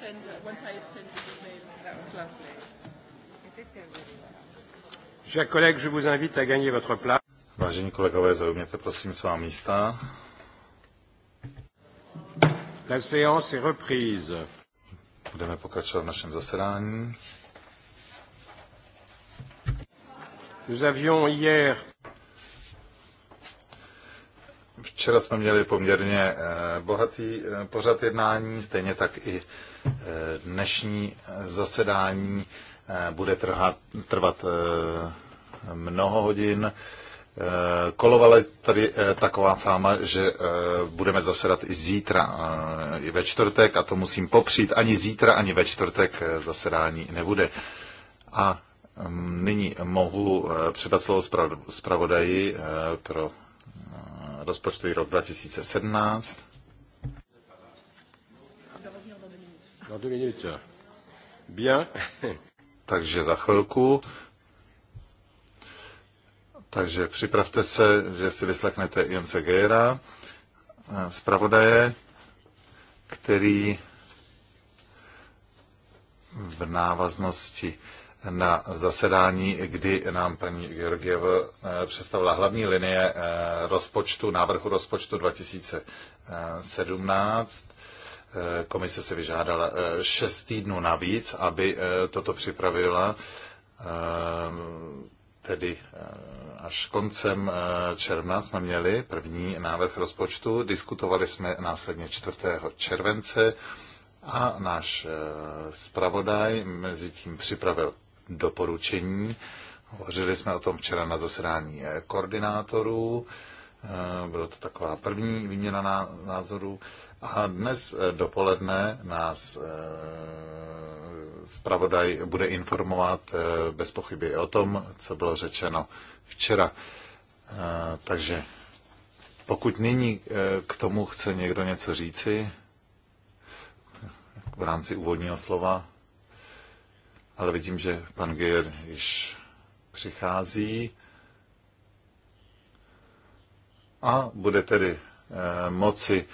send, once I had sent the email. That was lovely. Chers collègues, je vous invite à gagner votre place. Vážení kolegové, zaujměte prosím svá místa. La séance est reprise. Budeme pokračovat v našem zasedání. Nous avions hier Včera jsme měli poměrně eh, bohatý eh, pořad jednání, stejně tak i eh, dnešní zasedání bude trhat, trvat mnoho hodin. Kolovala tady taková fáma, že budeme zasedat i zítra, i ve čtvrtek, a to musím popřít, ani zítra, ani ve čtvrtek zasedání nebude. A mm, nyní mohu předat slovo zpravodaji pro rozpočtový rok 2017. Takže za chvilku. Takže připravte se, že si vyslechnete Jence Gejra, zpravodaje, který v návaznosti na zasedání, kdy nám paní Georgiev eh, představila hlavní linie eh, rozpočtu, návrhu rozpočtu 2017. Eh, komise se vyžádala šest týdnů navíc, aby toto připravila, tedy až koncem června jsme měli první návrh rozpočtu. Diskutovali jsme následně 4. července a náš zpravodaj mezi tím připravil doporučení. Hovořili jsme o tom včera na zasedání eh, koordinátorů. Eh, byla to taková první výměna názorů. A dnes eh, dopoledne nás zpravodaj bude informovat bez pochyby o tom, co bylo řečeno včera. Takže pokud nyní k tomu chce někdo něco říci v rámci úvodního slova, ale vidím, že pan Geir již přichází a bude tedy eh, moci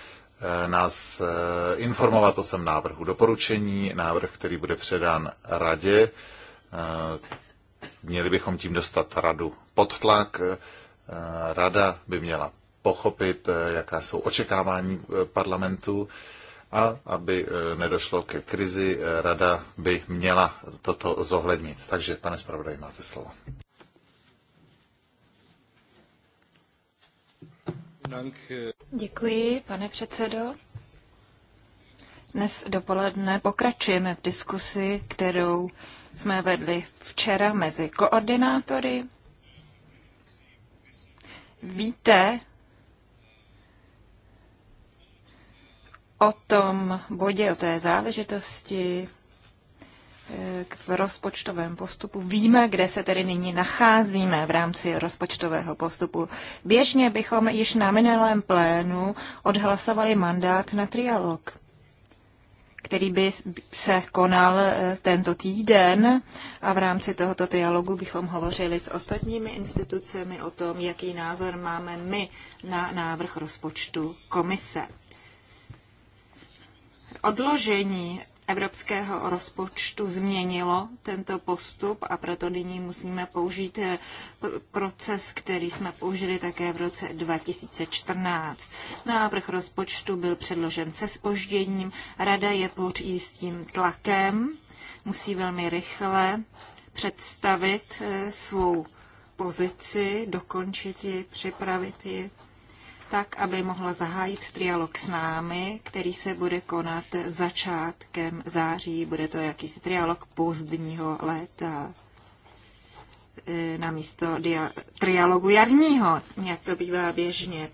eh, nás eh, informovat o svém návrhu doporučení, návrh, který bude předán radě. Měli bychom tím dostat radu pod tlak. Rada by měla pochopit, jaká jsou očekávání parlamentu a aby e, nedošlo ke krizi, e, rada by měla toto zohlednit. Takže, pane zpravodaj, máte slovo. Děkuji, pane předsedo. Dnes dopoledne pokračujeme v diskusi, kterou jsme vedli včera mezi koordinátory. Víte, o tom bodě, o té záležitosti eh, v rozpočtovém postupu. Víme, kde se tedy nyní nacházíme v rámci rozpočtového postupu. Běžně bychom již na minulém plénu odhlasovali mandát na trialog, který by se konal eh, tento týden a v rámci tohoto trialogu bychom hovořili s ostatními institucemi o tom, jaký názor máme my na návrh rozpočtu komise odložení evropského rozpočtu změnilo tento postup a proto nyní musíme použít eh, proces, který jsme použili také v roce 2014. Návrh rozpočtu byl předložen se spožděním, rada je pod jistým tlakem, musí velmi rychle představit eh, svou pozici, dokončit ji, připravit ji tak aby mohla zahájit trialog s námi, který se bude konat začátkem září. Bude to jakýsi trialog pozdního léta e, na dia- trialogu jarního, jak to bývá běžně.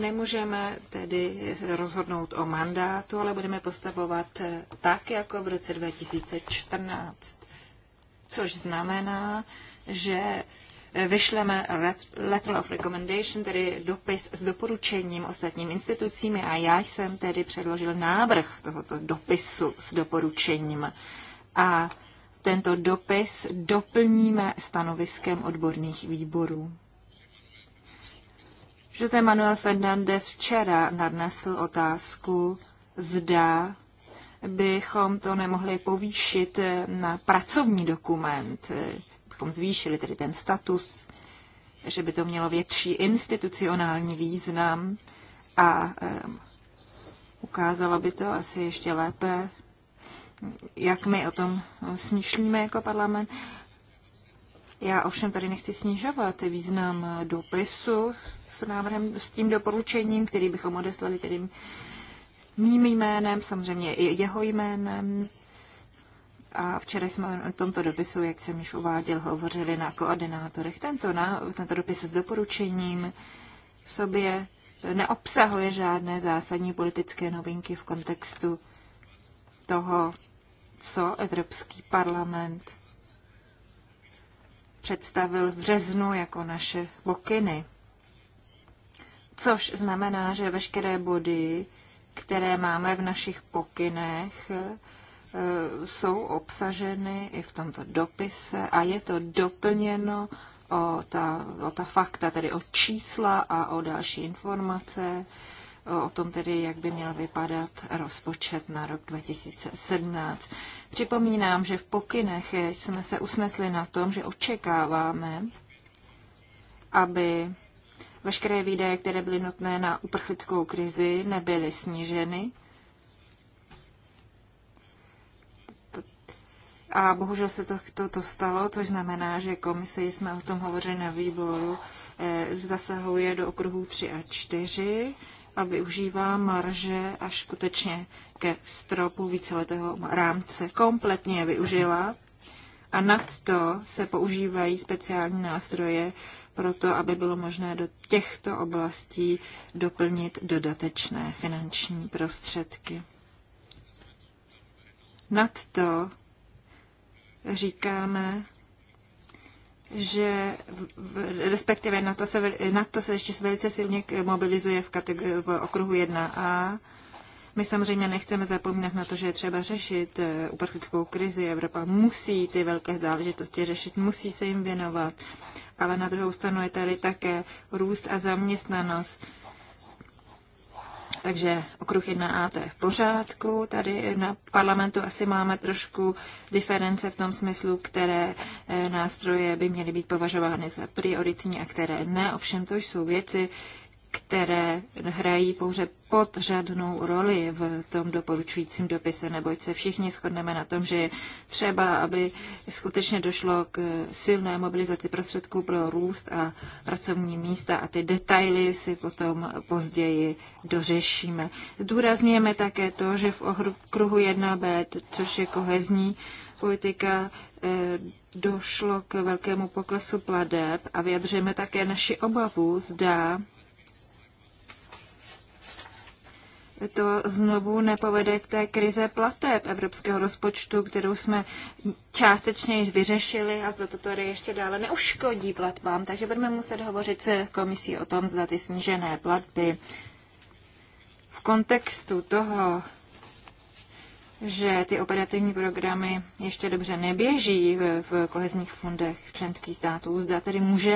Nemůžeme tedy rozhodnout o mandátu, ale budeme postavovat e, tak, jako v roce 2014. Což znamená, že vyšleme letter of recommendation, tedy dopis s doporučením ostatním institucím a já jsem tedy předložil návrh tohoto dopisu s doporučením. A tento dopis doplníme stanoviskem odborných výborů. José Manuel Fernández včera nadnesl otázku, zda bychom to nemohli povýšit na pracovní dokument, tom zvýšili, tedy ten status, že by to mělo větší institucionální význam a ukázalo by to asi ještě lépe, jak my o tom smýšlíme jako parlament. Já ovšem tady nechci snižovat význam dopisu s návrhem, s tím doporučením, který bychom odeslali tedy mým jménem, samozřejmě i jeho jménem, a včera jsme o tomto dopisu, jak jsem již uváděl, hovořili na koordinátorech. Tento, na, tento dopis s doporučením v sobě neobsahuje žádné zásadní politické novinky v kontextu toho, co Evropský parlament představil v březnu jako naše pokyny. Což znamená, že veškeré body, které máme v našich pokynech, Eh, jsou obsaženy i v tomto dopise a je to doplněno o ta, o ta fakta, tedy o čísla a o další informace, o tom tedy, jak by měl vypadat rozpočet na rok 2017. Připomínám, že v pokynech jsme se usnesli na tom, že očekáváme, aby veškeré výdaje, které byly nutné na uprchlickou krizi, nebyly sníženy, A bohužel se to, to, to stalo, což znamená, že komise, jsme o tom hovořili na výboru, eh, zasahuje do okruhů 3 a 4 a využívá marže až skutečně ke stropu víceletého rámce. Kompletně je využila a nad to se používají speciální nástroje pro to, aby bylo možné do těchto oblastí doplnit dodatečné finanční prostředky. Nad to říkáme, že v, respektive na to, se, na to se ještě velice silně mobilizuje v, kategori- v okruhu 1a. My samozřejmě nechceme zapomínat na to, že je třeba řešit eh, uprchlickou krizi. Evropa musí ty velké záležitosti řešit, musí se jim věnovat. Ale na druhou stranu je tady také růst a zaměstnanost. Takže okruh 1A to je v pořádku. Tady na parlamentu asi máme trošku diference v tom smyslu, které eh, nástroje by měly být považovány za prioritní a které ne. Ovšem to jsou věci, které hrají pouze podřadnou roli v tom doporučujícím dopise, neboť se všichni shodneme na tom, že je třeba, aby skutečně došlo k silné mobilizaci prostředků pro růst a pracovní místa a ty detaily si potom později dořešíme. Zdůrazňujeme také to, že v kruhu 1b, což je kohezní politika, eh, došlo k velkému poklesu pladeb a vyjadřujeme také naši obavu, zda to znovu nepovede k té krize plateb evropského rozpočtu, kterou jsme částečně již vyřešili a zda to tady ještě dále neuškodí platbám. Takže budeme muset hovořit s komisí o tom, zda ty snížené platby v kontextu toho, že ty operativní programy ještě dobře neběží v, v kohezních fondech členských států. Zda tedy může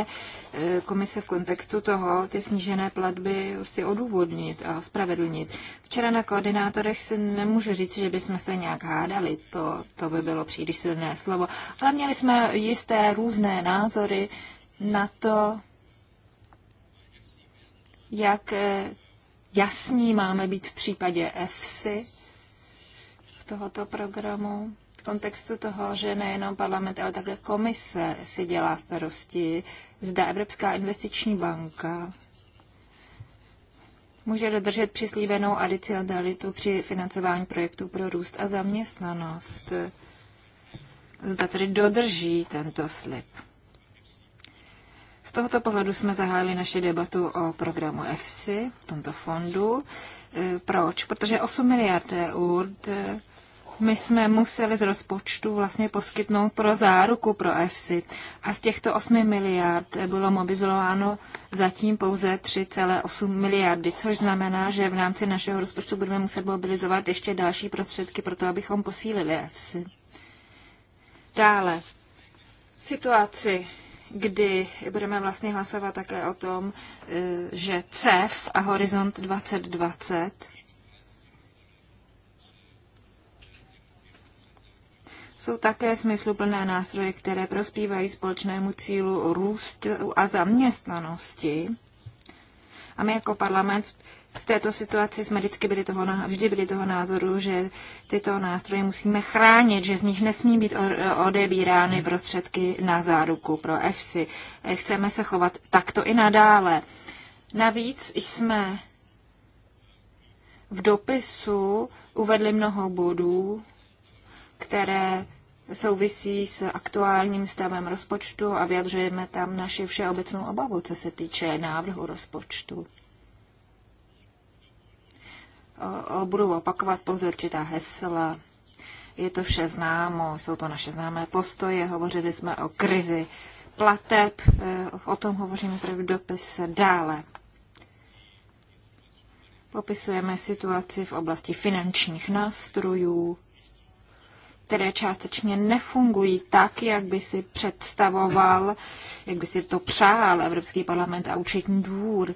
e, komise v kontextu toho ty snížené platby si odůvodnit a spravedlnit. Včera na koordinátorech si nemůžu říct, že bychom se nějak hádali, to, to by bylo příliš silné slovo, ale měli jsme jisté různé názory na to, jak e, jasní máme být v případě EFSI, tohoto programu v kontextu toho, že nejenom parlament, ale také komise si dělá starosti, zda Evropská investiční banka může dodržet přislíbenou adicionalitu při financování projektů pro růst a zaměstnanost. Zda tedy dodrží tento slib. Z tohoto pohledu jsme zahájili naši debatu o programu EFSI, tomto fondu. E, proč? Protože 8 miliard eur e, my jsme museli z rozpočtu vlastně poskytnout pro záruku pro EFSI a z těchto 8 miliard bylo mobilizováno zatím pouze 3,8 miliardy, což znamená, že v rámci našeho rozpočtu budeme muset mobilizovat ještě další prostředky pro to, abychom posílili EFSI. Dále, situaci kdy budeme vlastně hlasovat také o tom, e, že CEF a Horizont 2020 jsou také smysluplné nástroje, které prospívají společnému cílu růstu a zaměstnanosti. A my jako parlament v této situaci jsme vždycky byli toho, vždy byli toho názoru, že tyto nástroje musíme chránit, že z nich nesmí být odebírány prostředky na záruku pro EFSI. Chceme se chovat takto i nadále. Navíc jsme v dopisu uvedli mnoho bodů, které souvisí s aktuálním stavem rozpočtu a vyjadřujeme tam naši všeobecnou obavu, co se týče návrhu rozpočtu budou opakovat pouze určitá hesla. Je to vše známo, jsou to naše známé postoje, hovořili jsme o krizi plateb, e, o tom hovoříme tady v dopise dále. Popisujeme situaci v oblasti finančních nástrojů, které částečně nefungují tak, jak by si představoval, jak by si to přál Evropský parlament a účetní dvůr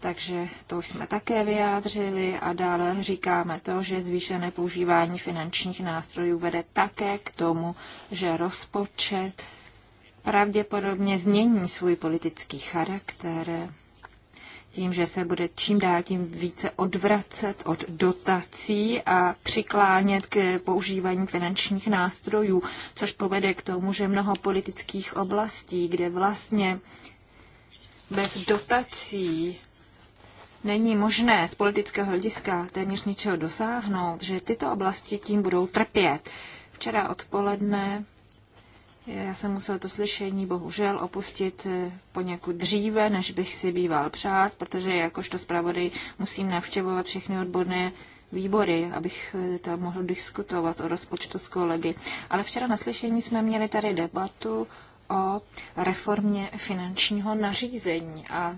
takže to už jsme také vyjádřili a dále říkáme to, že zvýšené používání finančních nástrojů vede také k tomu, že rozpočet pravděpodobně změní svůj politický charakter tím, že se bude čím dál tím více odvracet od dotací a přiklánět k používání finančních nástrojů, což povede k tomu, že mnoho politických oblastí, kde vlastně bez dotací není možné z politického hlediska téměř ničeho dosáhnout, že tyto oblasti tím budou trpět. Včera odpoledne já jsem musel to slyšení bohužel opustit eh, poněkud dříve, než bych si býval přát, protože jakožto zpravodaj musím navštěvovat všechny odborné výbory, abych eh, tam mohl diskutovat o rozpočtu s kolegy. Ale včera na slyšení jsme měli tady debatu o reformě finančního nařízení a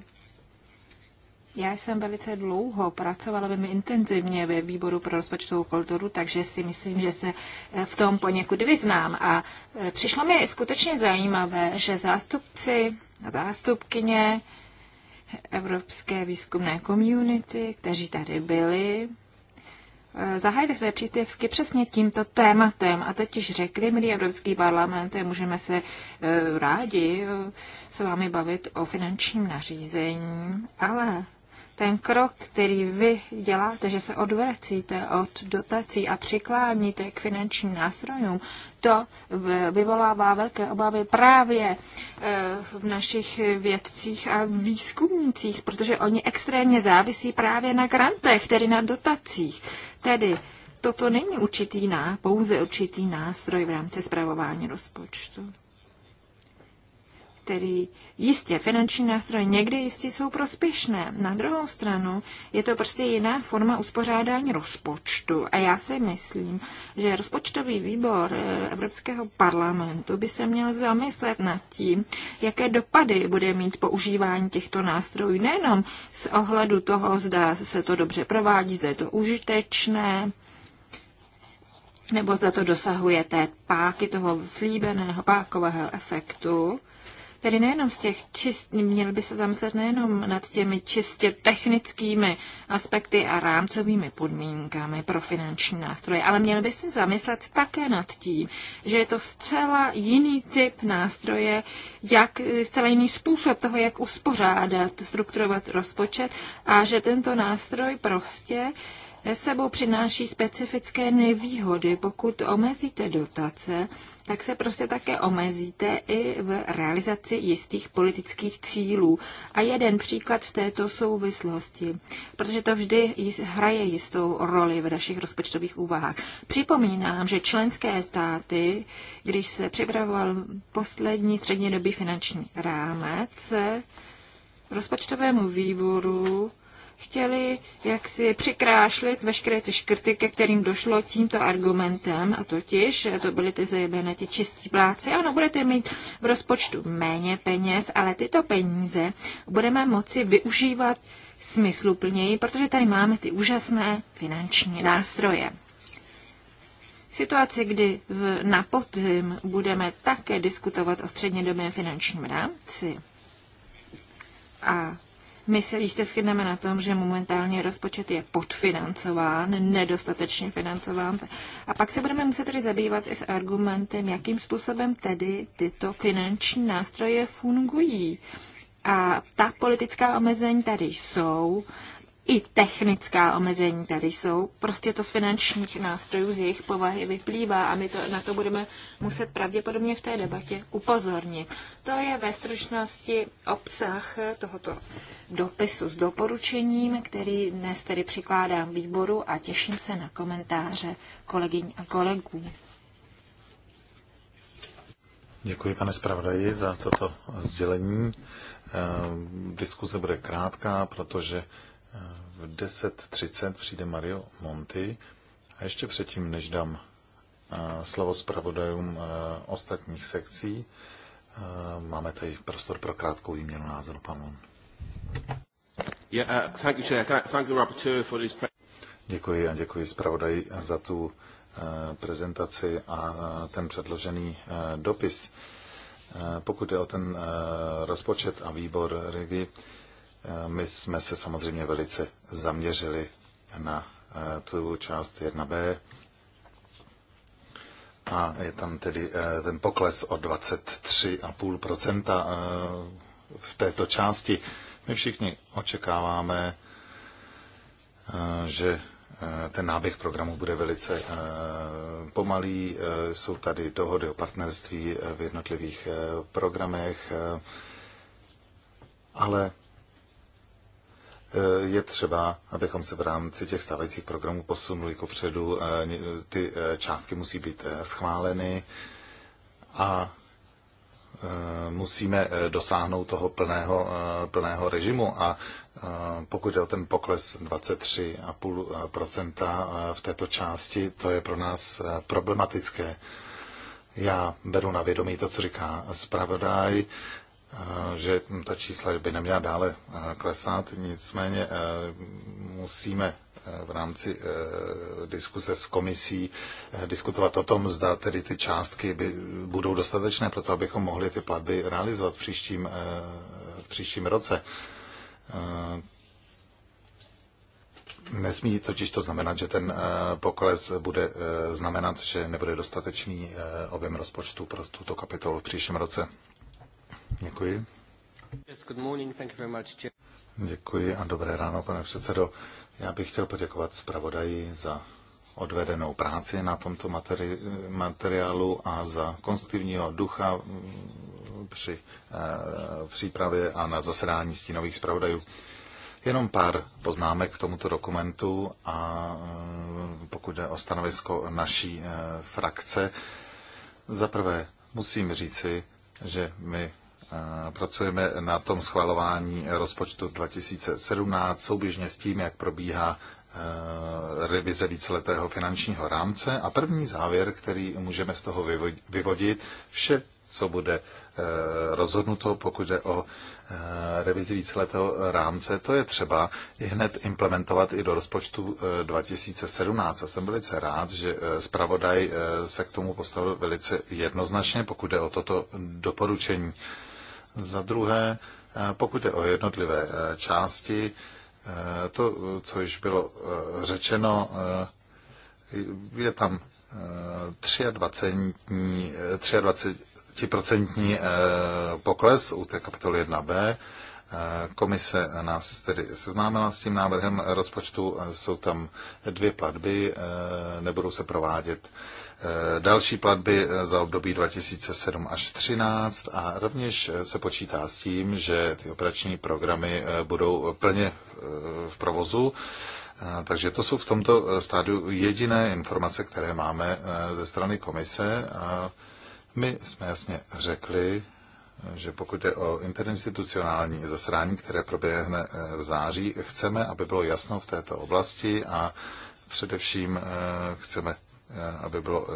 já jsem velice dlouho pracovala velmi intenzivně ve výboru pro rozpočtovou kulturu, takže si myslím, že se eh, v tom poněkud vyznám. A eh, přišlo mi skutečně zajímavé, že zástupci a zástupkyně Evropské výzkumné komunity, kteří tady byli, eh, zahájili své příspěvky přesně tímto tématem a totiž řekli, milý Evropský parlament, můžeme se rádi s vámi bavit o finančním nařízení, ale ten krok, který vy děláte, že se odvracíte od dotací a přikláníte k finančním nástrojům, to vyvolává velké obavy právě eh, v našich vědcích a výzkumnících, protože oni extrémně závisí právě na grantech, tedy na dotacích. Tedy toto není určitý ná, pouze určitý nástroj v rámci zpravování rozpočtu který jistě finanční nástroje někdy jistě jsou prospěšné. Na druhou stranu je to prostě jiná forma uspořádání rozpočtu. A já si myslím, že rozpočtový výbor eh, Evropského parlamentu by se měl zamyslet nad tím, jaké dopady bude mít používání těchto nástrojů, nejenom z ohledu toho, zda se to dobře provádí, zda je to užitečné, nebo zda to dosahuje té páky toho slíbeného pákového efektu, Tedy nejenom z těch čist, měl by se zamyslet nejenom nad těmi čistě technickými aspekty a rámcovými podmínkami pro finanční nástroje, ale měl by se zamyslet také nad tím, že je to zcela jiný typ nástroje, jak zcela jiný způsob toho, jak uspořádat, strukturovat rozpočet a že tento nástroj prostě uh, sebou přináší specifické nevýhody. Pokud omezíte dotace, tak se prostě také omezíte i v realizaci jistých politických cílů. A jeden příklad v této souvislosti, protože to vždy hraje jistou roli v našich rozpočtových úvahách. Připomínám, že členské státy, když se připravoval poslední střednědobý finanční rámec, rozpočtovému výboru chtěli jaksi přikrášlit veškeré ty škrty, ke kterým došlo tímto argumentem, a totiž, to byly ty zajebené, ti čistí pláci, ano, budete mít v rozpočtu méně peněz, ale tyto peníze budeme moci využívat smysluplněji, protože tady máme ty úžasné finanční nástroje. V situaci, kdy v, na podzim budeme také diskutovat o střednědobém finančním rámci a my se jistě shodneme na tom, že momentálně rozpočet je podfinancován, nedostatečně financován. A pak se budeme muset tedy zabývat i s argumentem, jakým způsobem tedy tyto finanční nástroje fungují. A ta politická omezení tady jsou i technická omezení tady jsou. Prostě to z finančních nástrojů, z jejich povahy vyplývá a my to, na to budeme muset pravděpodobně v té debatě upozornit. To je ve stručnosti obsah tohoto dopisu s doporučením, který dnes tedy přikládám výboru a těším se na komentáře kolegyň a kolegů. Děkuji, pane zpravodaji, za toto sdělení. Eh, Diskuze bude krátká, protože v 10.30 přijde Mario Monti a ještě předtím, než dám eh, slovo zpravodajům eh, ostatních sekcí, eh, máme tady prostor pro krátkou výměnu názoru, pan mon. Uh, děkuji a děkuji zpravodaji za tu prezentaci a ten předložený dopis. Pokud je o ten rozpočet a výbor regi, Eh, my jsme se samozřejmě velice zaměřili na eh, tu část 1b a je tam tedy eh, ten pokles o 23,5 v této části. My všichni očekáváme, že ten náběh programu bude velice pomalý. Jsou tady dohody o partnerství v jednotlivých programech, ale Eh, je třeba, abychom se v rámci těch stávajících programů posunuli kopředu, eh, Ty eh, částky musí být schváleny a musíme dosáhnout toho plného, plného režimu. A pokud je o ten pokles 23,5 v této části, to je pro nás problematické. Já beru na vědomí to, co říká zpravodaj. Eh, že ta čísla by neměla dále eh, klesat, nicméně eh, musíme v rámci diskuse s komisí diskutovat o tom, zda tedy ty částky by, budou dostatečné pro to, abychom mohli ty platby realizovat v příštím, v příštím roce. Nesmí totiž to znamenat, že ten pokles bude znamenat, že nebude dostatečný objem rozpočtu pro tuto kapitolu v příštím roce. Děkuji. Děkuji a dobré ráno, pane předsedo. Já bych chtěl poděkovat zpravodaji za odvedenou práci na tomto materi- materiálu a za konstruktivního ducha mm, při e, přípravě a na zasedání stínových zpravodajů. Jenom pár poznámek k tomuto dokumentu a mm, pokud jde o stanovisko naší e, frakce. Za prvé musím říci, že my pracujeme na tom schvalování rozpočtu 2017 souběžně s tím, jak probíhá e, revize víceletého finančního rámce a první závěr, který můžeme z toho vyvodit, vše, co bude e, rozhodnuto, pokud jde o e, revizi víceletého rámce, to je třeba i hned implementovat i do rozpočtu 2017. A jsem velice rád, že zpravodaj se k tomu postavil velice jednoznačně, pokud jde o toto doporučení. Za druhé, eh, pokud je o jednotlivé eh, části, eh, to, co již bylo řečeno, je tam 23%, 23% pokles u té kapitoly 1b Komise nás tedy seznámila s tím návrhem rozpočtu, jsou tam dvě platby, eh, nebudou se provádět eh, další platby eh, za období 2007 až 2013 a rovněž se počítá s tím, že ty operační programy budou plně v provozu. Takže to jsou v tomto stádiu jediné informace, které máme ze strany komise. A my jsme jasně řekli, že pokud je o interinstitucionální zasrání, které proběhne eh, v září, chceme, aby bylo jasno v této oblasti a především eh, chceme, eh, aby bylo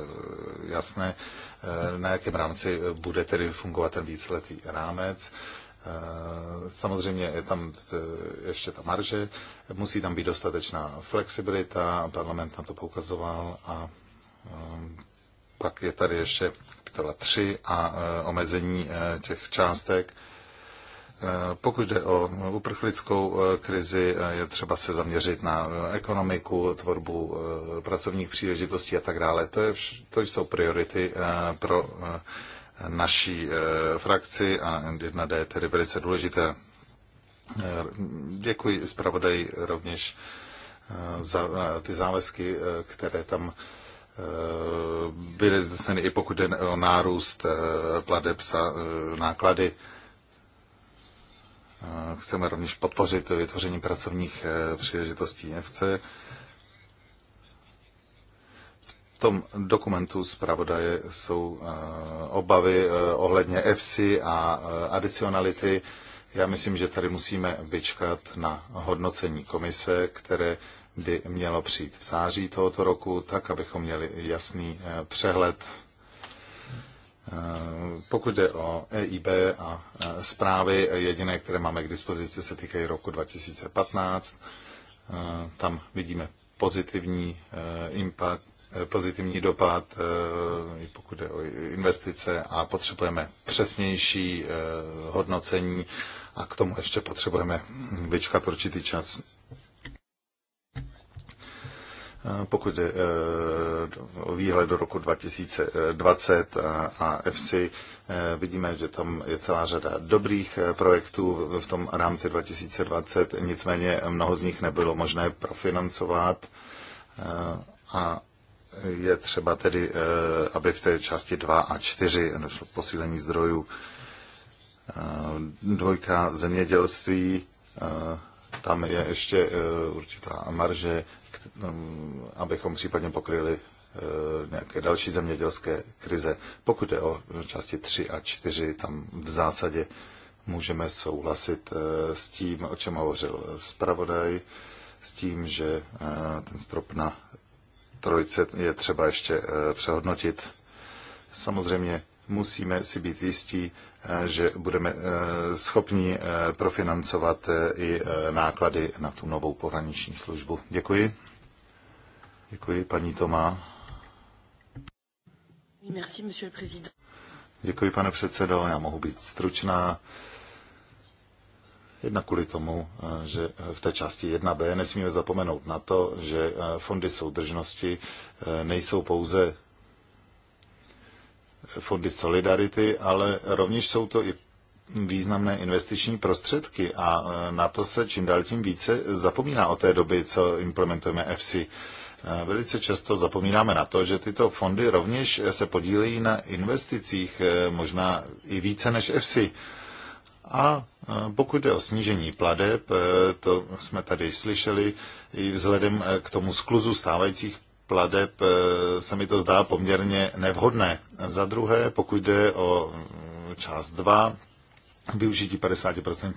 jasné, na jakém rámci bude tedy fungovat ten víceletý rámec. Samozřejmě je tam ještě ta marže, musí tam být dostatečná flexibilita, parlament na to poukazoval a pak je tady ještě kapitola 3 a e, omezení e, těch částek. E, pokud jde o uprchlickou krizi, je třeba se zaměřit na ekonomiku, tvorbu pracovních příležitostí a tak dále. To, je, to jsou priority pro naší frakci a 1D je tedy velice důležité. Děkuji zpravodaj rovněž za ty závazky, které tam Eh, byly zneseny i pokud jde o nárůst eh, pladeb za eh, náklady. Chceme rovněž podpořit vytvoření pracovních příležitostí FC. V tom dokumentu zpravodaje jsou obavy ohledně FC a adicionality. Já myslím, že tady musíme vyčkat na hodnocení komise, které by mělo přijít v září tohoto roku, tak abychom měli jasný eh, přehled. Eh, pokud jde o EIB a eh, zprávy, jediné, které máme k dispozici, se týkají roku 2015. Tam vidíme pozitivní impact, pozitivní dopad, pokud jde o investice a potřebujeme přesnější hodnocení a k tomu ještě potřebujeme vyčkat určitý čas. Pokud je eh, o výhled do roku 2020 a EFSI, eh, vidíme, že tam je celá řada dobrých eh, projektů v tom rámci 2020, nicméně mnoho z nich nebylo možné profinancovat a je třeba tedy, aby v té části 2 a 4 došlo posílení zdrojů. Dvojka zemědělství, tam je ještě určitá marže Eh, abychom případně pokryli eh, nějaké další zemědělské krize. Pokud je o části 3 a 4, tam v zásadě můžeme souhlasit eh, s tím, o čem hovořil zpravodaj, s tím, že ten strop na trojce je třeba ještě přehodnotit. Samozřejmě musíme si být jistí, že budeme schopni profinancovat i náklady na tu novou pohraniční službu. Děkuji. Děkuji, paní Tomá. Děkuji, pane předsedo. Já mohu být stručná. Jedna kvůli tomu, eh, že v té části 1b nesmíme zapomenout na to, že eh, fondy soudržnosti eh, nejsou pouze fondy solidarity, ale rovněž jsou to i významné investiční prostředky a na to se čím dál tím více zapomíná o té doby, co implementujeme EFSI. Velice často zapomínáme na to, že tyto fondy rovněž se podílejí na investicích, eh, možná i více než EFSI. A eh, pokud jde o snížení pladeb, eh, to jsme tady slyšeli, i vzhledem k tomu skluzu stávajících pladeb se mi to zdá poměrně nevhodné. Za druhé, pokud jde o mm, část 2, využití 50%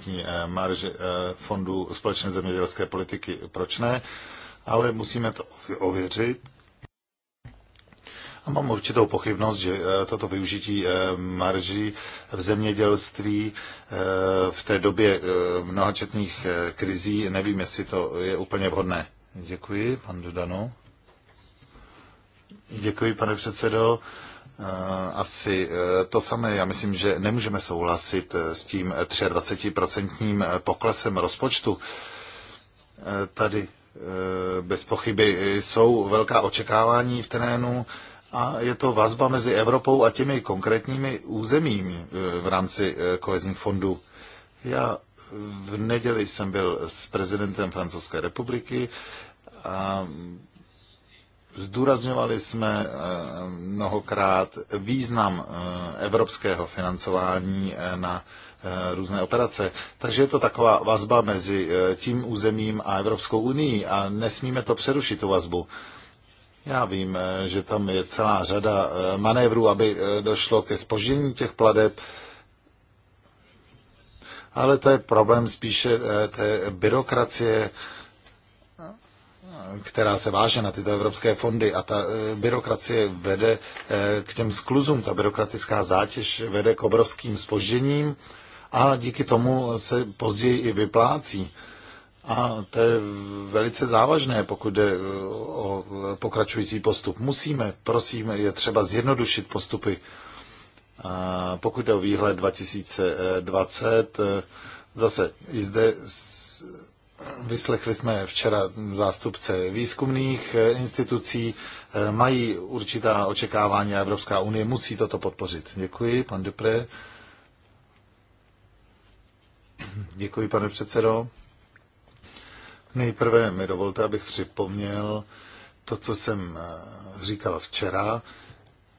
marže fondu společné zemědělské politiky, proč ne? ale musíme to ověřit. A mám určitou pochybnost, že eh, toto využití eh, marží v zemědělství eh, v té době mnohačetných krizí, nevím, jestli to je úplně vhodné. Děkuji, pan Dudanu. Děkuji, pane předsedo. Asi to samé, já myslím, že nemůžeme souhlasit s tím 23% poklesem rozpočtu. Tady Eh, bez pochyby jsou velká očekávání v terénu a je to vazba mezi Evropou a těmi konkrétními územími eh, v rámci eh, kohezních fondů. Já v neděli jsem byl s prezidentem Francouzské republiky a zdůrazňovali jsme mnohokrát význam evropského financování na Eh, různé operace. Takže je to taková vazba mezi eh, tím územím a Evropskou unii a nesmíme to přerušit, tu vazbu. Já vím, eh, že tam je celá řada manévrů, aby došlo ke spoždění těch pladeb, ale to je problém spíše té byrokracie, která se váže na tyto evropské fondy a ta byrokracie vede k těm skluzům, ta byrokratická zátěž vede k obrovským spožděním a díky tomu se později i vyplácí. A to je velice závažné, pokud jde e, o pokračující postup. Musíme, prosím, je třeba zjednodušit postupy. A e, pokud jde o výhled 2020, e, zase i zde vyslechli jsme včera zástupce výzkumných institucí, mají určitá očekávání a Evropská unie musí toto podpořit. Děkuji, pan Dupré. Děkuji, pane předsedo. Nejprve mi dovolte, abych připomněl to, co jsem eh, říkal včera,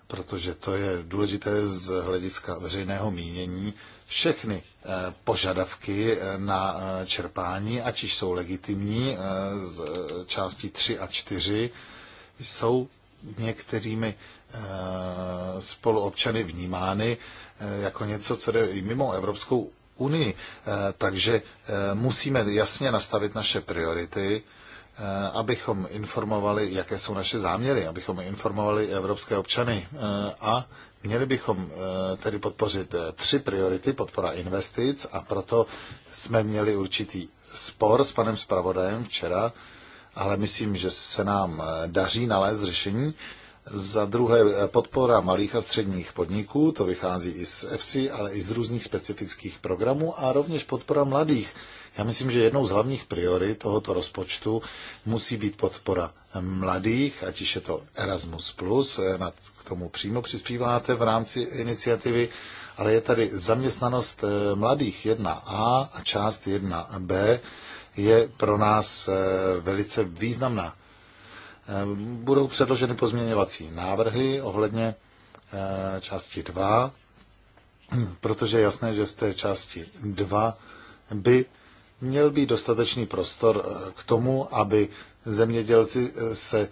protože to je důležité z hlediska veřejného mínění. Všechny eh, požadavky eh, na čerpání, ať již jsou legitimní, z části 3 a 4, jsou některými spoluobčany vnímány jako něco, co jde i mimo Evropskou unii. Eh, takže eh, musíme jasně nastavit naše priority, eh, abychom informovali, jaké jsou naše záměry, abychom informovali evropské občany a Měli bychom tedy podpořit tři priority, podpora investic a proto jsme měli určitý spor s panem zpravodajem včera, ale myslím, že se nám daří nalézt řešení za druhé podpora malých a středních podniků, to vychází i z EFSI, ale i z různých specifických programů a rovněž podpora mladých. Já myslím, že jednou z hlavních priorit tohoto rozpočtu musí být podpora mladých, ať již je to Erasmus+, eh, k tomu přímo přispíváte v rámci iniciativy, ale je tady zaměstnanost eh, mladých 1A a část 1B je pro nás eh, velice významná. Eh, budou předloženy pozměňovací návrhy ohledně eh, části 2, protože je jasné, že v té části 2 by měl být dostatečný prostor eh, k tomu, aby zemědělci se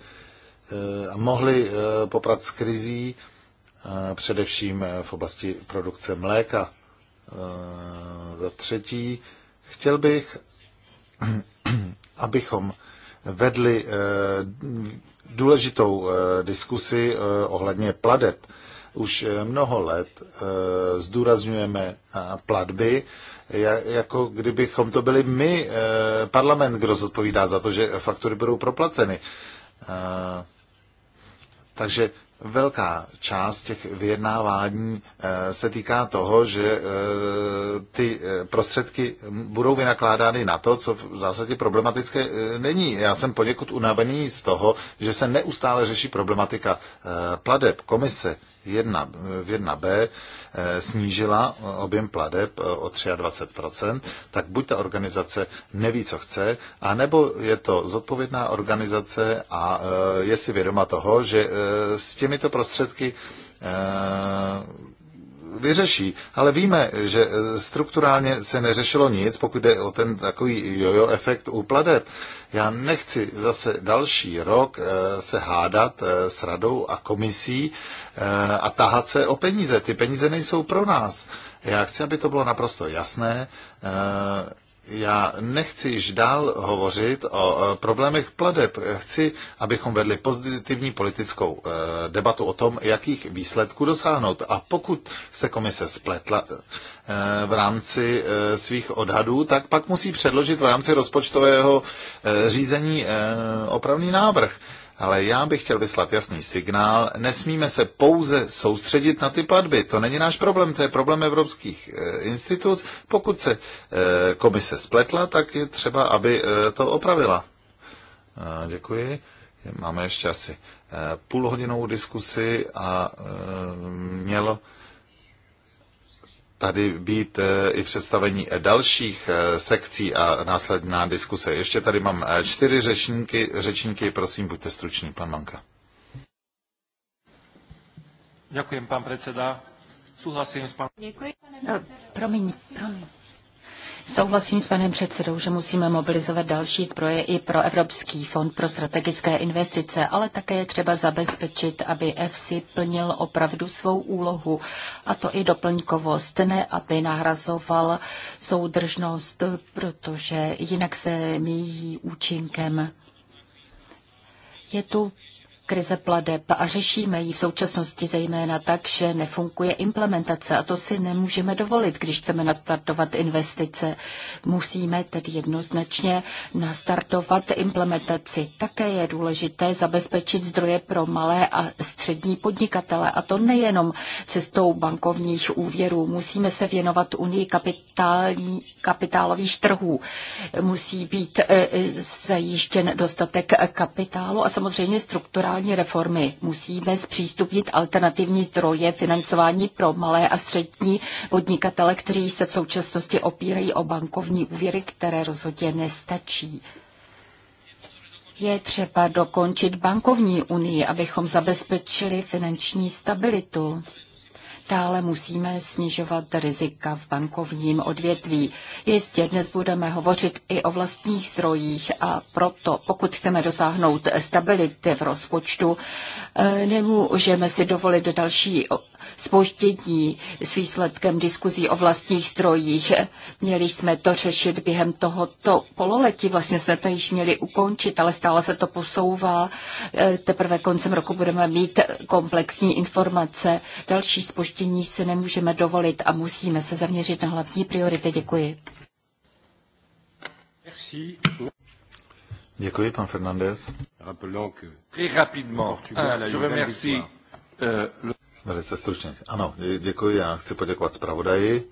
mohli poprat s krizí, především v oblasti produkce mléka. Za třetí, chtěl bych, abychom vedli eh, důležitou eh, diskusi eh, ohledně pladeb. Už mnoho let zdůrazňujeme platby, jako kdybychom to byli my, parlament, kdo zodpovídá za to, že faktury budou proplaceny. Takže Velká část těch vyjednávání eh, se týká toho, že eh, ty eh, prostředky budou vynakládány na to, co v zásadě problematické není. Já jsem poněkud unavený z toho, že se neustále řeší problematika pladeb komise v 1b eh, snížila objem pladeb eh, o 23%, tak buď ta organizace neví, co chce, anebo je to zodpovědná organizace a eh, je si vědoma toho, že s těmito prostředky vyřeší. Ale víme, že eh, strukturálně se neřešilo nic, pokud jde o ten takový jojo efekt u pladeb. Já nechci zase další rok eh, se hádat eh, s radou a komisí a tahat se o peníze. Ty peníze nejsou pro nás. Já chci, aby to bylo naprosto jasné já nechci již dál hovořit o e, problémech pladeb. Chci, abychom vedli pozitivní politickou e, debatu o tom, jakých výsledků dosáhnout. A pokud se komise spletla e, v rámci svých odhadů, tak pak musí předložit v rámci rozpočtového řízení opravný návrh ale já bych chtěl vyslat jasný signál. Nesmíme se pouze soustředit na ty platby. To není náš problém, to je problém evropských eh, institucí. Pokud se eh, komise spletla, tak je třeba, aby eh, to opravila. Děkuji. Máme ještě asi půlhodinovou diskusi a mělo tady být eh, i představení eh, dalších eh, sekcí a následná diskuse. Ještě tady mám čtyři řečníky, řečníky prosím, buďte struční, pan Manka. Děkuji, pan předseda. Souhlasím s pan... Děkuji, pane předsedo. No, promiň, promiň. Souhlasím s panem předsedou, že musíme mobilizovat další zdroje i pro Evropský fond pro strategické investice, ale také je třeba zabezpečit, aby EFSI plnil opravdu svou úlohu, a to i doplňkovost, ne aby nahrazoval soudržnost, protože jinak se míjí účinkem. Je tu krize pladeb a řešíme ji v současnosti zejména tak, že nefunguje implementace a to si nemůžeme dovolit, když chceme nastartovat investice. Musíme tedy jednoznačně nastartovat implementaci. Také je důležité zabezpečit zdroje pro malé a střední podnikatele a to nejenom cestou bankovních úvěrů. Musíme se věnovat unii kapitální, kapitálových trhů. Musí být e, e, zajištěn dostatek kapitálu a samozřejmě struktura strukturální reformy. Musíme zpřístupnit alternativní zdroje financování pro malé a střední podnikatele, kteří se v současnosti opírají o bankovní úvěry, které rozhodně nestačí. Je třeba dokončit bankovní unii, abychom zabezpečili finanční stabilitu. Dále musíme snižovat rizika v bankovním odvětví. Jistě dnes budeme hovořit i o vlastních zdrojích a proto, pokud chceme dosáhnout stability v rozpočtu, eh, nemůžeme si dovolit další spoždění s výsledkem diskuzí o vlastních zdrojích. Měli jsme to řešit během tohoto pololetí, vlastně jsme to již měli ukončit, ale stále se to posouvá. Eh, teprve koncem roku budeme mít komplexní informace. Další spoždění propuštění si nemůžeme dovolit a musíme se zaměřit na hlavní priority. Děkuji. Merci. Děkuji, pan Fernandez. Ah, euh, Velice stručně. Ano, děkuji. Já chci poděkovat zpravodaji.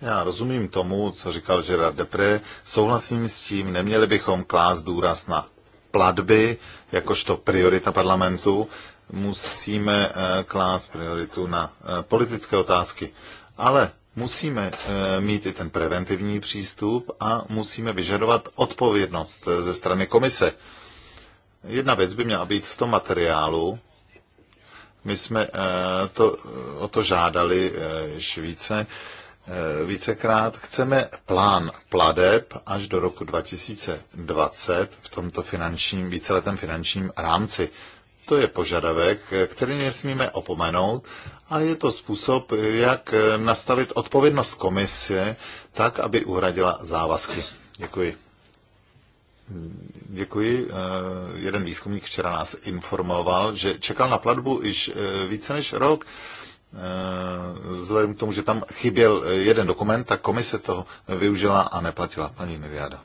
Já rozumím tomu, co říkal Gerard Depré. Souhlasím s tím, neměli bychom klást důraz na platby jakožto priorita parlamentu musíme eh, klást prioritu na eh, politické otázky. Ale musíme eh, mít i ten preventivní přístup a musíme vyžadovat odpovědnost ze strany komise. Jedna věc by měla být v tom materiálu. My jsme to, o to žádali již více, vícekrát. Chceme plán pladeb až do roku 2020 v tomto finančním, víceletém finančním rámci to je požadavek, který nesmíme opomenout a je to způsob, jak nastavit odpovědnost komise tak, aby uhradila závazky. Děkuji. Děkuji. Eh, jeden výzkumník včera nás informoval, že čekal na platbu již eh, více než rok. Eh, vzhledem k tomu, že tam chyběl jeden dokument, tak komise to využila a neplatila. Paní Neviáda.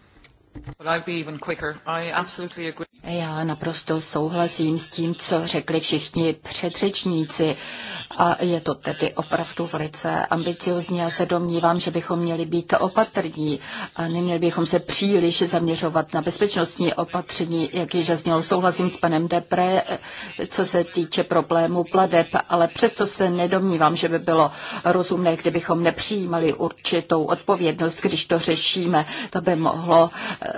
Já naprosto souhlasím s tím, co řekli všichni předřečníci a je to tedy opravdu velice ambiciozní. Já se domnívám, že bychom měli být opatrní a neměli bychom se příliš zaměřovat na bezpečnostní opatření, jak již zaznělo. Souhlasím s panem Depre, co se týče problému pladeb, ale přesto se nedomnívám, že by bylo rozumné, kdybychom nepřijímali určitou odpovědnost, když to řešíme. To by mohlo eh,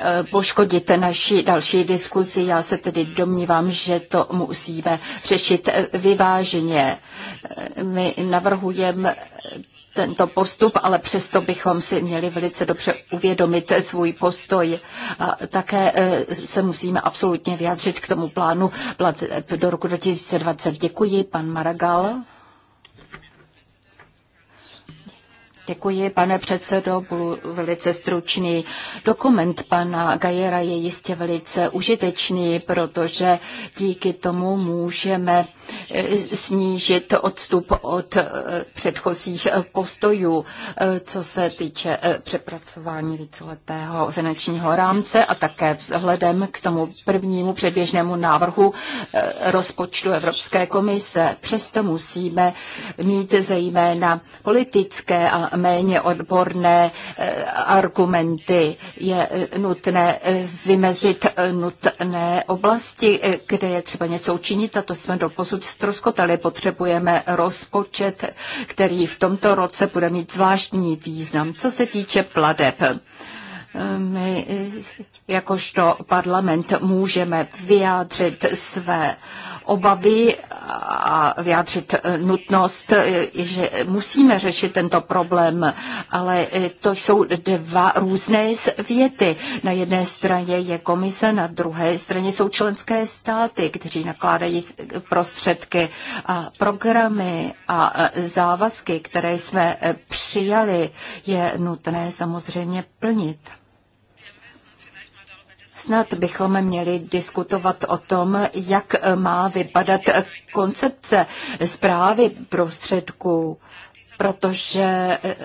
eh, poškodit naši další diskuzi. Já se tedy domnívám, že to musíme řešit eh, vyváženě. Eh, my navrhujeme tento postup, ale přesto bychom si měli velice dobře uvědomit svůj postoj. A také eh, se musíme absolutně vyjádřit k tomu plánu do roku 2020. Děkuji, pan Maragal. Děkuji, pane předsedo, budu velice stručný. Dokument pana Gajera je jistě velice užitečný, protože díky tomu můžeme eh, snížit odstup od eh, předchozích eh, postojů, co se týče přepracování víceletého finančního rámce a také vzhledem k tomu prvnímu předběžnému návrhu rozpočtu Evropské komise. Přesto musíme mít zejména politické a méně odborné eh, argumenty. Je eh, nutné eh, vymezit nutné oblasti, kde je třeba něco učinit a to jsme do posud ztroskotali. Potřebujeme rozpočet, který v tomto roce bude mít zvláštní význam. Co se týče pladeb, my jakožto parlament můžeme vyjádřit své uh, obavy a vyjádřit nutnost, že musíme řešit tento problém, ale to jsou dva různé světy. Na jedné straně je komise, na druhé straně jsou členské státy, kteří nakládají prostředky a programy a závazky, které jsme přijali, je nutné samozřejmě plnit. Snad bychom měli diskutovat o tom, jak má vypadat koncepce zprávy prostředků protože e, e,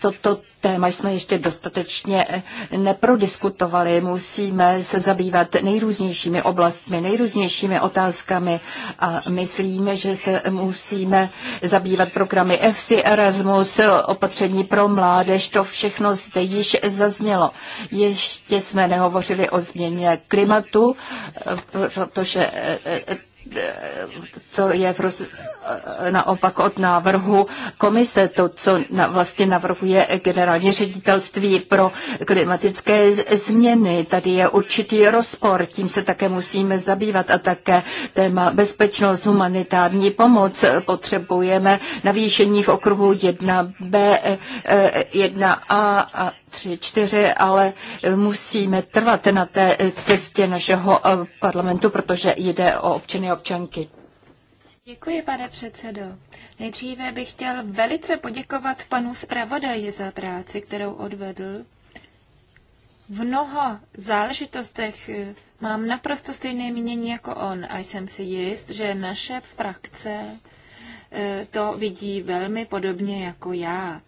toto téma jsme ještě dostatečně e, neprodiskutovali. Musíme se zabývat nejrůznějšími oblastmi, nejrůznějšími otázkami a myslíme, že se musíme zabývat programy FC Erasmus, opatření pro mládež, to všechno zde již zaznělo. Ještě jsme nehovořili o změně klimatu, protože to je v roz, naopak od návrhu komise, to, co na, vlastně navrhuje generální ředitelství pro klimatické změny. Tady je určitý rozpor, tím se také musíme zabývat a také téma bezpečnost, humanitární pomoc. Potřebujeme navýšení v okruhu 1B, 1A eh, eh, a tři, čtyři, ale musíme trvat na té cestě našeho eh, parlamentu, protože jde o občany a občanky. Děkuji, pane předsedo. Nejdříve bych chtěl velice poděkovat panu zpravodaji za práci, kterou odvedl. V mnoha záležitostech eh, mám naprosto stejné mínění jako on a jsem si jist, že naše frakce eh, to vidí velmi podobně jako já.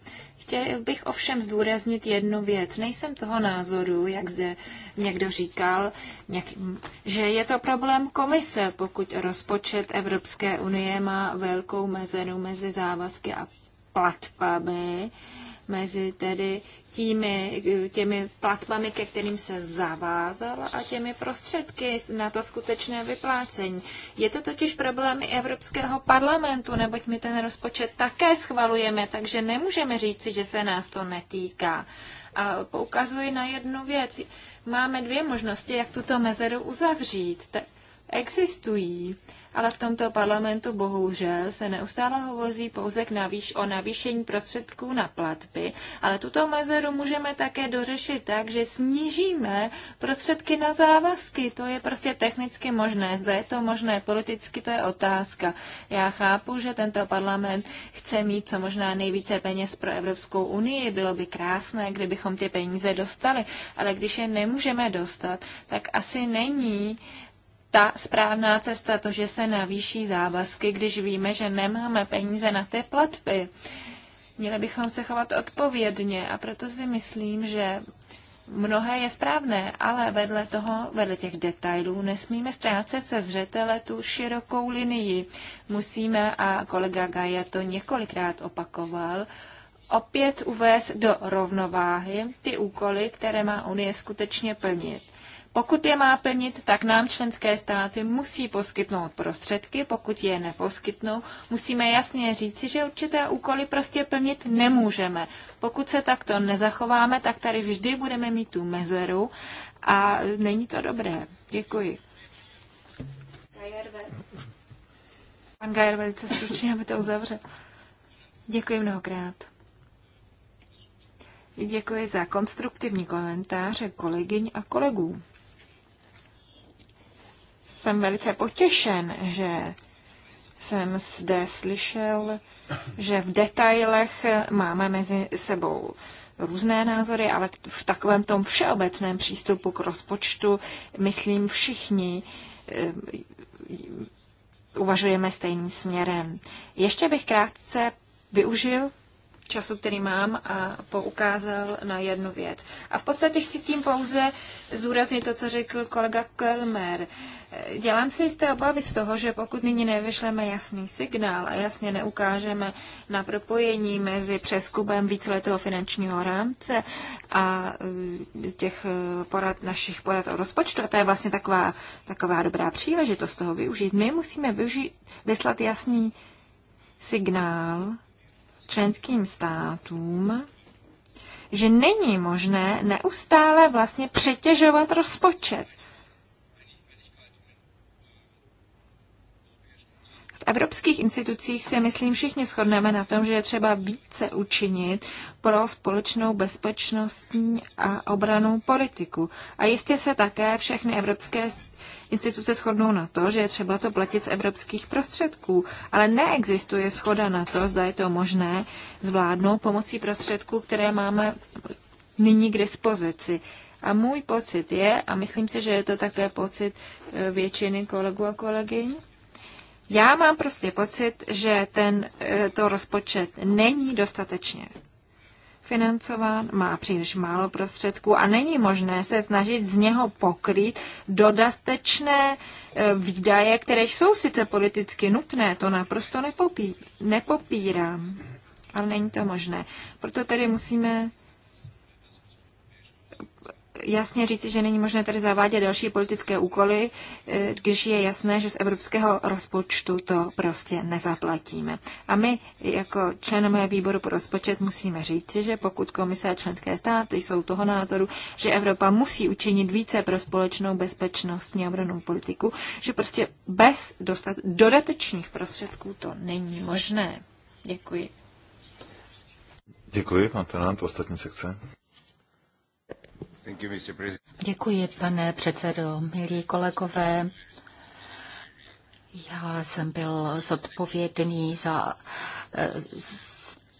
Chtěl bych ovšem zdůraznit jednu věc. Nejsem toho názoru, jak zde někdo říkal, že je to problém komise, pokud rozpočet Evropské unie má velkou mezeru mezi závazky a platbami mezi tedy těmi, těmi platbami, ke kterým se zavázal a těmi prostředky na to skutečné vyplácení. Je to totiž problém i Evropského parlamentu, neboť my ten rozpočet také schvalujeme, takže nemůžeme říci, že se nás to netýká. A poukazuji na jednu věc. Máme dvě možnosti, jak tuto mezeru uzavřít. Te existují ale v tomto parlamentu bohužel se neustále hovoří pouze k navýš- o navýšení prostředků na platby, ale tuto mezeru můžeme také dořešit tak, že snížíme prostředky na závazky. To je prostě technicky možné. Zda je to možné politicky, to je otázka. Já chápu, že tento parlament chce mít co možná nejvíce peněz pro Evropskou unii. Bylo by krásné, kdybychom ty peníze dostali, ale když je nemůžeme dostat, tak asi není ta správná cesta, to, že se navýší závazky, když víme, že nemáme peníze na ty platby. Měli bychom se chovat odpovědně a proto si myslím, že mnohé je správné, ale vedle toho, vedle těch detailů, nesmíme ztrácet se zřetele tu širokou linii. Musíme, a kolega Gaja to několikrát opakoval, opět uvést do rovnováhy ty úkoly, které má Unie skutečně plnit. Pokud je má plnit, tak nám členské státy musí poskytnout prostředky, pokud je neposkytnou, musíme jasně říci, že určité úkoly prostě plnit nemůžeme. Pokud se takto nezachováme, tak tady vždy budeme mít tu mezeru a není to dobré. Děkuji. Pan Gajer velice stručně, aby to uzavřel. Děkuji mnohokrát. Děkuji za konstruktivní komentáře kolegyň a kolegů jsem velice potěšen, že jsem zde slyšel, že v detailech máme mezi sebou různé názory, ale v takovém tom všeobecném přístupu k rozpočtu, myslím, všichni eh, uvažujeme stejným směrem. Ještě bych krátce využil času, který mám, a poukázal na jednu věc. A v podstatě chci tím pouze zúraznit to, co řekl kolega Kölmer. Dělám si jisté obavy z toho, že pokud nyní nevyšleme jasný signál a jasně neukážeme na propojení mezi přeskubem víceletého finančního rámce a e, těch e, porad, našich porad o rozpočtu, a to je vlastně taková, taková dobrá příležitost toho využít. My musíme využít, vyslat jasný signál členským státům, že není možné neustále vlastně přetěžovat rozpočet. V evropských institucích si myslím všichni shodneme na tom, že je třeba více učinit pro společnou bezpečnostní a obranou politiku. A jistě se také všechny evropské instituce shodnou na to, že je třeba to platit z evropských prostředků, ale neexistuje schoda na to, zda je to možné zvládnout pomocí prostředků, které máme nyní k dispozici. A můj pocit je, a myslím si, že je to také pocit e, většiny kolegů a kolegyň, já mám prostě pocit, že ten, e, to rozpočet není dostatečně financován, má příliš málo prostředků a není možné se snažit z něho pokrýt dodatečné e, výdaje, které jsou sice politicky nutné, to naprosto nepopí, nepopírám, ale není to možné. Proto tedy musíme jasně říci, že není možné tady zavádět další politické úkoly, eh, když je jasné, že z evropského rozpočtu to prostě nezaplatíme. A my jako členové výboru pro rozpočet musíme říci, že pokud komise a členské státy jsou toho názoru, že Evropa musí učinit více pro společnou bezpečnostní a obranou politiku, že prostě bez dostat dodatečných prostředků to není možné. Děkuji. Děkuji, pan tenant, ostatní sekce. Děkuji, pane předsedo, milí kolegové. Já jsem byl zodpovědný za eh,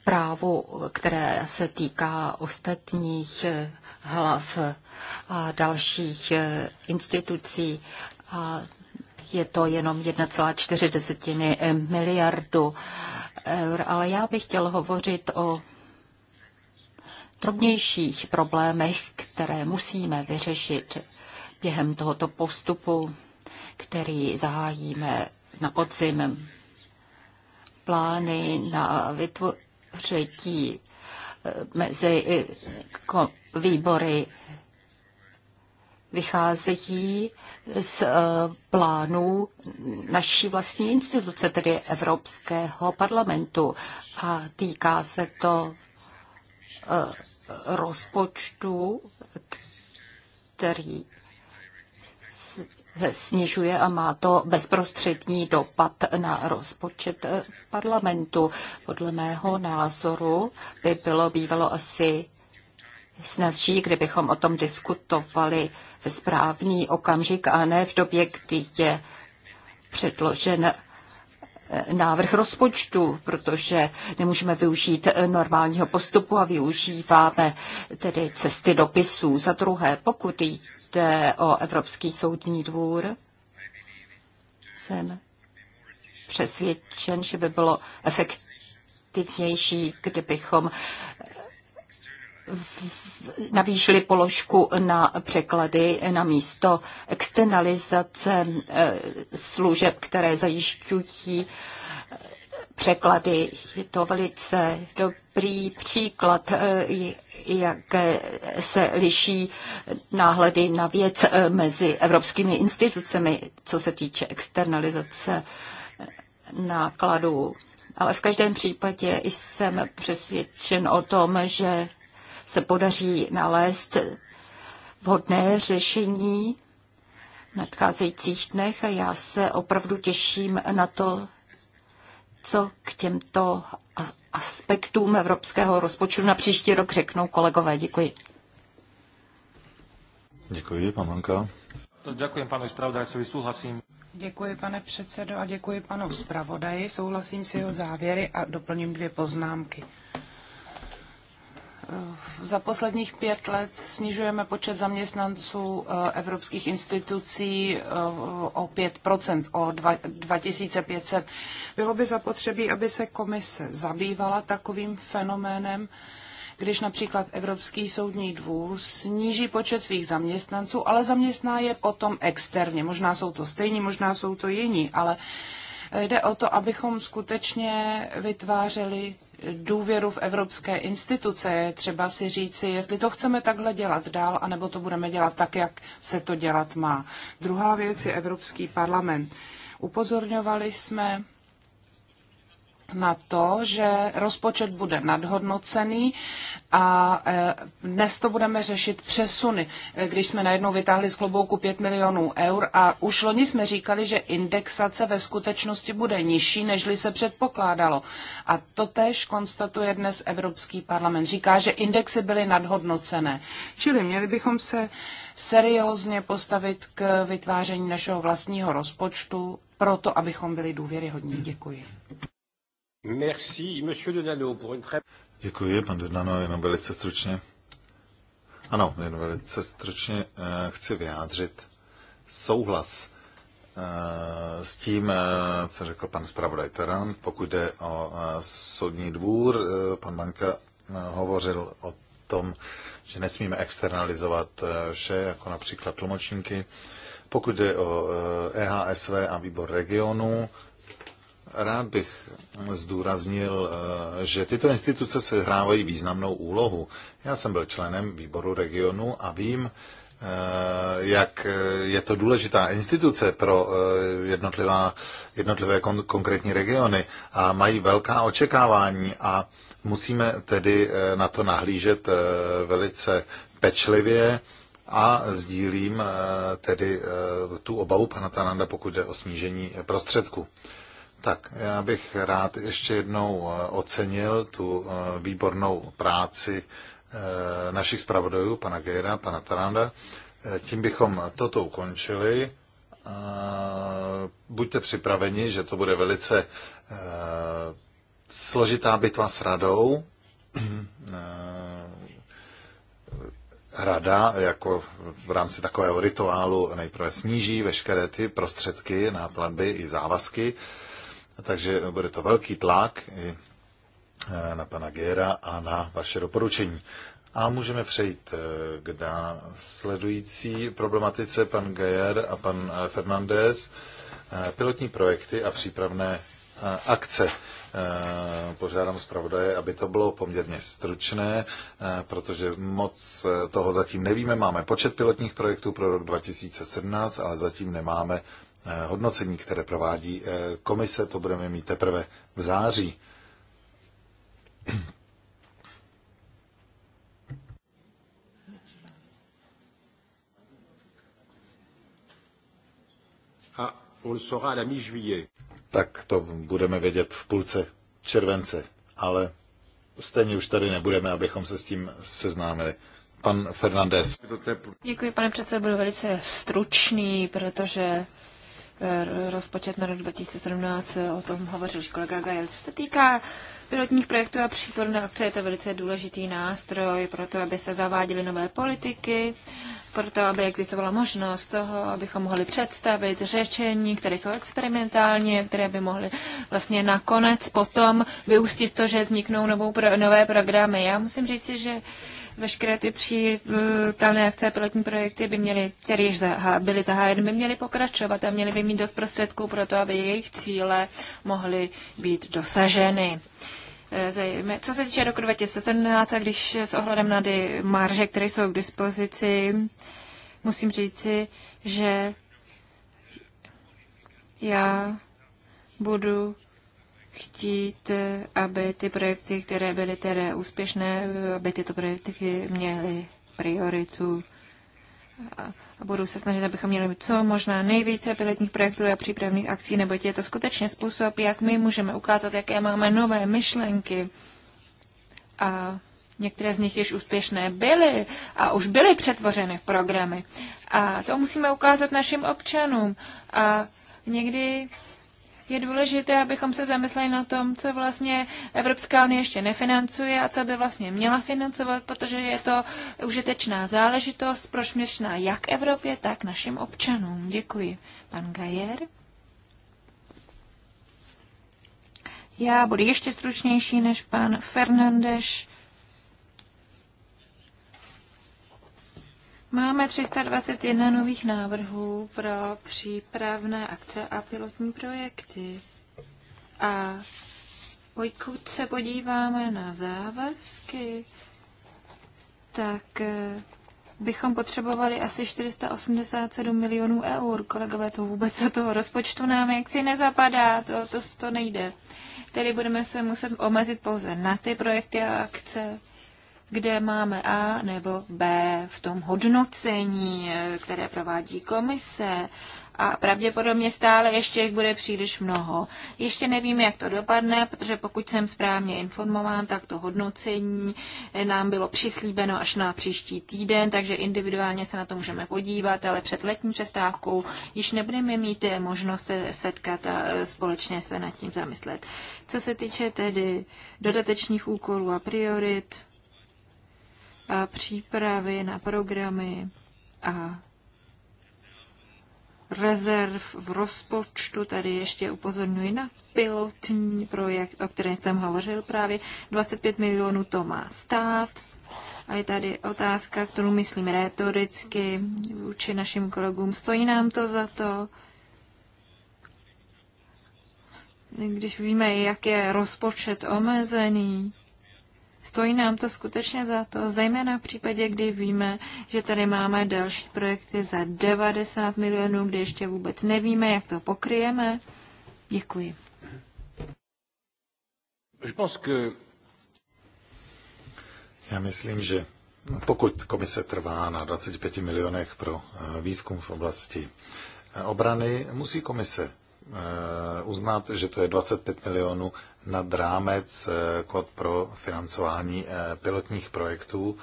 právu, které se týká ostatních eh, hlav a dalších eh, institucí. A je to jenom 1,4 miliardu eur, ale já bych chtěl hovořit o drobnějších problémech, které musíme vyřešit během tohoto postupu, který zahájíme na podzim. Plány na vytvoření eh, mezi eh, výbory vycházejí z eh, plánů naší vlastní instituce, tedy Evropského parlamentu. A týká se to rozpočtu, který snižuje a má to bezprostřední dopad na rozpočet parlamentu. Podle mého názoru by bylo bývalo asi snazší, kdybychom o tom diskutovali v správný okamžik a ne v době, kdy je předložen návrh rozpočtu, protože nemůžeme využít normálního postupu a využíváme tedy cesty dopisů. Za druhé, pokud jde o Evropský soudní dvůr, jsem přesvědčen, že by bylo efektivnější, kdybychom navýšili položku na překlady na místo externalizace eh, služeb, které zajišťují eh, překlady. Je to velice dobrý příklad, eh, jak se liší náhledy na věc mezi evropskými institucemi, co se týče externalizace nákladů. Ale v každém případě jsem přesvědčen o tom, že se podaří nalézt vhodné řešení v nadcházejících dnech a já se opravdu těším na to, co k těmto aspektům evropského rozpočtu na příští rok řeknou kolegové. Děkuji. Děkuji, pan Manka. Děkuji panu zpravodajcovi, souhlasím. Děkuji, pane předsedo, a děkuji panu zpravodaji. Souhlasím s jeho závěry a doplním dvě poznámky. Eh, za posledních pět let snižujeme počet zaměstnanců eh, evropských institucí eh, o 5 o 2500. Bylo by zapotřebí, aby se komise zabývala takovým fenoménem, když například Evropský soudní dvůr sníží počet svých zaměstnanců, ale zaměstná je potom externě. Možná jsou to stejní, možná jsou to jiní, ale jde o to, abychom skutečně vytvářeli důvěru v evropské instituce, je třeba si říci, jestli to chceme takhle dělat dál, anebo to budeme dělat tak, jak se to dělat má. Druhá věc je Evropský parlament. Upozorňovali jsme na to, že rozpočet bude nadhodnocený a e, dnes to budeme řešit přesuny, e, když jsme najednou vytáhli z klobouku 5 milionů eur a už loni jsme říkali, že indexace ve skutečnosti bude nižší, nežli se předpokládalo. A to tež konstatuje dnes Evropský parlament. Říká, že indexy byly nadhodnocené. Čili měli bychom se seriózně postavit k vytváření našeho vlastního rozpočtu, proto abychom byli důvěryhodní. Děkuji. Děkuji, pan Denano, jenom velice stručně. Ano, jenom velice stručně eh, chci vyjádřit souhlas eh, s tím, eh, co řekl pan zpravodaj Teran, Pokud jde o soudní dvůr, pan Banka hovořil o tom, že nesmíme externalizovat vše, jako například tlumočníky. Pokud jde o EHSV e a výbor regionu, Rád bych zdůraznil, eh, že tyto instituce hrávají významnou úlohu. Já jsem byl členem výboru regionu a vím, eh, jak je to důležitá instituce pro eh, jednotlivá, jednotlivé kon, konkrétní regiony a mají velká očekávání a musíme tedy na to nahlížet velice pečlivě a sdílím tedy tu obavu pana Tananda, pokud jde o snížení prostředků. Tak, já bych rád ještě jednou eh, ocenil tu eh, výbornou práci eh, našich zpravodajů, pana Gejra, pana Taranda. Tím bychom toto ukončili. Buďte připraveni, že to bude velice složitá bitva s radou. Rada jako v rámci takového rituálu nejprve sníží veškeré ty prostředky na platby i závazky. Takže bude to velký tlak i e, na pana Gera a na vaše doporučení. A můžeme přejít e, k následující problematice. Pan Gajer a pan e, Fernandez. Pilotní projekty a přípravné akce. Požádám zpravodaje, aby to bylo poměrně stručné, protože moc toho zatím nevíme. Máme počet pilotních projektů pro rok 2017, ale zatím nemáme Eh, hodnocení, které provádí eh, komise, to budeme mít teprve v září. A ah, on sera la Tak to budeme vědět v půlce července, ale stejně už tady nebudeme, abychom se s tím seznámili. Pan Fernandez. Děkuji, pane předsedo, budu velice stručný, protože Eh, rozpočet na rok 2017, eh, o tom hovořil už kolega Gajel. Co se týká pilotních projektů a příporné akce, je to velice důležitý nástroj pro to, aby se zaváděly nové politiky, proto, aby existovala možnost toho, abychom mohli představit řešení, které jsou experimentální, které by mohly vlastně nakonec potom vyústit to, že vzniknou novou pro, nové programy. Já musím říci, že veškeré ty přípravné eh, akce a pilotní projekty by měly, které již byly zahájeny, by měly pokračovat a měly by mít dost prostředků pro to, aby jejich cíle mohly být dosaženy. Eh, co se týče roku 2017, když s ohledem na ty marže, které jsou k dispozici, musím říci, že já budu chtít, aby ty projekty, které byly tedy úspěšné, aby tyto projekty měly prioritu. A, budu se snažit, abychom měli co možná nejvíce pilotních projektů a přípravných akcí, nebo je to skutečně způsob, jak my můžeme ukázat, jaké máme nové myšlenky. A Některé z nich již úspěšné byly a už byly přetvořeny v programy. A to musíme ukázat našim občanům. A někdy je důležité, abychom se zamysleli na tom, co vlastně Evropská unie ještě nefinancuje a co by vlastně měla financovat, protože je to užitečná záležitost, prošměšná jak Evropě, tak našim občanům. Děkuji. Pan Gajer. Já budu ještě stručnější než pan Fernandes. Máme 321 nových návrhů pro přípravné akce a pilotní projekty. A pokud se podíváme na závazky, tak eh, bychom potřebovali asi 487 milionů eur. Kolegové, to vůbec do toho rozpočtu nám jaksi nezapadá, to, to, to nejde. Tedy budeme se muset omezit pouze na ty projekty a akce, kde máme A nebo B v tom hodnocení, eh, které provádí komise a pravděpodobně stále ještě jich bude příliš mnoho. Ještě nevíme, jak to dopadne, protože pokud jsem správně informován, tak to hodnocení eh, nám bylo přislíbeno až na příští týden, takže individuálně se na to můžeme podívat, ale před letní přestávkou již nebudeme mít eh, možnost se setkat a společně se nad tím zamyslet. Co se týče tedy dodatečných úkolů a priorit, a přípravy na programy a rezerv v rozpočtu. Tady ještě upozorňuji na pilotní projekt, o kterém jsem hovořil právě. 25 milionů to má stát. A je tady otázka, kterou myslím rétoricky vůči našim kolegům. Stojí nám to za to? Když víme, jak je rozpočet omezený, Stojí nám to skutečně za to, zejména v případě, kdy víme, že tady máme další projekty za 90 milionů, kde ještě vůbec nevíme, jak to pokryjeme. Děkuji. Já myslím, že pokud komise trvá na 25 milionech pro eh, výzkum v oblasti eh, obrany, musí komise eh, uznat, že to je 25 milionů nad rámec eh, kód pro financování eh, pilotních projektů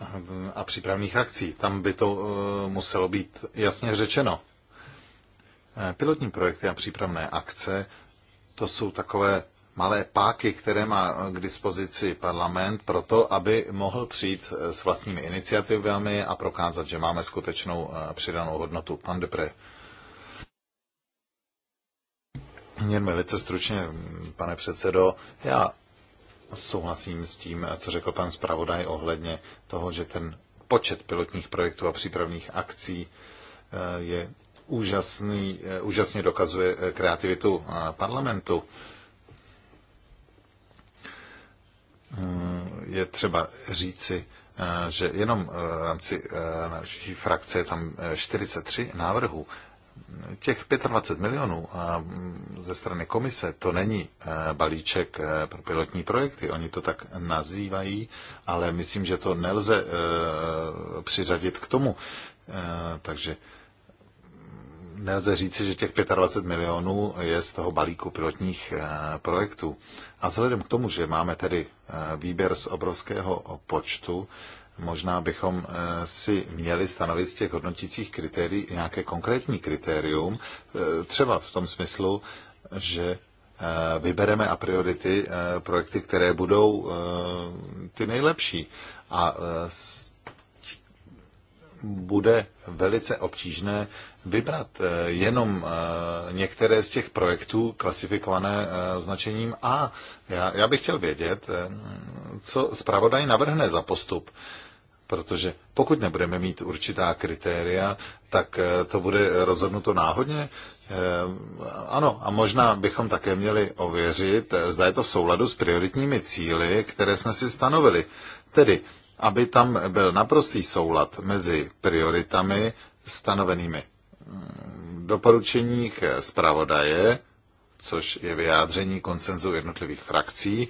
eh, a přípravných akcí. Tam by to muselo být jasně řečeno. Pilotní projekty a přípravné akce to jsou takové malé páky, které má k dispozici parlament pro to, aby mohl přijít s vlastními iniciativami a prokázat, že máme skutečnou přidanou hodnotu. Pan Depre, jen velice stručně, pane předsedo, já souhlasím s tím, co řekl pan zpravodaj ohledně toho, že ten počet pilotních projektů a přípravných akcí eh, je úžasný, eh, úžasně dokazuje eh, kreativitu parlamentu. Je třeba říci, že jenom v rámci naší frakce je tam 43 návrhů těch 25 milionů a mm, ze strany komise to není eh, balíček eh, pro pilotní projekty, oni to tak nazývají, ale myslím, že to nelze eh, přiřadit k tomu. Takže mm, nelze říci, že těch 25 milionů je z toho balíku pilotních projektů. A vzhledem k tomu, že máme tedy výběr z obrovského počtu, Možná bychom eh, si měli stanovit z těch hodnotících kritérií nějaké konkrétní kritérium, eh, třeba v tom smyslu, že eh, vybereme a priority projekty, které budou ty nejlepší. A bude velice obtížné vybrat jenom některé z těch projektů klasifikované označením A. Já, já bych chtěl vědět, co zpravodaj navrhne za postup. Protože pokud nebudeme mít určitá kritéria, tak eh, to bude rozhodnuto náhodně. Eh, ano, a možná bychom také měli ověřit, eh, zda je to v souladu s prioritními cíly, které jsme si stanovili. Tedy, aby tam byl naprostý soulad mezi prioritami stanovenými v mm, doporučeních zpravodaje, což je vyjádření koncenzu jednotlivých frakcí,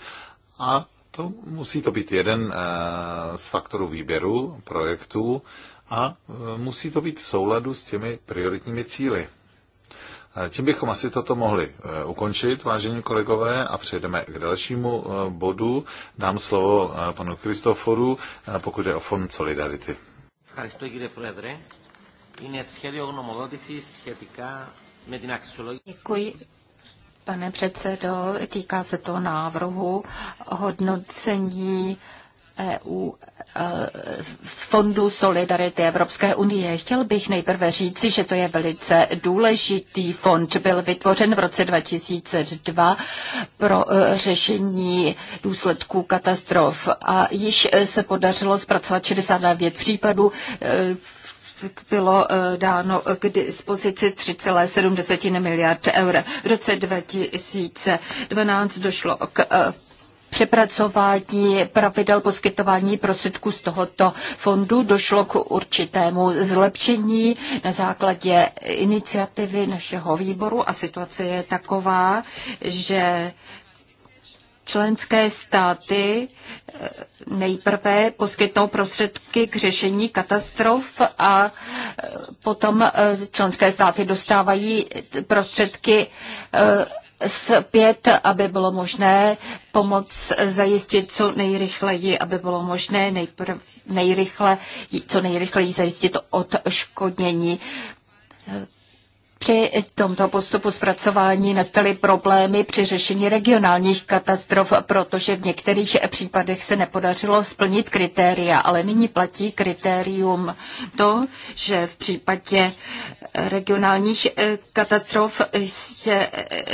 a to musí to být jeden eh, z faktorů výběru projektů a eh, musí to být v souladu s těmi prioritními cíly. Eh, tím bychom asi toto mohli ukončit, vážení kolegové, a přejdeme k dalšímu bodu. Dám slovo panu Kristoforu, pokud je o Fond Solidarity. Děkuji, Pane předsedo, týká se to návrhu hodnocení EU eh, Fondu Solidarity Evropské unie. Chtěl bych nejprve říci, že to je velice důležitý fond. Byl vytvořen v roce 2002 pro eh, řešení důsledků katastrof a již eh, se podařilo zpracovat 69 případů bylo eh, dáno k dispozici 3,7 miliard eur. V roce 2012 došlo k eh, přepracování pravidel poskytování prostředků z tohoto fondu došlo k určitému zlepšení na základě iniciativy našeho výboru a situace je taková, že Členské státy eh, nejprve poskytnou prostředky k řešení katastrof a eh, potom eh, členské státy dostávají prostředky zpět, aby bylo možné pomoc zajistit co nejrychleji, aby bylo možné nejprv, nejrychle, co nejrychleji zajistit odškodnění. Při tomto postupu zpracování nastaly problémy při řešení regionálních katastrof, protože v některých případech se nepodařilo splnit kritéria, ale nyní platí kritérium to, že v případě regionálních eh, katastrof eh,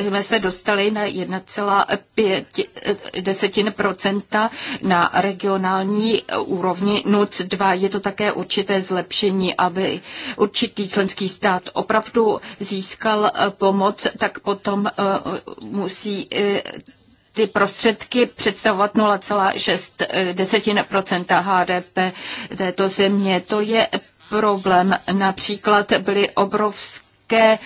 jsme se dostali na 1,5 eh, na regionální úrovni NUC 2. Je to také určité zlepšení, aby určitý členský stát opravdu získal eh, pomoc, tak potom eh, musí eh, ty prostředky představovat 0,6 desetin procenta HDP této země. To je problém. Například byly obrovské obrovské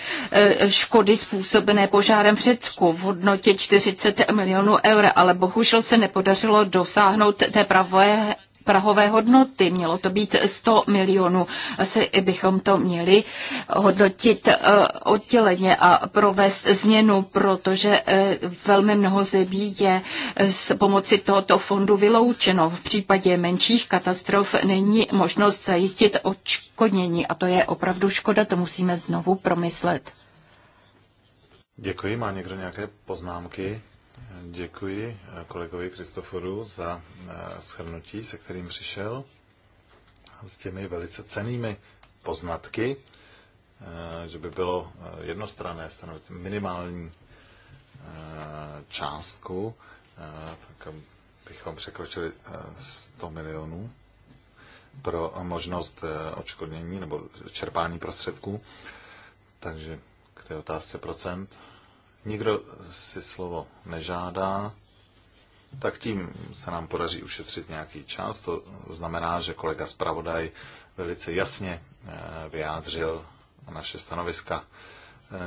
škody způsobené požárem v Řecku v hodnotě 40 milionů eur, ale bohužel se nepodařilo dosáhnout té pravé prahové hodnoty. Mělo to být 100 milionů. Asi bychom to měli hodnotit eh, odděleně a provést změnu, protože eh, velmi mnoho zemí je s pomoci tohoto fondu vyloučeno. V případě menších katastrof není možnost zajistit odškodnění a to je opravdu škoda, to musíme znovu promyslet. Děkuji. Má někdo nějaké poznámky? Děkuji eh, kolegovi Kristoforu za eh, shrnutí, se kterým přišel s těmi velice cenými poznatky, eh, že by bylo jednostranné stanovit minimální částku, tak bychom překročili 100 milionů pro možnost odškodnění nebo čerpání prostředků. Takže k té otázce procent Nikdo si slovo nežádá, tak tím se nám podaří ušetřit nějaký čas. To znamená, že kolega zpravodaj velice jasně eh, vyjádřil naše stanoviska.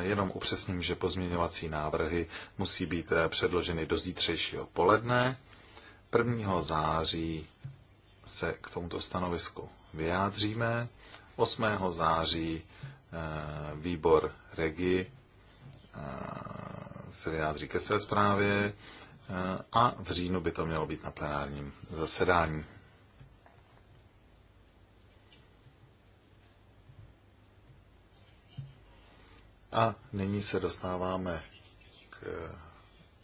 Eh, jenom upřesním, že pozměňovací návrhy musí být eh, předloženy do zítřejšího poledne. 1. září se k tomuto stanovisku vyjádříme. 8. září výbor REGI se vyjádří ke své zprávě e, a v říjnu by to mělo být na plenárním zasedání. A nyní se dostáváme k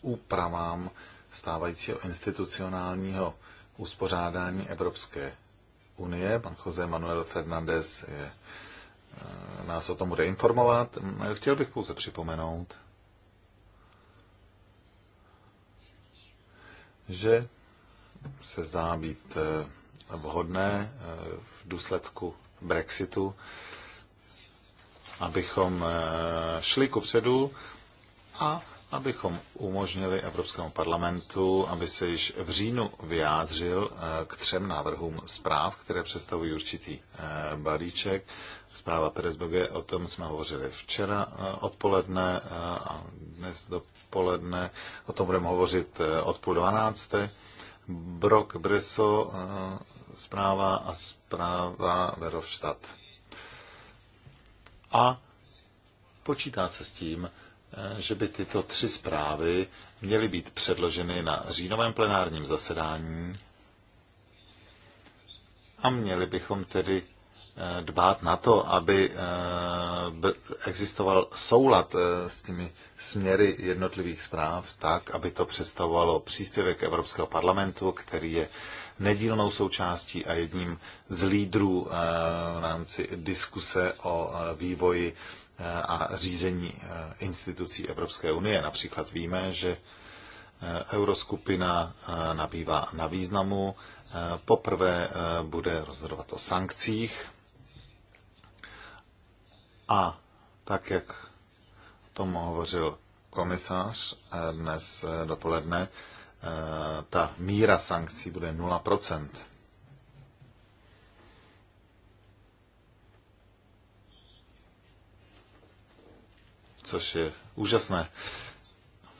úpravám stávajícího institucionálního uspořádání Evropské unie. Pan Jose Manuel Fernández je Eh, nás o tom bude informovat. Eh, chtěl bych pouze připomenout, že se zdá být eh, vhodné v důsledku Brexitu, abychom šli ku předu a abychom umožnili Evropskému parlamentu, aby se již v říjnu vyjádřil eh, k třem návrhům zpráv, které představují určitý eh, balíček. Zpráva Perez o tom jsme hovořili včera eh, odpoledne a dnes dopoledne. O tom budeme hovořit od půl dvanácté. Brok Breso, zpráva a zpráva Verovštat. A počítá se s tím, Eh, že by tyto tři zprávy měly být předloženy na říjnovém plenárním zasedání a měli bychom tedy eh, dbát na to, aby eh, existoval soulad s těmi směry jednotlivých zpráv tak, aby to představovalo příspěvek Evropského parlamentu, který je nedílnou součástí a jedním z lídrů v rámci diskuse o vývoji Eh, a řízení eh, institucí Evropské unie. Například víme, že eh, euroskupina nabývá na významu. Poprvé bude rozhodovat o sankcích a tak, jak tom hovořil komisař dnes dopoledne, ta míra sankcí bude což je úžasné.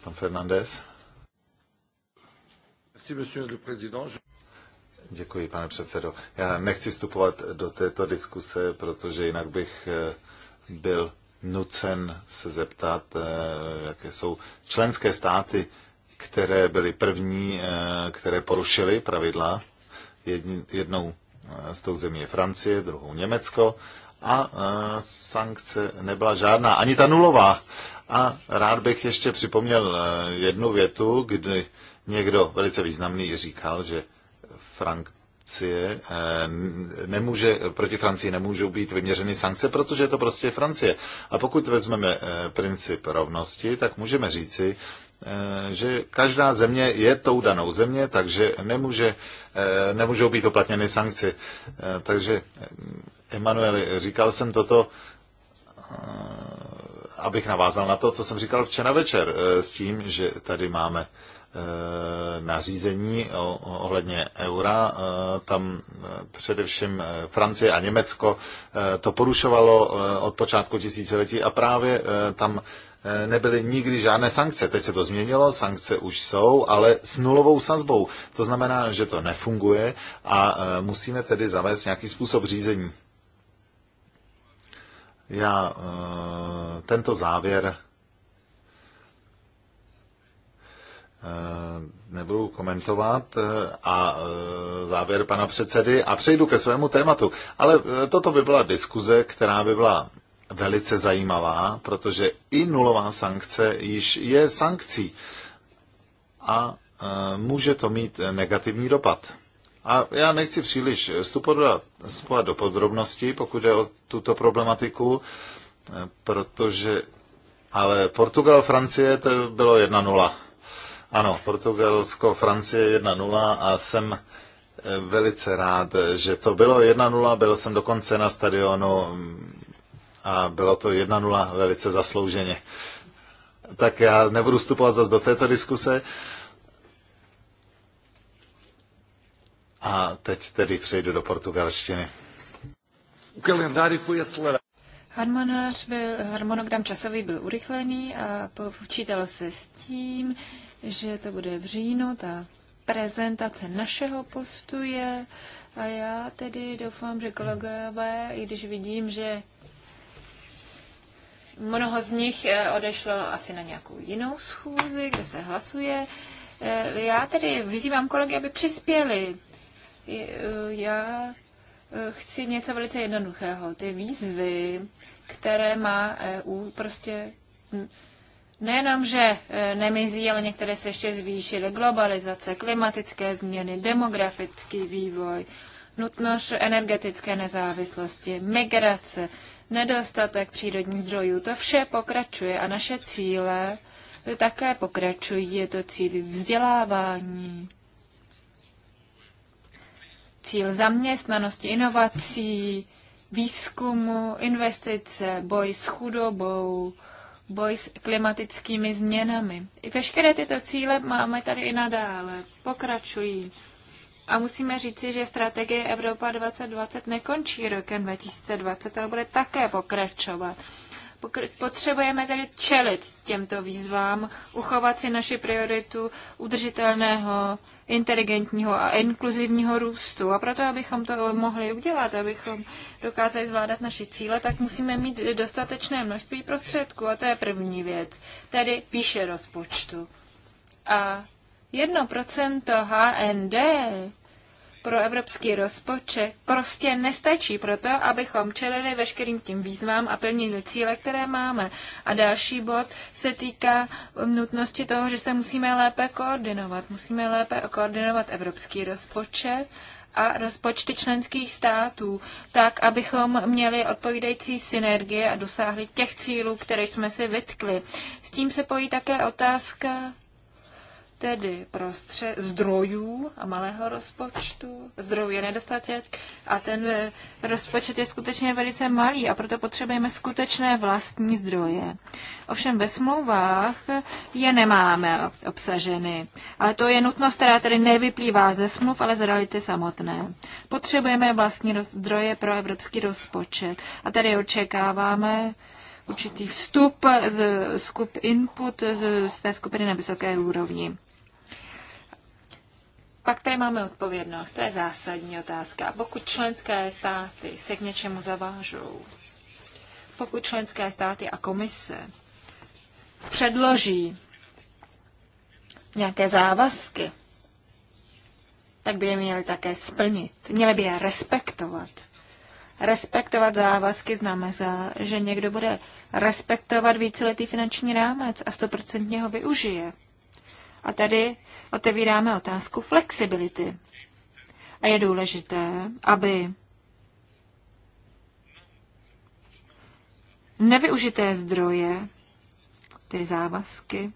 Pan Fernandez. Děkuji, pane předsedo. Já nechci vstupovat do této diskuse, protože jinak bych eh, byl nucen se zeptat, eh, jaké jsou členské státy, které byly první, eh, které porušily pravidla. Jednou z tou zemí je Francie, druhou Německo a sankce nebyla žádná, ani ta nulová. A rád bych ještě připomněl eh, jednu větu, kdy někdo velice významný říkal, že Francie eh, nemůže, proti Francii nemůžou být vyměřeny sankce, protože je to prostě Francie. A pokud vezmeme eh, princip rovnosti, tak můžeme říci, že každá země je tou danou země, takže nemůže, nemůžou být uplatněny sankce. Takže Emanueli, říkal jsem toto, eh, abych navázal na to, co jsem říkal včera večer, eh, s tím, že tady máme eh, nařízení ohledně eura. Tam především Francie a Německo to porušovalo od počátku tisíciletí a právě tam nebyly nikdy žádné sankce. Teď se to změnilo, sankce už jsou, ale s nulovou sazbou. To znamená, že to nefunguje a musíme tedy zavést nějaký způsob řízení. Já eh, tento závěr eh, nebudu komentovat eh, a závěr pana předsedy a přejdu ke svému tématu. Ale toto by byla diskuze, která by byla velice zajímavá, protože i nulová sankce již je sankcí a může to mít negativní dopad. A já nechci příliš vstupovat do podrobností, pokud jde o tuto problematiku, eh, protože ale Portugal, Francie, to bylo 1-0. Ano, Portugalsko, Francie 1-0 a jsem eh, velice rád, že to bylo 1-0, byl jsem dokonce na stadionu mm, a bylo to 1-0 velice zaslouženě. Tak já nebudu vstupovat zase do této diskuse. Uh, A teď tedy přejdu do portugalštiny. Harmonář byl, harmonogram časový byl urychlený a počítalo se s tím, že to bude v říjnu, ta prezentace našeho postu je a já tedy doufám, že kolegové, i když vidím, že mnoho z nich eh, odešlo asi na nějakou jinou schůzi, kde se hlasuje, eh, já tedy vyzývám kolegy, aby přispěli E, já e, chci něco velice jednoduchého. Ty výzvy, které má EU, prostě nejenom, že e, nemizí, ale některé se ještě zvýšily. Globalizace, klimatické změny, demografický vývoj, nutnost energetické nezávislosti, migrace, nedostatek přírodních zdrojů. To vše pokračuje a naše cíle také pokračují. Je to cíl vzdělávání, cíl zaměstnanosti, inovací, výzkumu, investice, boj s chudobou, boj s klimatickými změnami. I veškeré tyto cíle máme tady i nadále, pokračují. A musíme říci, že strategie Evropa 2020 nekončí rokem 2020, ale bude také pokračovat. Potřebujeme tedy čelit těmto výzvám, uchovat si naši prioritu udržitelného inteligentního a inkluzivního růstu. A proto, abychom to mohli udělat, abychom dokázali zvládat naši cíle, tak musíme mít dostatečné množství prostředků. A to je první věc, tedy výše rozpočtu. A 1% HND pro evropský rozpočet prostě nestačí pro to, abychom čelili veškerým tím výzvám a plnili cíle, které máme. A další bod se týká nutnosti toho, že se musíme lépe koordinovat. Musíme lépe koordinovat evropský rozpočet a rozpočty členských států, tak abychom měli odpovídající synergie a dosáhli těch cílů, které jsme si vytkli. S tím se pojí také otázka tedy prostře- zdrojů a malého rozpočtu. Zdrojů je nedostatek a ten eh, rozpočet je skutečně velice malý a proto potřebujeme skutečné vlastní zdroje. Ovšem ve smlouvách je nemáme obsaženy, ale to je nutnost, která tedy nevyplývá ze smluv, ale z reality samotné. Potřebujeme vlastní zdroje pro evropský rozpočet a tady očekáváme, určitý vstup z skup input z, z té skupiny na vysoké úrovni. Pak tady máme odpovědnost, to je zásadní otázka. Pokud členské státy se k něčemu zavážou, pokud členské státy a komise předloží nějaké závazky, tak by je měli také splnit. Měly by je respektovat. Respektovat závazky znamená, že někdo bude respektovat víceletý finanční rámec a stoprocentně ho využije. A tady otevíráme otázku flexibility. A je důležité, aby nevyužité zdroje, ty závazky,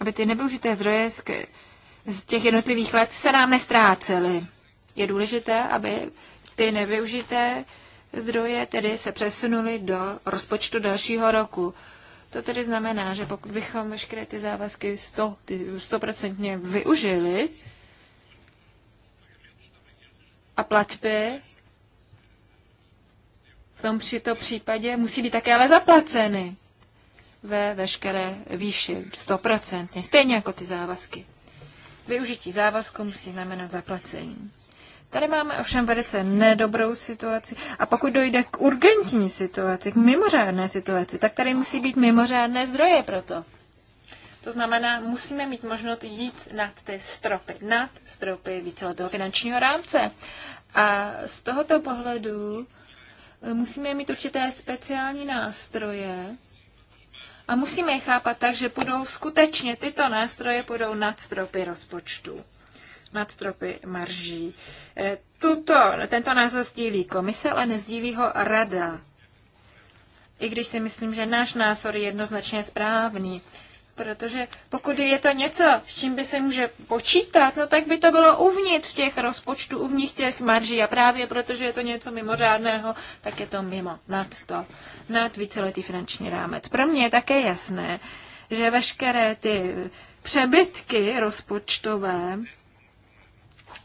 aby ty nevyužité zdroje z, těch jednotlivých let se nám nestrácely. Je důležité, aby ty nevyužité zdroje tedy se přesunuly do rozpočtu dalšího roku. To tedy znamená, že pokud bychom veškeré ty závazky 100, využili a platby v tom při to případě musí být také ale zaplaceny ve veškeré výši 100%, stejně jako ty závazky. Využití závazku musí znamenat zaplacení. Tady máme ovšem velice nedobrou situaci a pokud dojde k urgentní situaci, k mimořádné situaci, tak tady musí být mimořádné zdroje pro to. To znamená, musíme mít možnost jít nad ty stropy, nad stropy víceletého finančního rámce. A z tohoto pohledu musíme mít určité speciální nástroje a musíme je chápat tak, že budou skutečně tyto nástroje budou nad stropy rozpočtu nad stropy marží. Eh, tuto, tento názor sdílí komise, ale nezdílí ho rada. I když si myslím, že náš názor je jednoznačně správný. Protože pokud je to něco, s čím by se může počítat, no tak by to bylo uvnitř těch rozpočtů, uvnitř těch marží. A právě protože je to něco mimořádného, tak je to mimo, nad to, nad víceletý finanční rámec. Pro mě je také jasné, že veškeré ty přebytky rozpočtové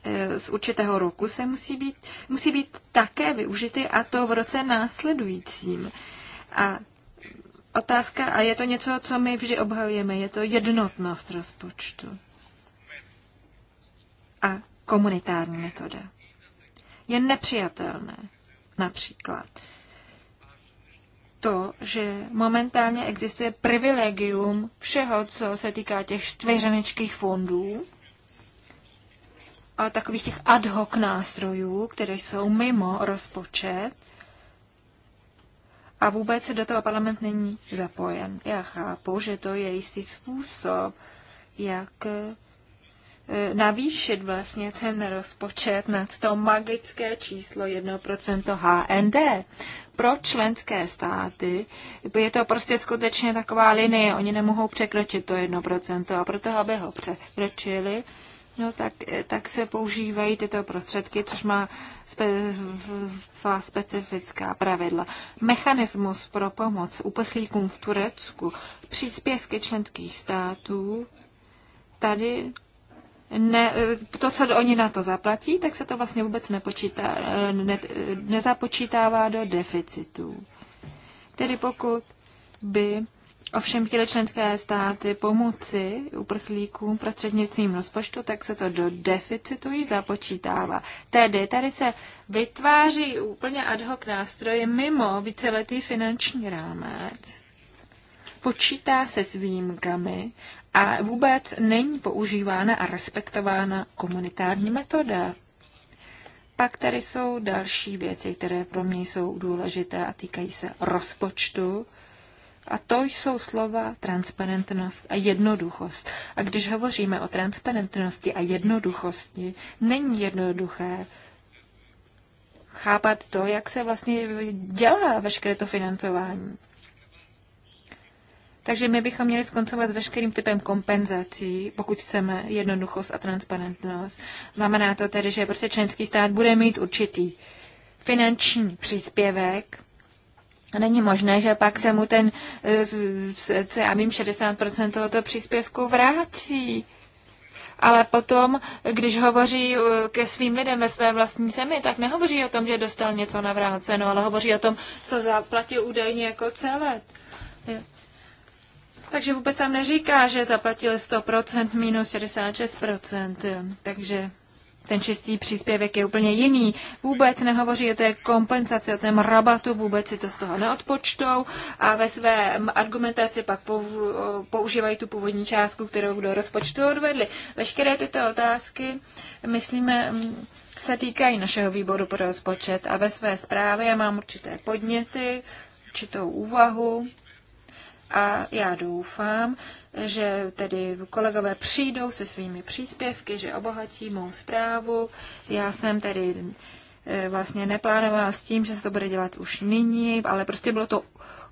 E, z určitého roku se musí být, musí být také využity a to v roce následujícím. A otázka, a je to něco, co my vždy obhajujeme, je to jednotnost rozpočtu a komunitární metoda. Je nepřijatelné například to, že momentálně existuje privilegium všeho, co se týká těch čtveřenečkých fondů, a takových těch ad hoc nástrojů, které jsou mimo rozpočet a vůbec se do toho parlament není zapojen. Já chápu, že to je jistý způsob, jak eh, navýšit vlastně ten rozpočet nad to magické číslo 1% HND. Pro členské státy je to prostě skutečně taková linie, oni nemohou překročit to 1% a proto, aby ho překročili, no, tak, eh, tak se používají tyto prostředky, což má spe, specifická pravidla. Mechanismus pro pomoc uprchlíkům v Turecku, příspěvky členských států, tady ne, eh, to, co oni na to zaplatí, tak se to vlastně vůbec nepočítá, eh, ne, nezapočítává do deficitu. Tedy pokud by ovšem chtěly členské státy pomoci uprchlíkům prostřednictvím rozpočtu, tak se to do deficitu již započítává. Tedy tady se vytváří úplně ad hoc nástroje mimo víceletý finanční rámec, počítá se s výjimkami a vůbec není používána a respektována komunitární metoda. Pak tady jsou další věci, které pro mě jsou důležité a týkají se rozpočtu, a to jsou slova transparentnost a jednoduchost. A když hovoříme o transparentnosti a jednoduchosti, není jednoduché chápat to, jak se vlastně dělá veškeré to financování. Takže my bychom měli skoncovat s veškerým typem kompenzací, pokud chceme jednoduchost a transparentnost. Znamená to tedy, že prostě členský stát bude mít určitý finanční příspěvek a není možné, že pak se mu ten, eh, co já vím, 60% tohoto příspěvku vrátí. Ale potom, když hovoří eh, ke svým lidem ve své vlastní zemi, tak nehovoří o tom, že dostal něco navráceno, ale hovoří o tom, co zaplatil údajně jako celé. Takže vůbec tam neříká, že zaplatil 100% minus 66%. Eh, takže ten čistý příspěvek je úplně jiný. Vůbec nehovoří o té kompenzaci, o tom rabatu, vůbec si to z toho neodpočtou a ve své argumentaci pak používají tu původní částku, kterou do rozpočtu odvedli. Veškeré tyto otázky, myslíme, se týkají našeho výboru pro rozpočet a ve své zprávě já mám určité podněty, určitou úvahu a já doufám, že tedy kolegové přijdou se svými příspěvky, že obohatí mou zprávu. Já jsem tedy e, vlastně neplánovala s tím, že se to bude dělat už nyní, ale prostě bylo to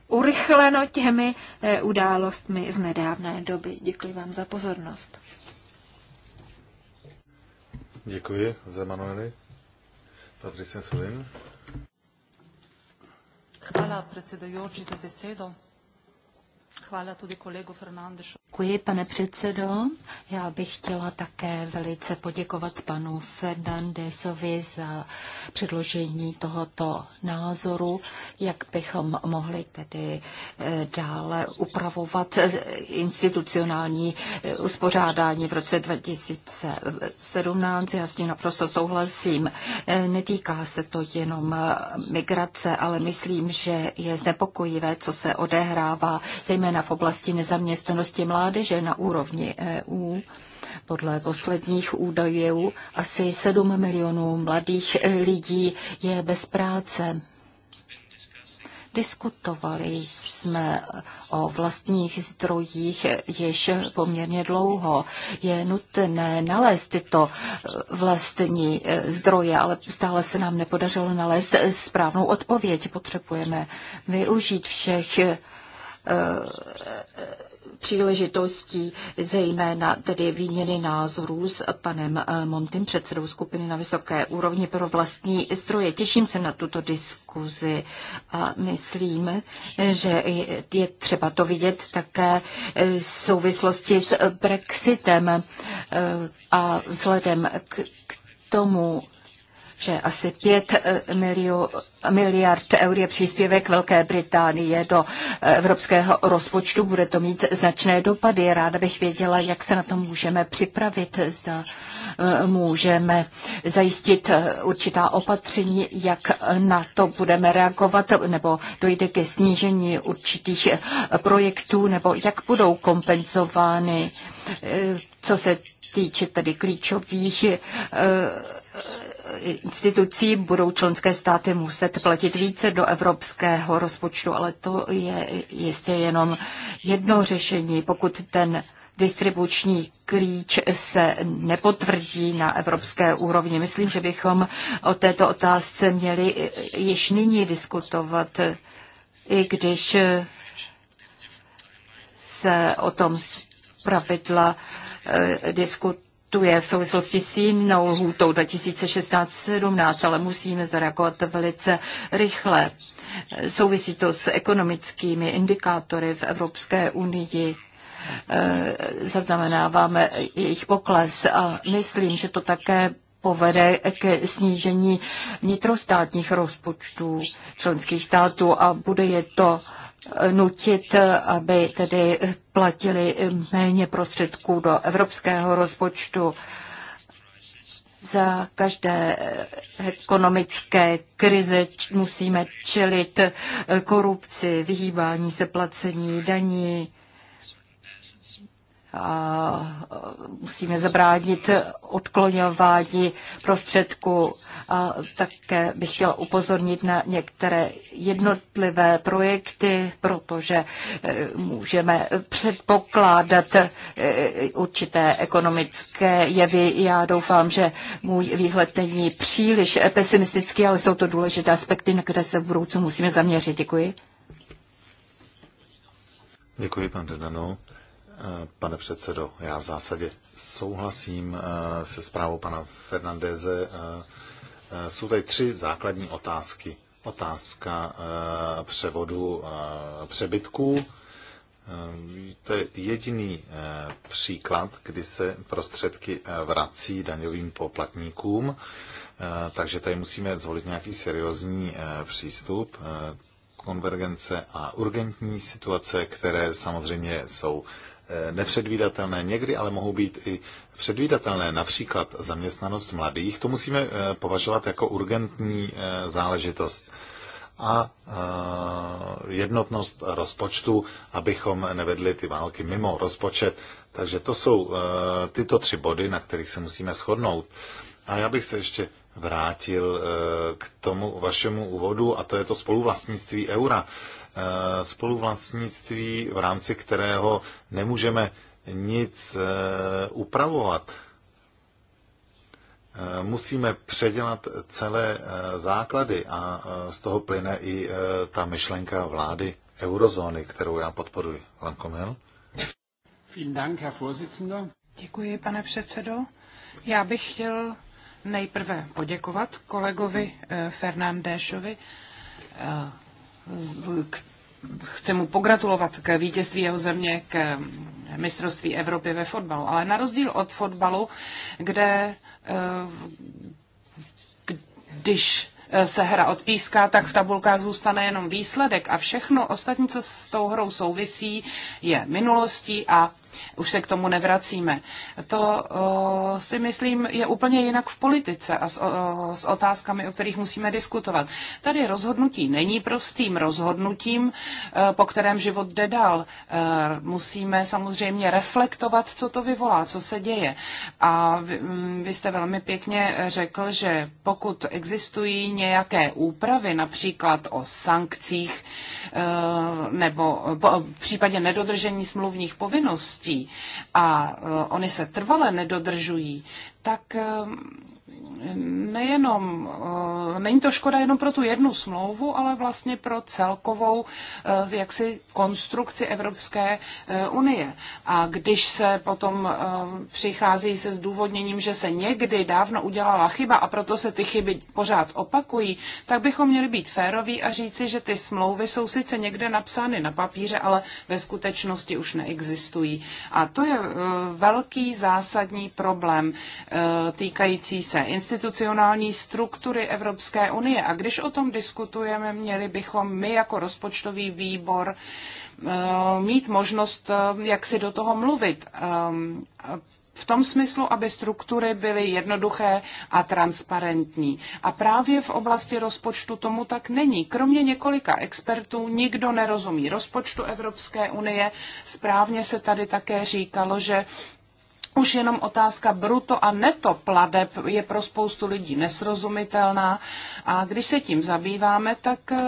urychleno těmi e, událostmi z nedávné doby. Děkuji vám za pozornost. Děkuji za Manueli. Patrice Sulin. Hvala predsedujoči za besedo. Děkuji, pane předsedo. Já bych chtěla také velice poděkovat panu Fernandesovi za předložení tohoto názoru, jak bychom mohli tedy eh, dále upravovat eh, institucionální eh, uspořádání v roce 2017. Já s tím naprosto souhlasím. Netýká se to jenom migrace, ale myslím, že je znepokojivé, co se odehrává, zejména zejména v oblasti nezaměstnanosti mládeže na úrovni EU. Podle posledních údajů asi 7 milionů mladých lidí je bez práce. Diskutovali jsme o vlastních zdrojích již poměrně dlouho. Je nutné nalézt tyto vlastní zdroje, ale stále se nám nepodařilo nalézt správnou odpověď. Potřebujeme využít všech Eh, příležitostí, zejména tedy výměny názorů s panem eh, Montym, předsedou skupiny na vysoké úrovni pro vlastní stroje. Těším se na tuto diskuzi a myslím, že je třeba to vidět také v souvislosti s Brexitem eh, a vzhledem k tomu, že asi 5 eh, milio, miliard eur je příspěvek Velké Británie do eh, evropského rozpočtu. Bude to mít značné dopady. Ráda bych věděla, jak se na to můžeme připravit. Zda eh, můžeme zajistit určitá opatření, jak na to budeme reagovat, nebo dojde ke snížení určitých projektů, nebo jak budou kompenzovány, co se týče tedy klíčových institucí budou členské státy muset platit více do evropského rozpočtu, ale to je jistě jenom jedno řešení. Pokud ten distribuční klíč se nepotvrdí na evropské úrovni. Myslím, že bychom o této otázce měli již nyní diskutovat, i když se o tom zpravidla eh, diskutuje je v souvislosti s jinou lhůtou 2016-17, ale musíme zareagovat velice rychle. Souvisí to s ekonomickými indikátory v Evropské unii eh, zaznamenáváme jejich pokles a myslím, že to také povede ke snížení vnitrostátních rozpočtů členských států a bude je to uh, nutit, aby tedy platili méně prostředků do evropského rozpočtu. Za každé ekonomické krize musíme čelit korupci, vyhýbání se placení daní, a musíme zabránit odklonování prostředků. A také bych chtěla upozornit na některé jednotlivé projekty, protože e, můžeme předpokládat e, určité ekonomické jevy. Já doufám, že můj výhled není příliš pesimistický, ale jsou to důležité aspekty, na které se v budoucnu musíme zaměřit. Děkuji. Děkuji, pan Danou. Eh, pane předsedo. Já v zásadě souhlasím eh, se zprávou pana Fernandeze. Eh, jsou tady tři základní otázky. Otázka převodu přebytků. To je jediný příklad, kdy se prostředky vrací daňovým poplatníkům, takže tady musíme zvolit nějaký seriózní přístup konvergence a urgentní situace, které samozřejmě jsou Eh, nepředvídatelné, někdy ale mohou být i předvídatelné, například zaměstnanost mladých, to musíme eh, považovat jako urgentní eh, záležitost. A jednotnost rozpočtu, abychom nevedli ty války mimo rozpočet. Takže to jsou tyto tři body, na kterých se musíme shodnout. A já bych se ještě vrátil k tomu vašemu úvodu, a to je to spoluvlastnictví eura spoluvlastnictví, v rámci kterého nemůžeme nic eh, upravovat. Eh, musíme předělat celé eh, základy a z toho plyne i ta myšlenka vlády eurozóny, kterou já podporuji. Lankomil? Děkuji, pane předsedo. Já bych chtěl nejprve poděkovat kolegovi Fernandéšovi k, chce mu pogratulovat k vítězství jeho země, k mistrovství Evropy ve fotbalu. Ale na rozdíl od fotbalu, kde eh, když eh, se hra odpíská, tak v tabulkách zůstane jenom výsledek a všechno ostatní, co s tou hrou souvisí, je minulostí a už se k tomu nevracíme. To o, si myslím je úplně jinak v politice a s, o, s otázkami, o kterých musíme diskutovat. Tady rozhodnutí není prostým rozhodnutím, e, po kterém život jde dál. E, musíme samozřejmě reflektovat, co to vyvolá, co se děje. A vy, mm, vy jste velmi pěkně řekl, že pokud existují nějaké úpravy, například o sankcích e, nebo v případě nedodržení smluvních povinností, povinností a e, oni se trvale nedodržují, tak e, nejenom e, Není to škoda jenom pro tu jednu smlouvu, ale vlastně pro celkovou eh, jaksi konstrukci Evropské eh, unie. A když se potom eh, přichází se zdůvodněním, že se někdy dávno udělala chyba a proto se ty chyby pořád opakují, tak bychom měli být féroví a říci, že ty smlouvy jsou sice někde napsány na papíře, ale ve skutečnosti už neexistují. A to je velký zásadní problém týkající se institucionální struktury Evropské Evropské unie. A když o tom diskutujeme, měli bychom my jako rozpočtový výbor eh, mít možnost, eh, jak si do toho mluvit ehm, v tom smyslu, aby struktury byly jednoduché a transparentní. A právě v oblasti rozpočtu tomu tak není. Kromě několika expertů nikdo nerozumí rozpočtu Evropské unie. Správně se tady také říkalo, že už jenom otázka bruto a neto pladeb je pro spoustu lidí nesrozumitelná a když se tím zabýváme, tak eh,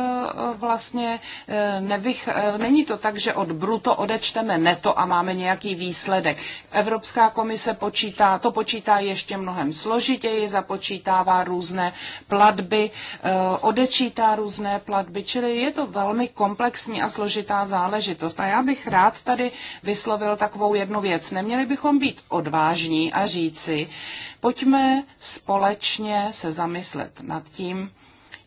vlastně eh, nevych, eh, není to tak, že od bruto odečteme neto a máme nějaký výsledek. Evropská komise počítá, to počítá ještě mnohem složitěji, započítává různé platby, odečítá různé platby, čili je to velmi komplexní a složitá záležitost. A já bych rád tady vyslovil takovou jednu věc. Neměli bychom být odvážní a říci, pojďme společně se zamyslet nad tím,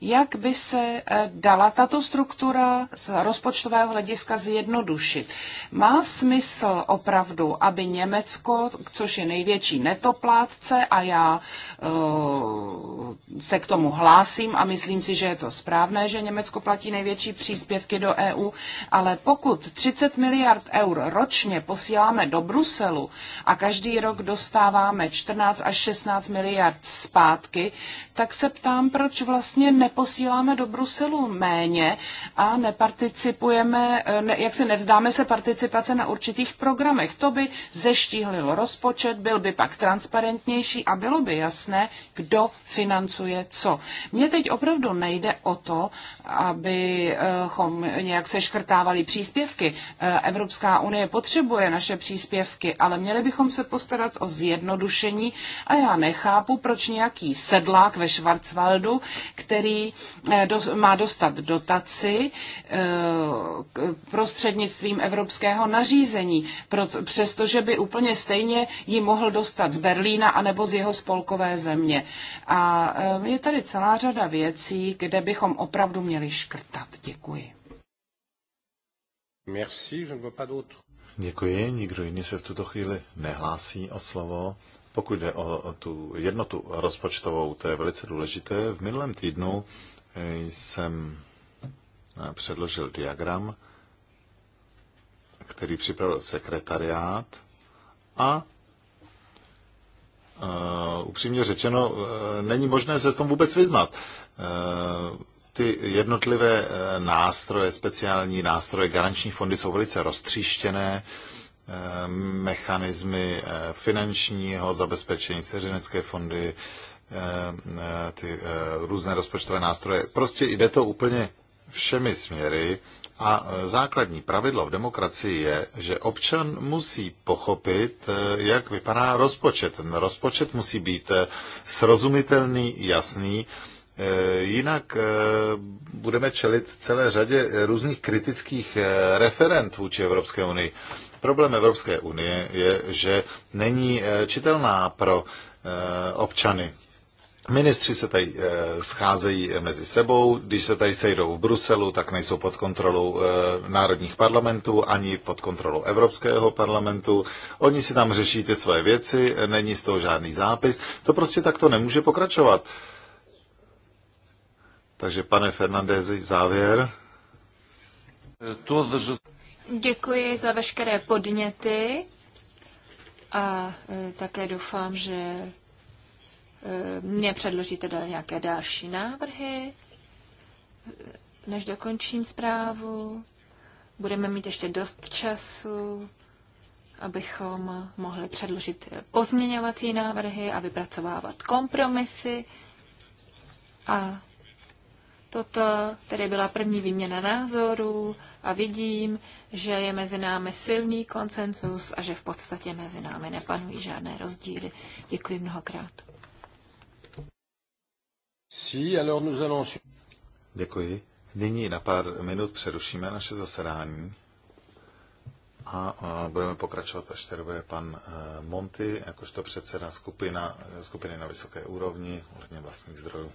jak by se eh, dala tato struktura z rozpočtového hlediska zjednodušit? Má smysl opravdu, aby Německo, což je největší netoplátce, a já eh, se k tomu hlásím a myslím si, že je to správné, že Německo platí největší příspěvky do EU, ale pokud 30 miliard eur ročně posíláme do Bruselu a každý rok dostáváme 14 až 16 miliard zpátky, tak se ptám, proč vlastně ne neposíláme do Bruselu méně a neparticipujeme, eh, ne, jak se nevzdáme se participace na určitých programech. To by zeštíhlil rozpočet, byl by pak transparentnější a bylo by jasné, kdo financuje co. Mně teď opravdu nejde o to, abychom nějak seškrtávali příspěvky. Eh, Evropská unie potřebuje naše příspěvky, ale měli bychom se postarat o zjednodušení a já nechápu, proč nějaký sedlák ve Schwarzwaldu, který Eh, má dostat dotaci eh, prostřednictvím evropského nařízení, přestože by úplně stejně ji mohl dostat z Berlína anebo z jeho spolkové země. A eh, je tady celá řada věcí, kde bychom opravdu měli škrtat. Děkuji. Merci, je ne vois pas Děkuji, nikdo jiný se v tuto chvíli nehlásí o slovo, pokud jde o tu jednotu rozpočtovou, to je velice důležité. V minulém týdnu eh, jsem eh, předložil diagram, který připravil sekretariát a Uh, upřímně řečeno, uh, není možné se v tom vůbec vyznat. Uh, ty jednotlivé nástroje, speciální nástroje, garanční fondy jsou velice roztříštěné. Uh, Eh, mechanismy eh, finančního zabezpečení, seřenecké fondy, eh, ty různé rozpočtové nástroje. Prostě jde to úplně všemi směry a základní pravidlo v demokracii je, že občan musí pochopit, jak vypadá rozpočet. Ten rozpočet musí být srozumitelný, jasný, Jinak budeme čelit celé řadě různých kritických referent vůči Evropské unii. Problém Evropské unie je, že není eh, čitelná pro eh, občany. Ministři se tady eh, scházejí mezi sebou, když se tady sejdou v Bruselu, tak nejsou pod kontrolou národních parlamentů ani pod kontrolou Evropského parlamentu. Oni si tam řeší ty své věci, není z toho žádný zápis. To prostě takto nemůže pokračovat. Takže pane Fernandezi, závěr. Děkuji za veškeré podněty a e, také doufám, že e, mě předložíte nějaké další návrhy, než dokončím zprávu. Budeme mít ještě dost času, abychom mohli předložit pozměňovací návrhy a vypracovávat kompromisy. A Toto tedy byla první výměna názorů a vidím, že je mezi námi silný konsenzus a že v podstatě mezi námi nepanují žádné rozdíly. Děkuji mnohokrát. Si, alors nous allons... Děkuji. Nyní na pár minut přerušíme naše zasedání a budeme pokračovat, až tady bude pan eh, Monty, jakožto předseda skupina, skupiny na vysoké úrovni, ohledně vlastních zdrojů.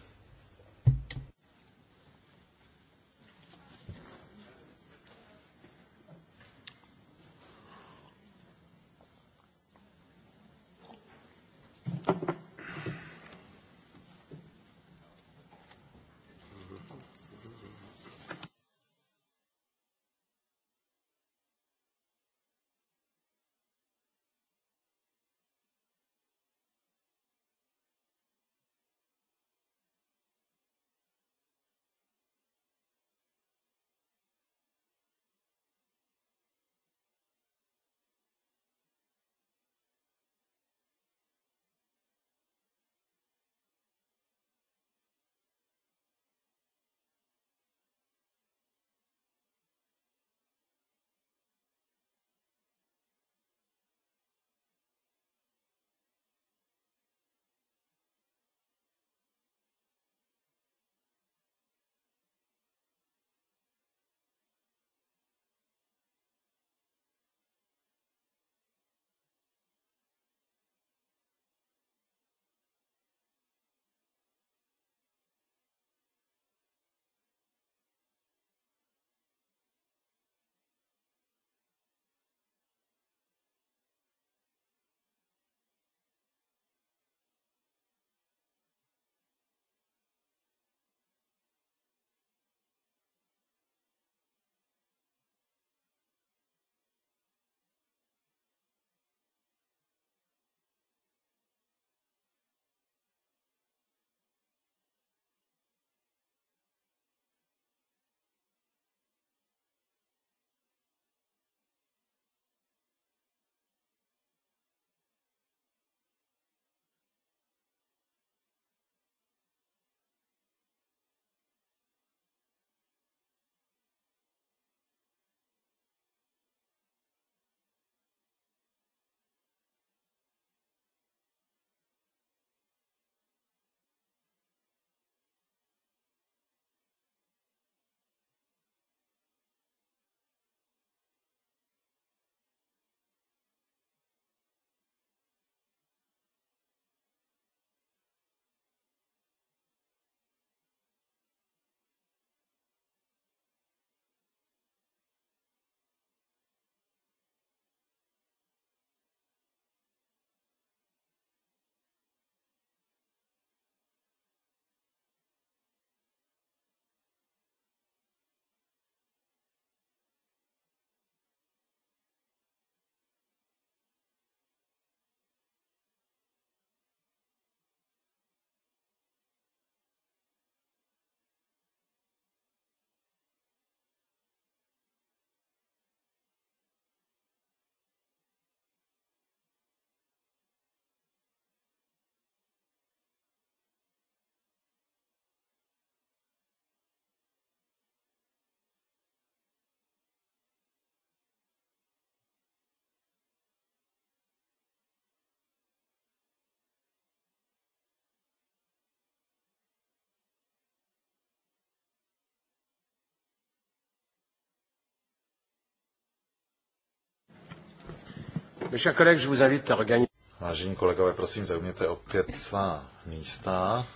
Vážení kolegové, prosím, zaujměte opět svá místa.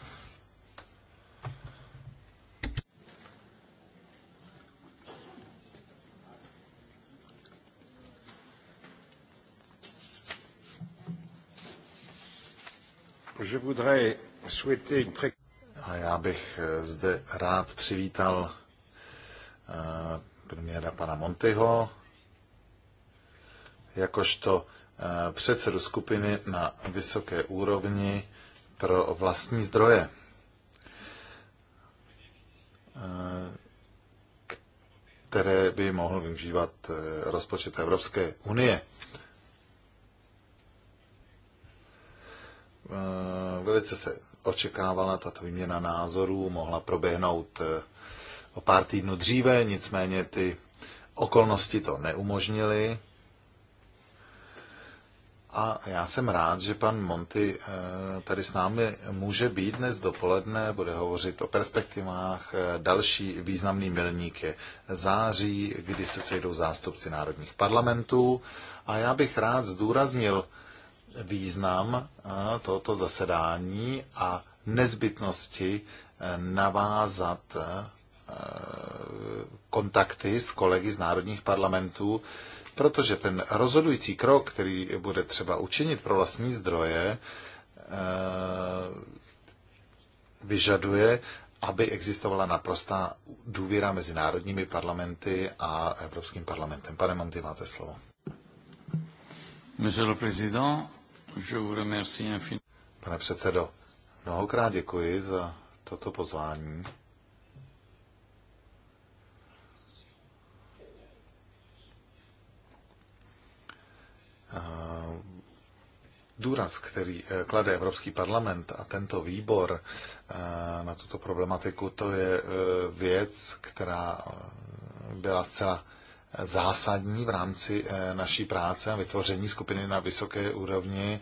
A já bych eh, zde rád přivítal eh, premiéra pana Monteho, jakožto eh, předsedu skupiny na vysoké úrovni pro vlastní zdroje, eh, které by mohl využívat eh, rozpočet Evropské unie. Velice se očekávala tato výměna názorů, mohla proběhnout o pár týdnů dříve, nicméně ty okolnosti to neumožnily. A já jsem rád, že pan Monty eh, tady s námi může být dnes dopoledne, bude hovořit o perspektivách. Eh, další významný milník je září, kdy se sejdou zástupci národních parlamentů. A já bych rád zdůraznil význam eh, tohoto zasedání a nezbytnosti navázat kontakty s kolegy z národních parlamentů, protože ten rozhodující krok, který bude třeba učinit pro vlastní zdroje, eh, vyžaduje, aby existovala naprostá důvěra mezi národními parlamenty a Evropským parlamentem. Pane Monty, máte slovo. Monsieur le Président, je vous remercie infiniment. Pane předsedo, mnohokrát děkuji za toto pozvání. důraz, který eh, klade Evropský parlament a tento výbor eh, na tuto problematiku, to je eh, věc, která byla zcela zásadní v rámci naší práce a vytvoření skupiny na vysoké úrovni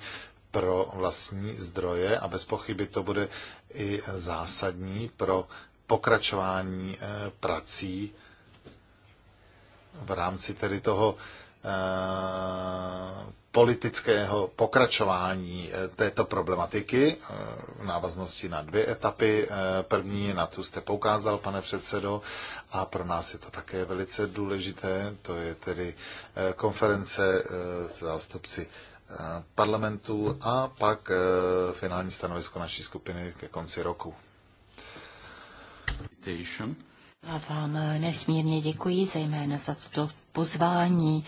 pro vlastní zdroje a bez pochyby to bude i zásadní pro pokračování prací v rámci tedy toho Eh, politického pokračování eh, této problematiky eh, v návaznosti na dvě etapy. První, na tu jste poukázal, pane předsedo, a pro nás je to také velice důležité, to je tedy konference zástupci parlamentu a pak finální stanovisko naší skupiny ke konci roku. Já vám nesmírně děkuji, zejména za tuto pozvání.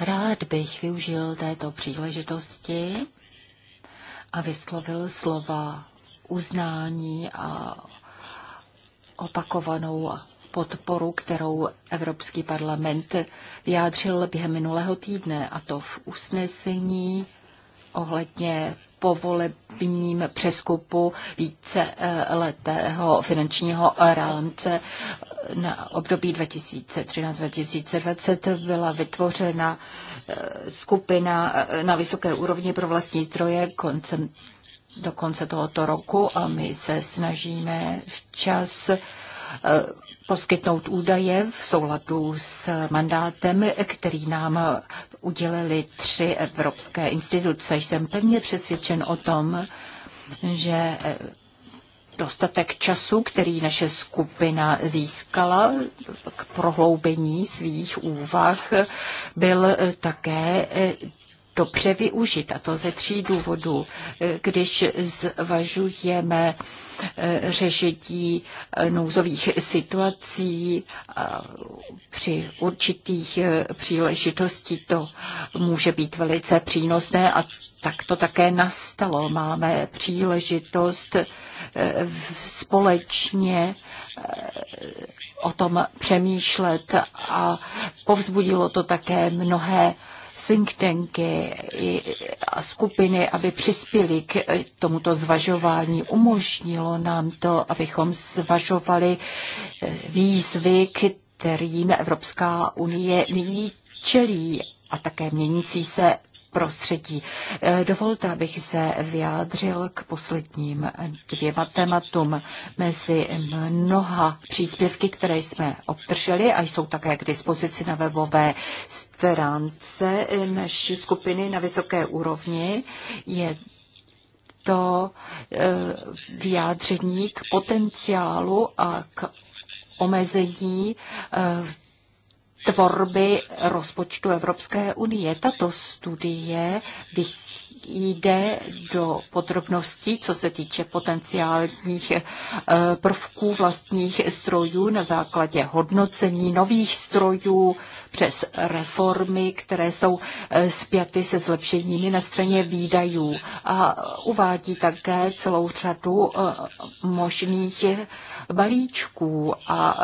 Rád bych využil této příležitosti a vyslovil slova uznání a opakovanou podporu, kterou Evropský parlament vyjádřil během minulého týdne, a to v usnesení ohledně povolebním přeskupu více letého finančního rámce na období 2013-2020 byla vytvořena eh, skupina eh, na vysoké úrovni pro vlastní zdroje koncem, do konce tohoto roku a my se snažíme včas eh, poskytnout údaje v souladu s mandátem, který nám udělili tři evropské instituce. Jsem pevně přesvědčen o tom, že dostatek času, který naše skupina získala k prohloubení svých úvah, byl také dobře využít, a to ze tří důvodů. Eh, když zvažujeme eh, řešení eh, nouzových situací při určitých příležitostí, to může být velice přínosné a tak to také nastalo. Máme příležitost společně o tom přemýšlet a povzbudilo to také mnohé think tanky a skupiny, aby přispěli k tomuto zvažování. Umožnilo nám to, abychom zvažovali eh, výzvy, kterým Evropská unie nyní čelí a také měnící se prostředí. E, dovolte, abych se vyjádřil k posledním dvěma tématům. Mezi mnoha příspěvky, které jsme obdrželi a jsou také k dispozici na webové stránce naší skupiny na vysoké úrovni, je to e, vyjádření k potenciálu a k omezení e, tvorby rozpočtu Evropské unie. Tato studie jde do podrobností, co se týče potenciálních eh, prvků vlastních strojů na základě hodnocení nových strojů přes reformy, které jsou spjaty eh, se zlepšeními na straně výdajů. A uvádí také celou řadu eh, možných balíčků a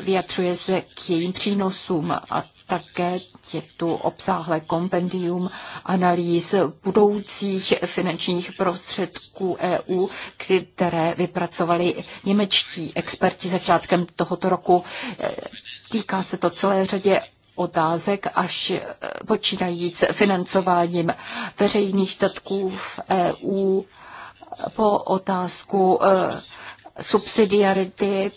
vyjadřuje se k jejím přínosům a také je tu obsáhlé kompendium analýz budoucích finančních prostředků EU, které vypracovali němečtí experti začátkem tohoto roku. Týká se to celé řadě otázek, až eh, počínajíc financováním veřejných statků v EU po otázku eh, subsidiarity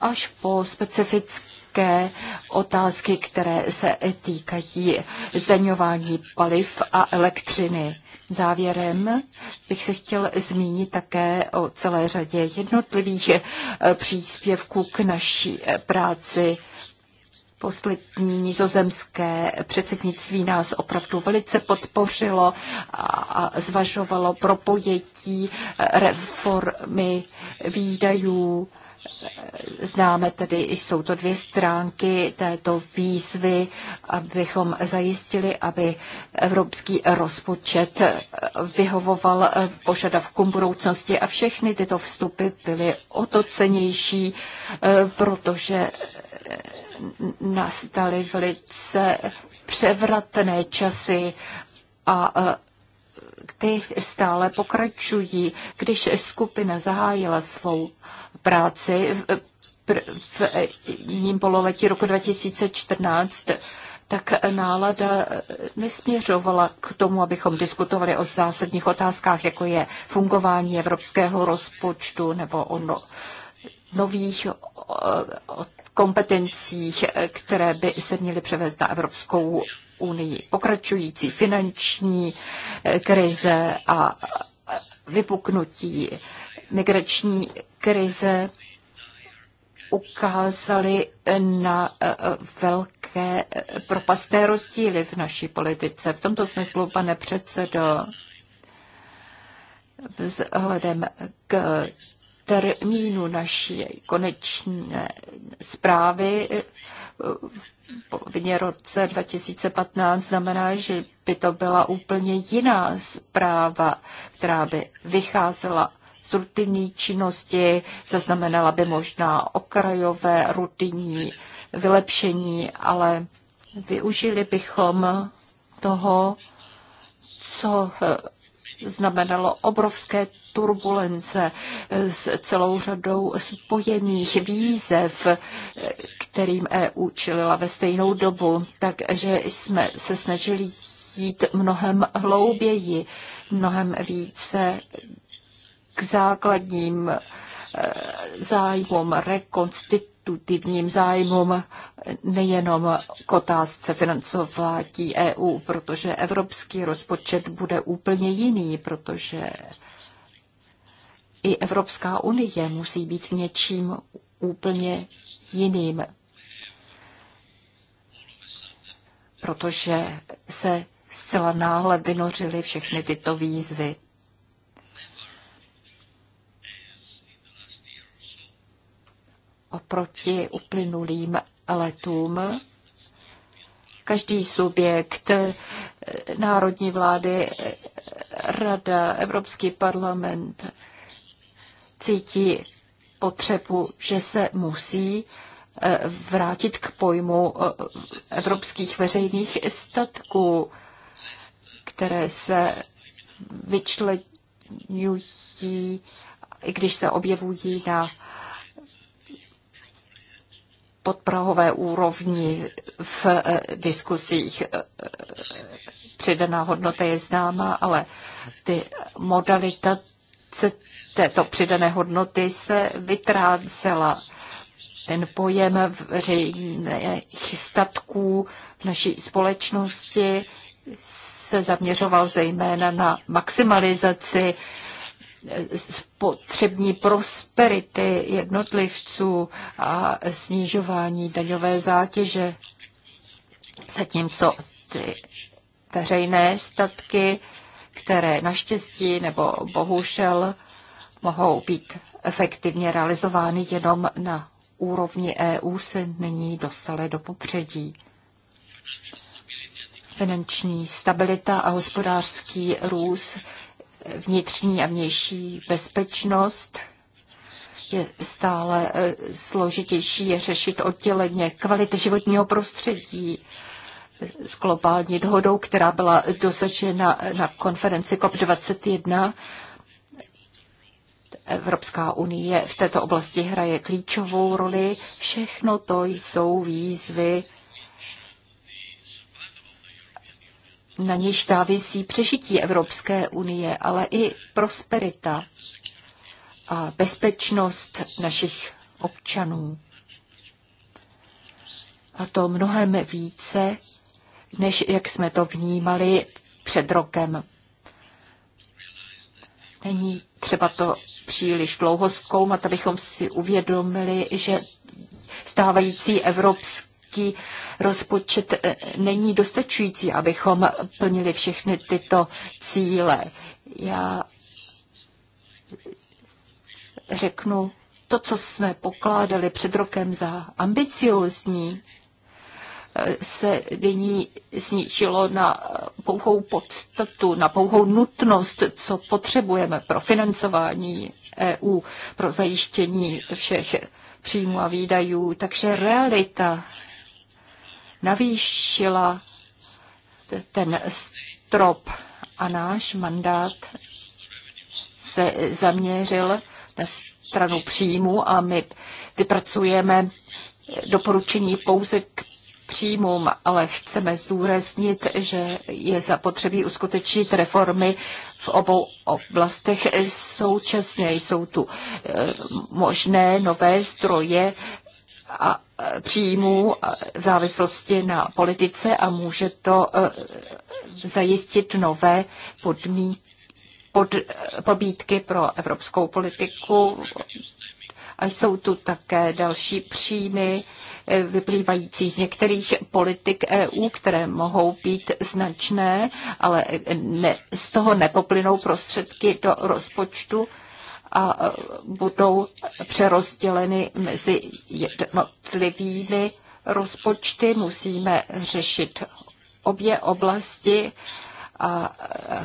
až po specifické otázky, které se týkají zdaňování paliv a elektřiny. Závěrem bych se chtěl zmínit také o celé řadě jednotlivých eh, příspěvků k naší eh, práci. Poslední nizozemské předsednictví nás opravdu velice podpořilo a zvažovalo propojetí eh, reformy výdajů známe tedy, jsou to dvě stránky této výzvy, abychom zajistili, aby evropský rozpočet vyhovoval požadavkům budoucnosti a všechny tyto vstupy byly o to cenější, protože nastaly velice převratné časy a ty stále pokračují. Když skupina zahájila svou práci v, v ním pololetí roku 2014, tak nálada nesměřovala k tomu, abychom diskutovali o zásadních otázkách, jako je fungování evropského rozpočtu nebo o no, nových o, o kompetencích, které by se měly převést na Evropskou unii. Pokračující finanční eh, krize a eh, vypuknutí migrační krize ukázaly eh, na velké propasté rozdíly v naší politice. V tomto smyslu, pane předsedo, vzhledem k termínu naší konečné zprávy povinně roce 2015 znamená, že by to byla úplně jiná zpráva, která by vycházela z rutinní činnosti, zaznamenala by možná okrajové rutinní vylepšení, ale využili bychom toho, co eh, znamenalo obrovské turbulence s celou řadou spojených výzev, kterým EU čelila ve stejnou dobu. Takže jsme se snažili jít mnohem hlouběji, mnohem více k základním eh, zájmům, rekonstitutivním zájmům, nejenom k otázce financování EU, protože evropský rozpočet bude úplně jiný, protože i Evropská unie musí být něčím úplně jiným, protože se zcela náhle vynořily všechny tyto výzvy. Oproti uplynulým letům každý subjekt, eh, národní vlády, eh, Rada, Evropský parlament, cítí potřebu, že se musí eh, vrátit k pojmu eh, evropských veřejných statků, které se vyčlenují, i když se objevují na podprahové úrovni v eh, diskusích. Přidaná hodnota je známa, ale ty modalita se této přidané hodnoty se vytrácela. Ten pojem veřejných statků v naší společnosti se zaměřoval zejména na maximalizaci spotřební prosperity jednotlivců a snižování daňové zátěže. Zatímco ty veřejné statky, které naštěstí nebo bohužel mohou být efektivně realizovány jenom na úrovni EU, se nyní dostaly do popředí. Finanční stabilita a hospodářský růst, vnitřní a vnější bezpečnost je stále e, složitější je řešit odděleně kvalita životního prostředí, s globální dohodou, která byla dosažena na konferenci COP21, Evropská unie v této oblasti hraje klíčovou roli. Všechno to jsou výzvy, na níž závisí přežití Evropské unie, ale i prosperita a bezpečnost našich občanů. A to mnohem více, než jak jsme to vnímali před rokem. Není třeba to příliš dlouho zkoumat, abychom si uvědomili, že stávající evropský rozpočet eh, není dostačující, abychom plnili všechny tyto cíle. Já řeknu to, co jsme pokládali před rokem za ambiciozní, se nyní snížilo na pouhou podstatu, na pouhou nutnost, co potřebujeme pro financování EU, pro zajištění všech příjmů a výdajů. Takže realita navýšila ten strop a náš mandát se zaměřil na stranu příjmu a my vypracujeme doporučení pouze k příjmům, ale chceme zdůraznit, že je zapotřebí uskutečnit reformy v obou oblastech současně. Jsou tu eh, možné nové stroje a eh, příjmů v závislosti na politice a může to eh, zajistit nové podmínky pod, pobídky pro evropskou politiku a jsou tu také další příjmy, vyplývající z některých politik EU, které mohou být značné, ale ne, z toho nepoplynou prostředky do rozpočtu a budou přerozděleny mezi jednotlivými rozpočty. Musíme řešit obě oblasti a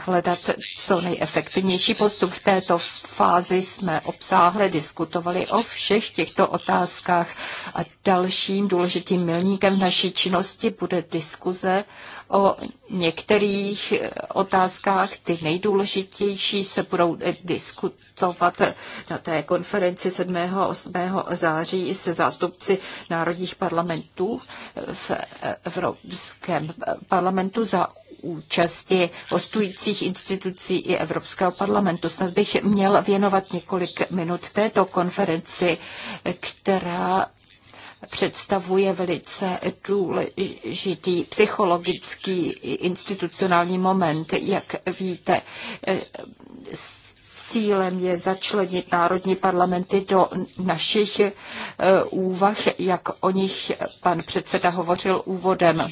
hledat co nejefektivnější postup. V této fázi jsme obsáhle diskutovali o všech těchto otázkách a dalším důležitým milníkem v naší činnosti bude diskuze o některých otázkách. Ty nejdůležitější se budou diskutovat na té konferenci 7. a 8. září se zástupci národních parlamentů v Evropském parlamentu za účasti hostujících institucí i Evropského parlamentu. Snad bych měl věnovat několik minut této konferenci, která představuje velice důležitý psychologický institucionální moment. Jak víte, cílem je začlenit národní parlamenty do našich eh, úvah, jak o nich pan předseda hovořil úvodem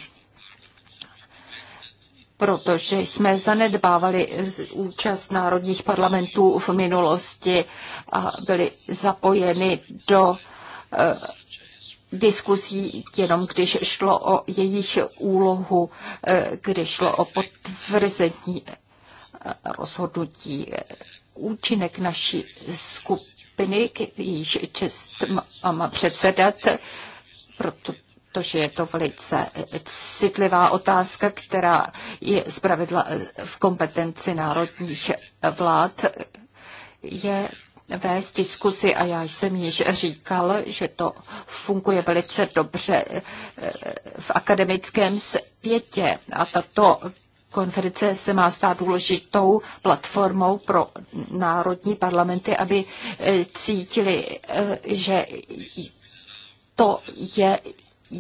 protože jsme zanedbávali účast národních parlamentů v minulosti a byli zapojeny do eh, diskusí jenom když šlo o jejich úlohu, eh, když šlo o potvrzení eh, rozhodnutí. Účinek naší skupiny, jejíž čest mám předsedat, proto protože je to velice citlivá otázka, která je zpravidla eh, v kompetenci národních vlád, je vést diskusy a já jsem již říkal, že to funguje velice dobře eh, v akademickém světě a tato konference se má stát důležitou platformou pro národní parlamenty, aby eh, cítili, že to je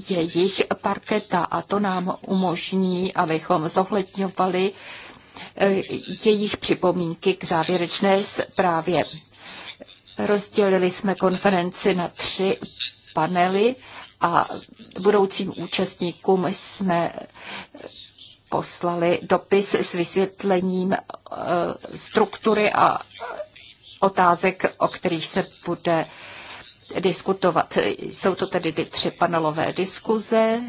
jejich parketa a to nám umožní, abychom zohledňovali eh, jejich připomínky k závěrečné zprávě. Rozdělili jsme konferenci na tři panely a budoucím účastníkům jsme poslali dopis s vysvětlením eh, struktury a otázek, o kterých se bude diskutovat. Jsou to tedy ty tři panelové diskuze.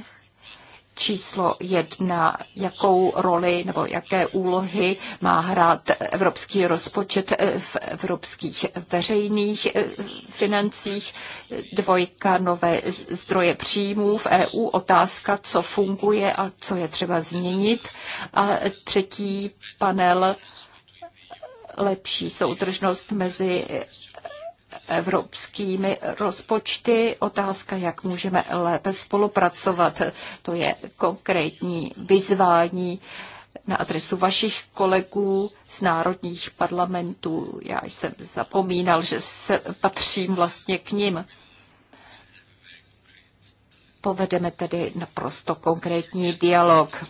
Číslo jedna, jakou roli nebo jaké úlohy má hrát evropský rozpočet v evropských veřejných financích. Dvojka, nové zdroje příjmů v EU, otázka, co funguje a co je třeba změnit. A třetí panel, lepší soudržnost mezi evropskými rozpočty. Otázka, jak můžeme lépe spolupracovat, to je konkrétní vyzvání na adresu vašich kolegů z národních parlamentů. Já jsem zapomínal, že se patřím vlastně k nim. Povedeme tedy naprosto konkrétní dialog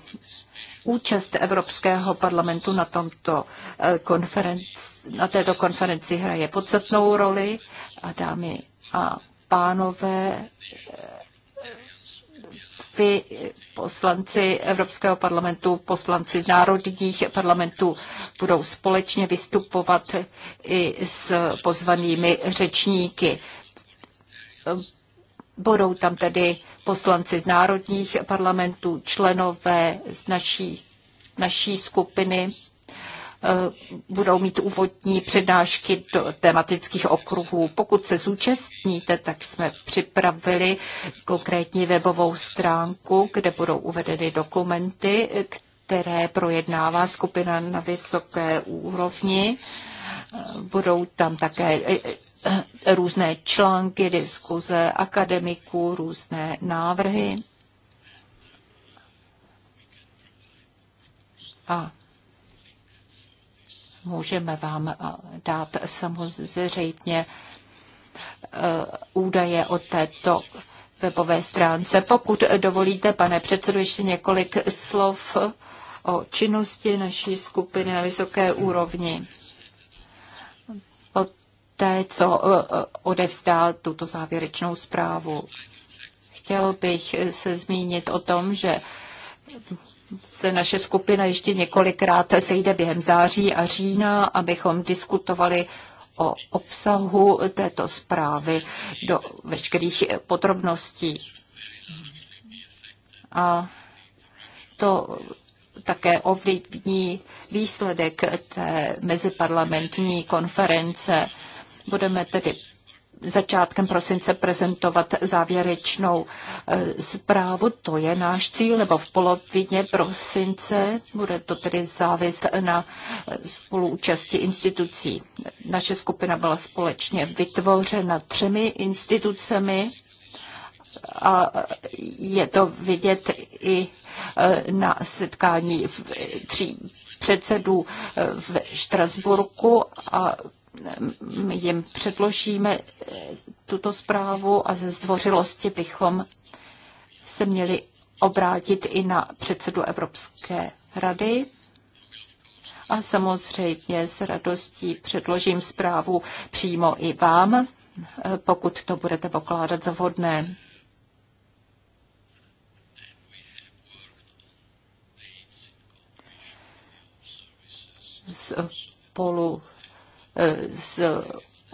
účast Evropského parlamentu na tomto eh, konferenci na této konferenci hraje podstatnou roli a dámy a pánové, vy poslanci Evropského parlamentu, poslanci z národních parlamentů budou společně vystupovat i s pozvanými řečníky. Budou tam tedy poslanci z národních parlamentů, členové z naší, naší skupiny Eh, budou mít úvodní přednášky do tematických okruhů. Pokud se zúčastníte, tak jsme připravili konkrétní webovou stránku, kde budou uvedeny dokumenty, které projednává skupina na vysoké úrovni. Eh, budou tam také eh, různé články, diskuze akademiků, různé návrhy. A Můžeme vám eh, dát samozřejmě eh, údaje o této webové stránce. Pokud dovolíte, pane předsedu, ještě několik slov o činnosti naší skupiny na vysoké úrovni. O té, co eh, odevzdá tuto závěrečnou zprávu. Chtěl bych se zmínit o tom, že se naše skupina ještě několikrát sejde během září a října, abychom diskutovali o obsahu této zprávy do veškerých podrobností. A to také ovlivní výsledek té meziparlamentní konference. Budeme tedy začátkem prosince prezentovat závěrečnou eh, zprávu. To je náš cíl, nebo v polovině prosince. Bude to tedy záviset na eh, spoluúčasti institucí. Naše skupina byla společně vytvořena třemi institucemi a je to vidět i eh, na setkání tří předsedů v Štrasburku a jim předložíme tuto zprávu a ze zdvořilosti bychom se měli obrátit i na předsedu Evropské rady. A samozřejmě s radostí předložím zprávu přímo i vám, pokud to budete pokládat za vhodné. Spolu E, s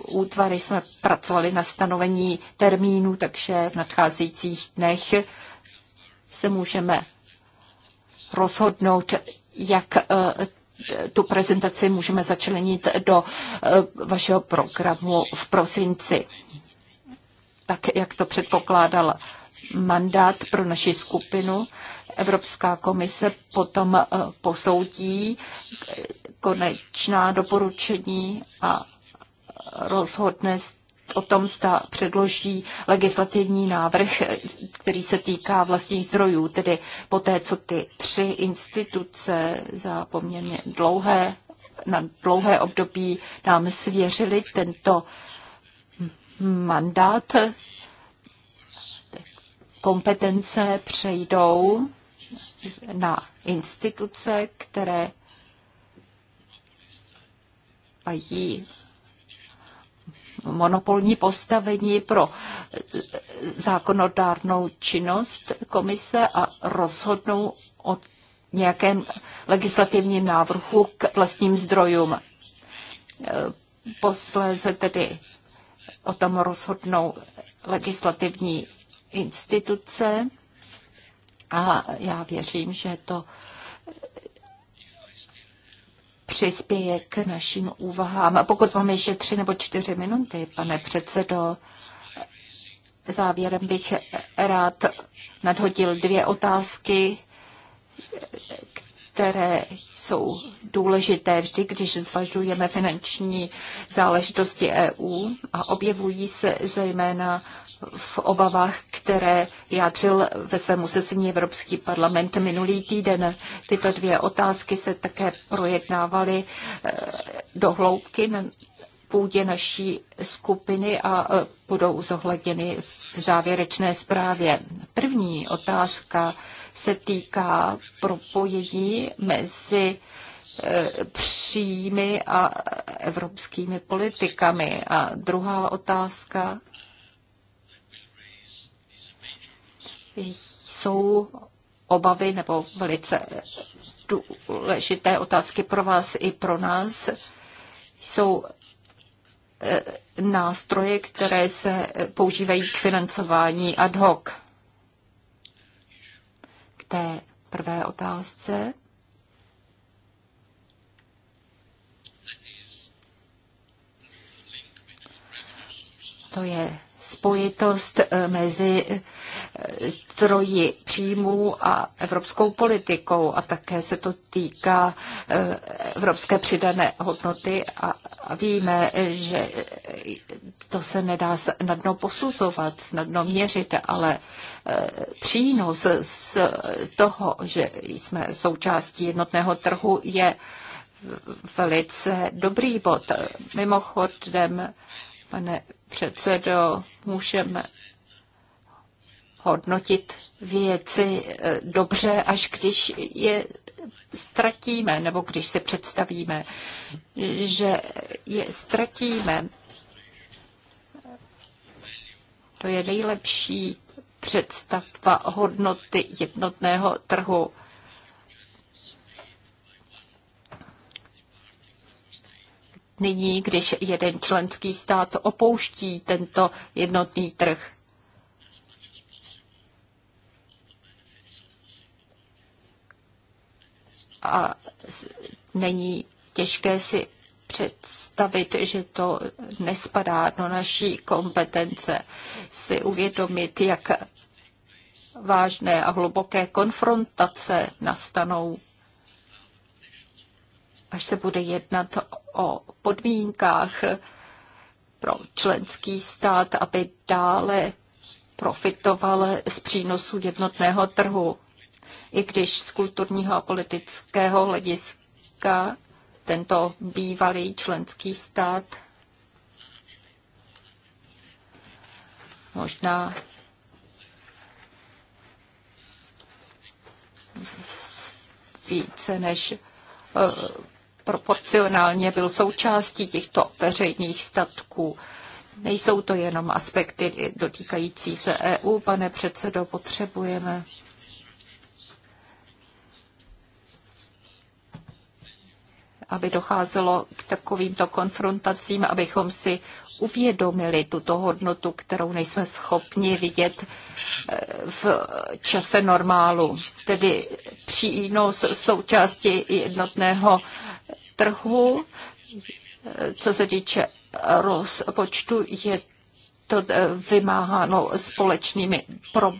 útvary jsme pracovali na stanovení termínu, takže v nadcházejících dnech se můžeme rozhodnout, jak e, tu prezentaci můžeme začlenit do e, vašeho programu v prosinci. Tak, jak to předpokládal mandát pro naši skupinu, Evropská komise potom posoudí, konečná doporučení a rozhodne o tom zda předloží legislativní návrh, který se týká vlastních zdrojů, tedy poté, co ty tři instituce za poměrně dlouhé, na dlouhé období nám svěřili tento mandát, kompetence přejdou na instituce, které mají monopolní postavení pro zákonodárnou činnost komise a rozhodnou o nějakém legislativním návrhu k vlastním zdrojům. Posléze tedy o tom rozhodnou legislativní instituce a já věřím, že to přispěje k našim úvahám. A pokud máme ještě tři nebo čtyři minuty, pane předsedo, závěrem bych rád nadhodil dvě otázky, které jsou důležité vždy, když zvažujeme finanční záležitosti EU a objevují se zejména v obavách, které jádřil ve svém usnesení Evropský parlament minulý týden. Tyto dvě otázky se také projednávaly eh, do hloubky na půdě naší skupiny a eh, budou zohledněny v závěrečné zprávě. První otázka se týká propojení mezi eh, příjmy a evropskými politikami. A druhá otázka jsou obavy nebo velice důležité otázky pro vás i pro nás. Jsou eh, nástroje, které se používají k financování ad hoc. K té prvé otázce. To je spojitost eh, mezi stroji eh, příjmů a evropskou politikou a také se to týká eh, evropské přidané hodnoty a víme, že to se nedá snadno posuzovat, snadno měřit, ale přínos z toho, že jsme součástí jednotného trhu, je velice dobrý bod. Mimochodem, pane předsedo, můžeme hodnotit věci eh, dobře, až když je ztratíme, nebo když si představíme, že je ztratíme. To je nejlepší představa hodnoty jednotného trhu. nyní, když jeden členský stát opouští tento jednotný trh. A není těžké si představit, že to nespadá do naší kompetence, si uvědomit, jak vážné a hluboké konfrontace nastanou, až se bude jednat o podmínkách pro členský stát, aby dále profitoval z přínosu jednotného trhu. I když z kulturního a politického hlediska tento bývalý členský stát možná více než eh, proporcionálně byl součástí těchto veřejných statků. Nejsou to jenom aspekty dotýkající se EU, pane předsedo, potřebujeme. aby docházelo k takovýmto konfrontacím, abychom si uvědomili tuto hodnotu, kterou nejsme schopni vidět e, v čase normálu. Tedy přínos součásti jednotného trhu. Co se týče rozpočtu, je to eh, vymáháno společnými pro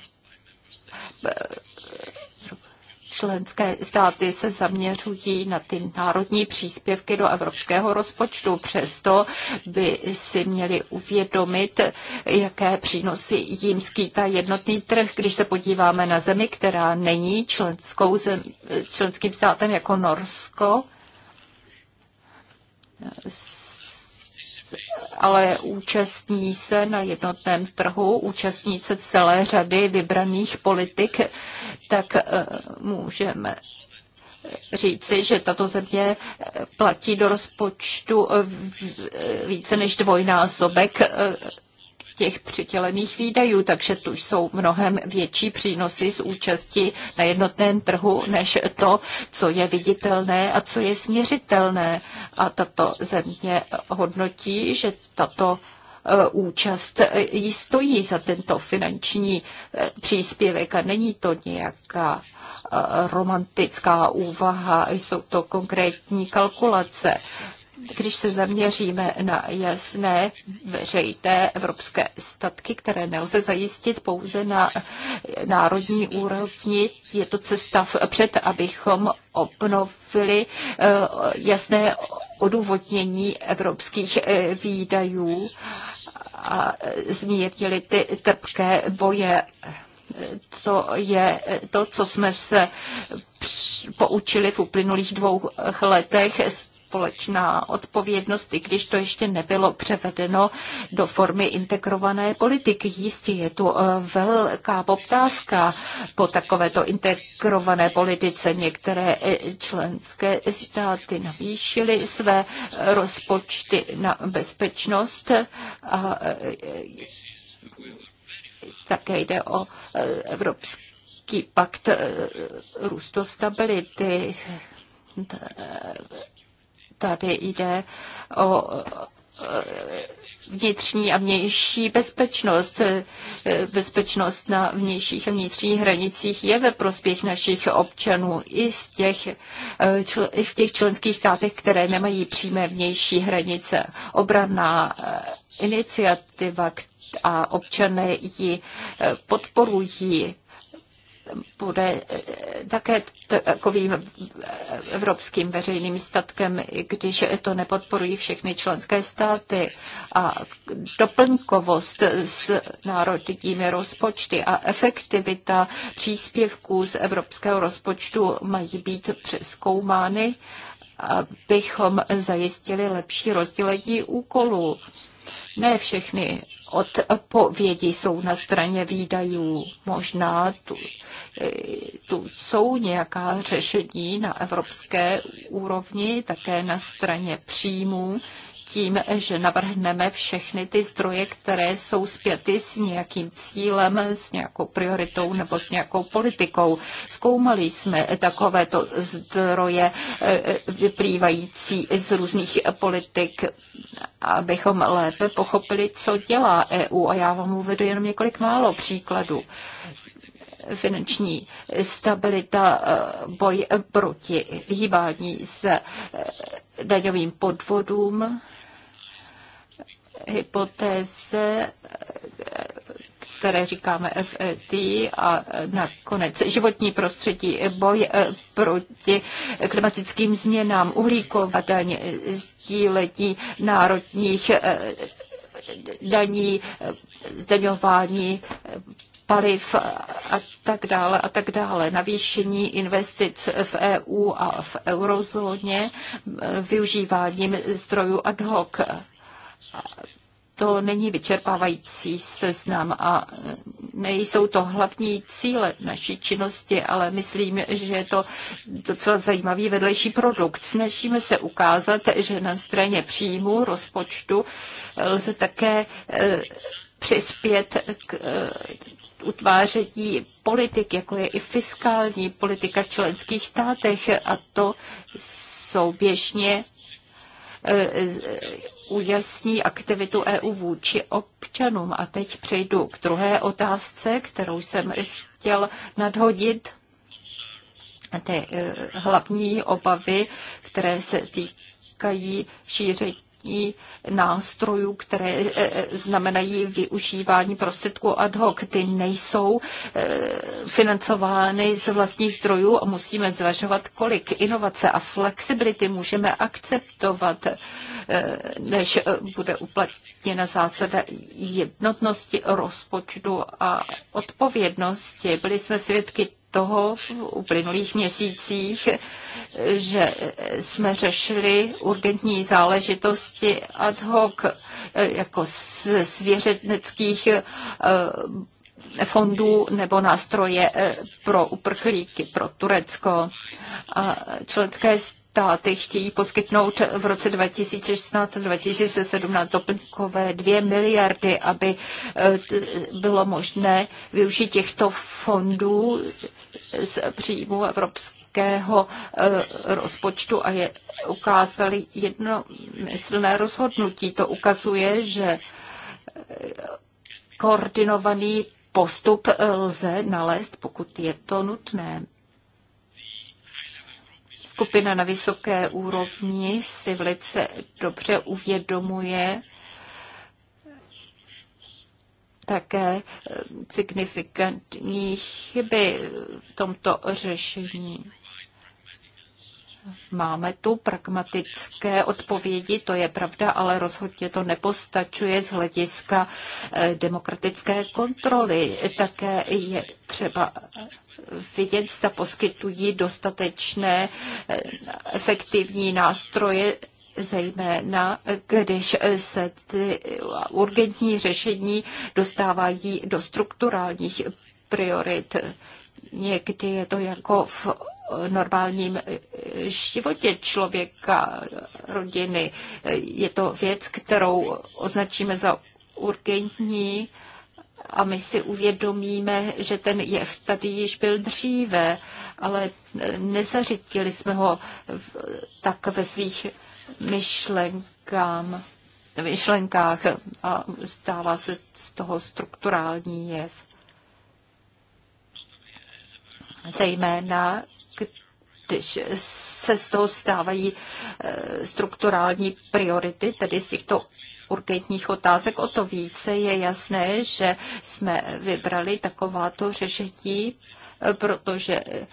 členské státy se zaměřují na ty národní příspěvky do evropského rozpočtu. Přesto by si měli uvědomit, jaké přínosy jim skýtá jednotný trh. Když se podíváme na zemi, která není členskou zem, členským státem jako Norsko, ale účastní se na jednotném trhu, účastní se celé řady vybraných politik, tak eh, můžeme říci, že tato země eh, platí do rozpočtu eh, více než dvojnásobek těch přitělených výdajů, takže tu jsou mnohem větší přínosy z účasti na jednotném trhu, než to, co je viditelné a co je směřitelné. A tato země hodnotí, že tato e, účast e, jí stojí za tento finanční e, příspěvek a není to nějaká romantická úvaha, jsou to konkrétní kalkulace když se zaměříme na jasné veřejné evropské statky, které nelze zajistit pouze na národní úrovni, je to cesta před, abychom obnovili eh, jasné odůvodnění evropských eh, výdajů a zmírnili ty trpké boje. To je to, co jsme se poučili v uplynulých dvou letech z společná odpovědnost, i když to ještě nebylo převedeno do formy integrované politiky. Jistě je tu eh, velká poptávka po takovéto integrované politice. Některé eh, členské státy navýšily své eh, rozpočty na bezpečnost a také jde o Evropský pakt růstu stability Tady jde o vnitřní a vnější bezpečnost. Bezpečnost na vnějších a vnitřních hranicích je ve prospěch našich občanů i, z těch, i v těch členských státech, které nemají přímé vnější hranice. Obranná eh, iniciativa a občané ji eh, podporují bude eh, také takovým eh, evropským veřejným statkem, když to nepodporují všechny členské státy a doplňkovost s národními rozpočty a efektivita příspěvků z evropského rozpočtu mají být přeskoumány, abychom zajistili lepší rozdělení úkolů. Ne všechny odpovědi jsou na straně výdajů. Možná tu, tu jsou nějaká řešení na evropské úrovni, také na straně příjmů, tím, že navrhneme všechny ty zdroje, které jsou zpěty s nějakým cílem, s nějakou prioritou nebo s nějakou politikou. Zkoumali jsme takovéto zdroje vyplývající eh, eh, z různých politik, abychom lépe pochopili, co dělá EU. A já vám uvedu jenom několik málo příkladů finanční stabilita, eh, boj proti hýbání se daňovým podvodům, hypotéze, které říkáme FET a nakonec životní prostředí, boj eh, proti klimatickým změnám, uhlíková daň, sdílení národních eh, daní, eh, zdaňování paliv a tak dále a tak dále. Navýšení investic v EU a v eurozóně využíváním zdrojů ad hoc to není vyčerpávající seznam a nejsou to hlavní cíle naší činnosti, ale myslím, že je to docela zajímavý vedlejší produkt. Snažíme se ukázat, že na straně příjmu rozpočtu lze také eh, přispět k eh, utváření politik, jako je i fiskální politika v členských státech a to souběžně E, ujasní aktivitu EU vůči občanům. A teď přejdu k druhé otázce, kterou jsem chtěl nadhodit. Ty e, hlavní obavy, které se týkají šíření využívání nástrojů, které e, e, znamenají využívání prostředků ad hoc. Ty nejsou e, financovány z vlastních zdrojů a musíme zvažovat, kolik inovace a flexibility můžeme akceptovat, než bude uplatněna zásada jednotnosti rozpočtu a odpovědnosti. Byli jsme svědky toho v uplynulých měsících, že jsme řešili urgentní záležitosti ad hoc, jako z svěřeneckých eh, fondů nebo nástroje eh, pro uprchlíky, pro Turecko. A členské státy chtějí poskytnout v roce 2016-2017 doplňkové 2 miliardy, aby eh, bylo možné využít těchto fondů z příjmu evropského eh, rozpočtu a je, ukázali jednomyslné rozhodnutí. To ukazuje, že eh, koordinovaný postup eh, lze nalézt, pokud je to nutné. Skupina na vysoké úrovni si velice dobře uvědomuje, také eh, signifikantní chyby v tomto řešení. Máme tu pragmatické odpovědi, to je pravda, ale rozhodně to nepostačuje z hlediska eh, demokratické kontroly. Také je třeba vidět, zda poskytují dostatečné eh, efektivní nástroje zejména když se ty urgentní řešení dostávají do strukturálních priorit. Někdy je to jako v normálním životě člověka, rodiny. Je to věc, kterou označíme za urgentní a my si uvědomíme, že ten jev tady již byl dříve, ale nezařitili jsme ho tak ve svých myšlenkám, myšlenkách a stává se z toho strukturální jev. Zejména když se z toho stávají eh, strukturální priority, tedy z těchto urgentních otázek, o to více je jasné, že jsme vybrali takováto řešení, protože eh,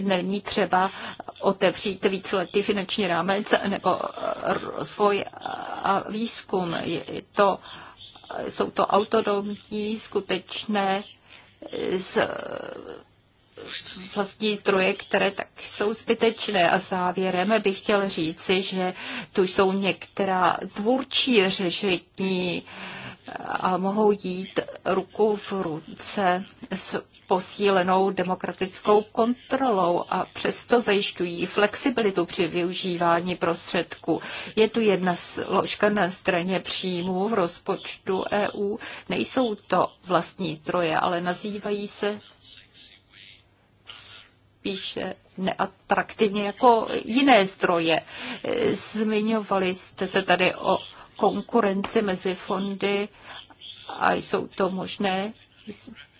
není třeba otevřít lety finanční rámec nebo eh, rozvoj a výzkum. Je to, eh, jsou to autonomní, skutečné z vlastní zdroje, které tak jsou zbytečné. A závěrem bych chtěl říci, že tu jsou některá tvůrčí řešení, a mohou jít ruku v ruce s posílenou demokratickou kontrolou a přesto zajišťují flexibilitu při využívání prostředků. Je tu jedna složka na straně příjmů v rozpočtu EU. Nejsou to vlastní troje, ale nazývají se spíše neatraktivně jako jiné zdroje. Zmiňovali jste se tady o konkurenci mezi fondy a jsou to možné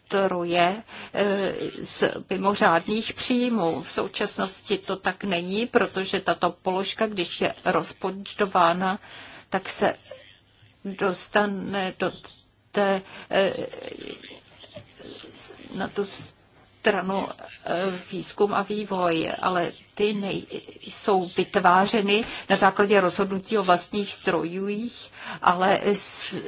zdroje eh, z mimořádných příjmů. V současnosti to tak není, protože tato položka, když je rozpočtována, tak se dostane do té, eh, na tu stranu eh, výzkum a vývoj, ale ty nej, jsou vytvářeny na základě rozhodnutí o vlastních strojích, ale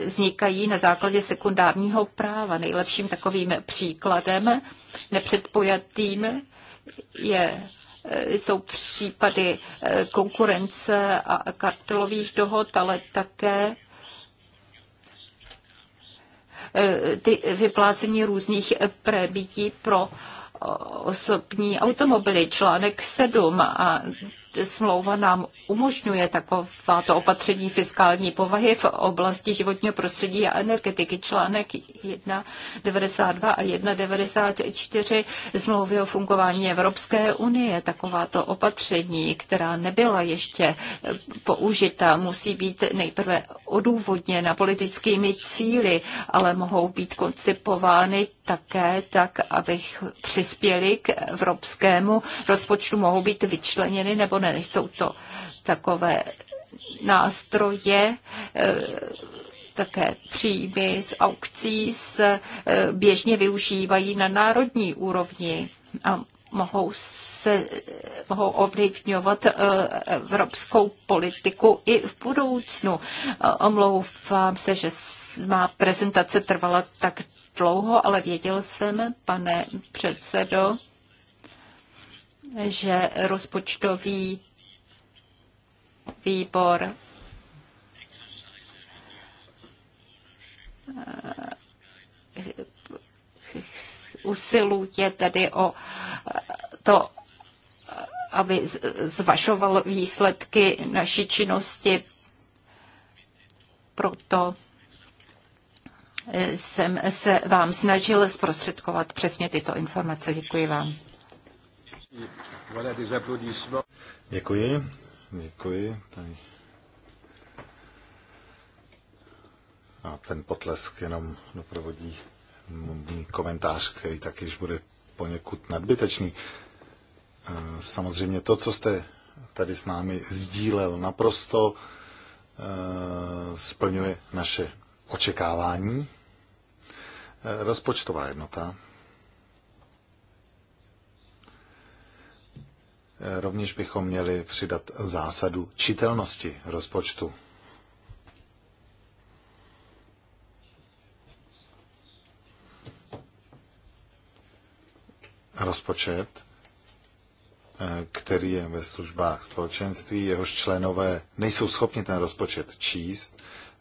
vznikají na základě sekundárního práva. Nejlepším takovým příkladem nepředpojatým je eh, jsou případy eh, konkurence a kartelových dohod, ale také Eh, ty vyplácení různých prémití pro osobní automobily, článek 7 a smlouva nám umožňuje takováto opatření fiskální povahy v oblasti životního prostředí a energetiky. Článek 1.92 a 1.94 smlouvy o fungování Evropské unie. Takováto opatření, která nebyla ještě použita, musí být nejprve odůvodněna politickými cíly, ale mohou být koncipovány také tak, abych přispěli k evropskému rozpočtu, mohou být vyčleněny nebo než Jsou to takové nástroje, eh, také příjmy z aukcí se eh, běžně využívají na národní úrovni a mohou, se, mohou ovlivňovat eh, evropskou politiku i v budoucnu. Omlouvám se, že má prezentace trvala tak dlouho, ale věděl jsem, pane předsedo, že rozpočtový výbor eh, usiluje tedy o eh, to, aby zvažoval výsledky naší činnosti. Proto eh, jsem se vám snažil zprostředkovat přesně tyto informace. Děkuji vám. Děkuji. Děkuji. Tady. A ten potlesk jenom doprovodí můj komentář, který takyž bude poněkud nadbytečný. Samozřejmě to, co jste tady s námi sdílel, naprosto e, splňuje naše očekávání. E, rozpočtová jednota Rovněž bychom měli přidat zásadu čitelnosti rozpočtu. Rozpočet, eh, který je ve službách společenství, jehož členové nejsou schopni ten rozpočet číst,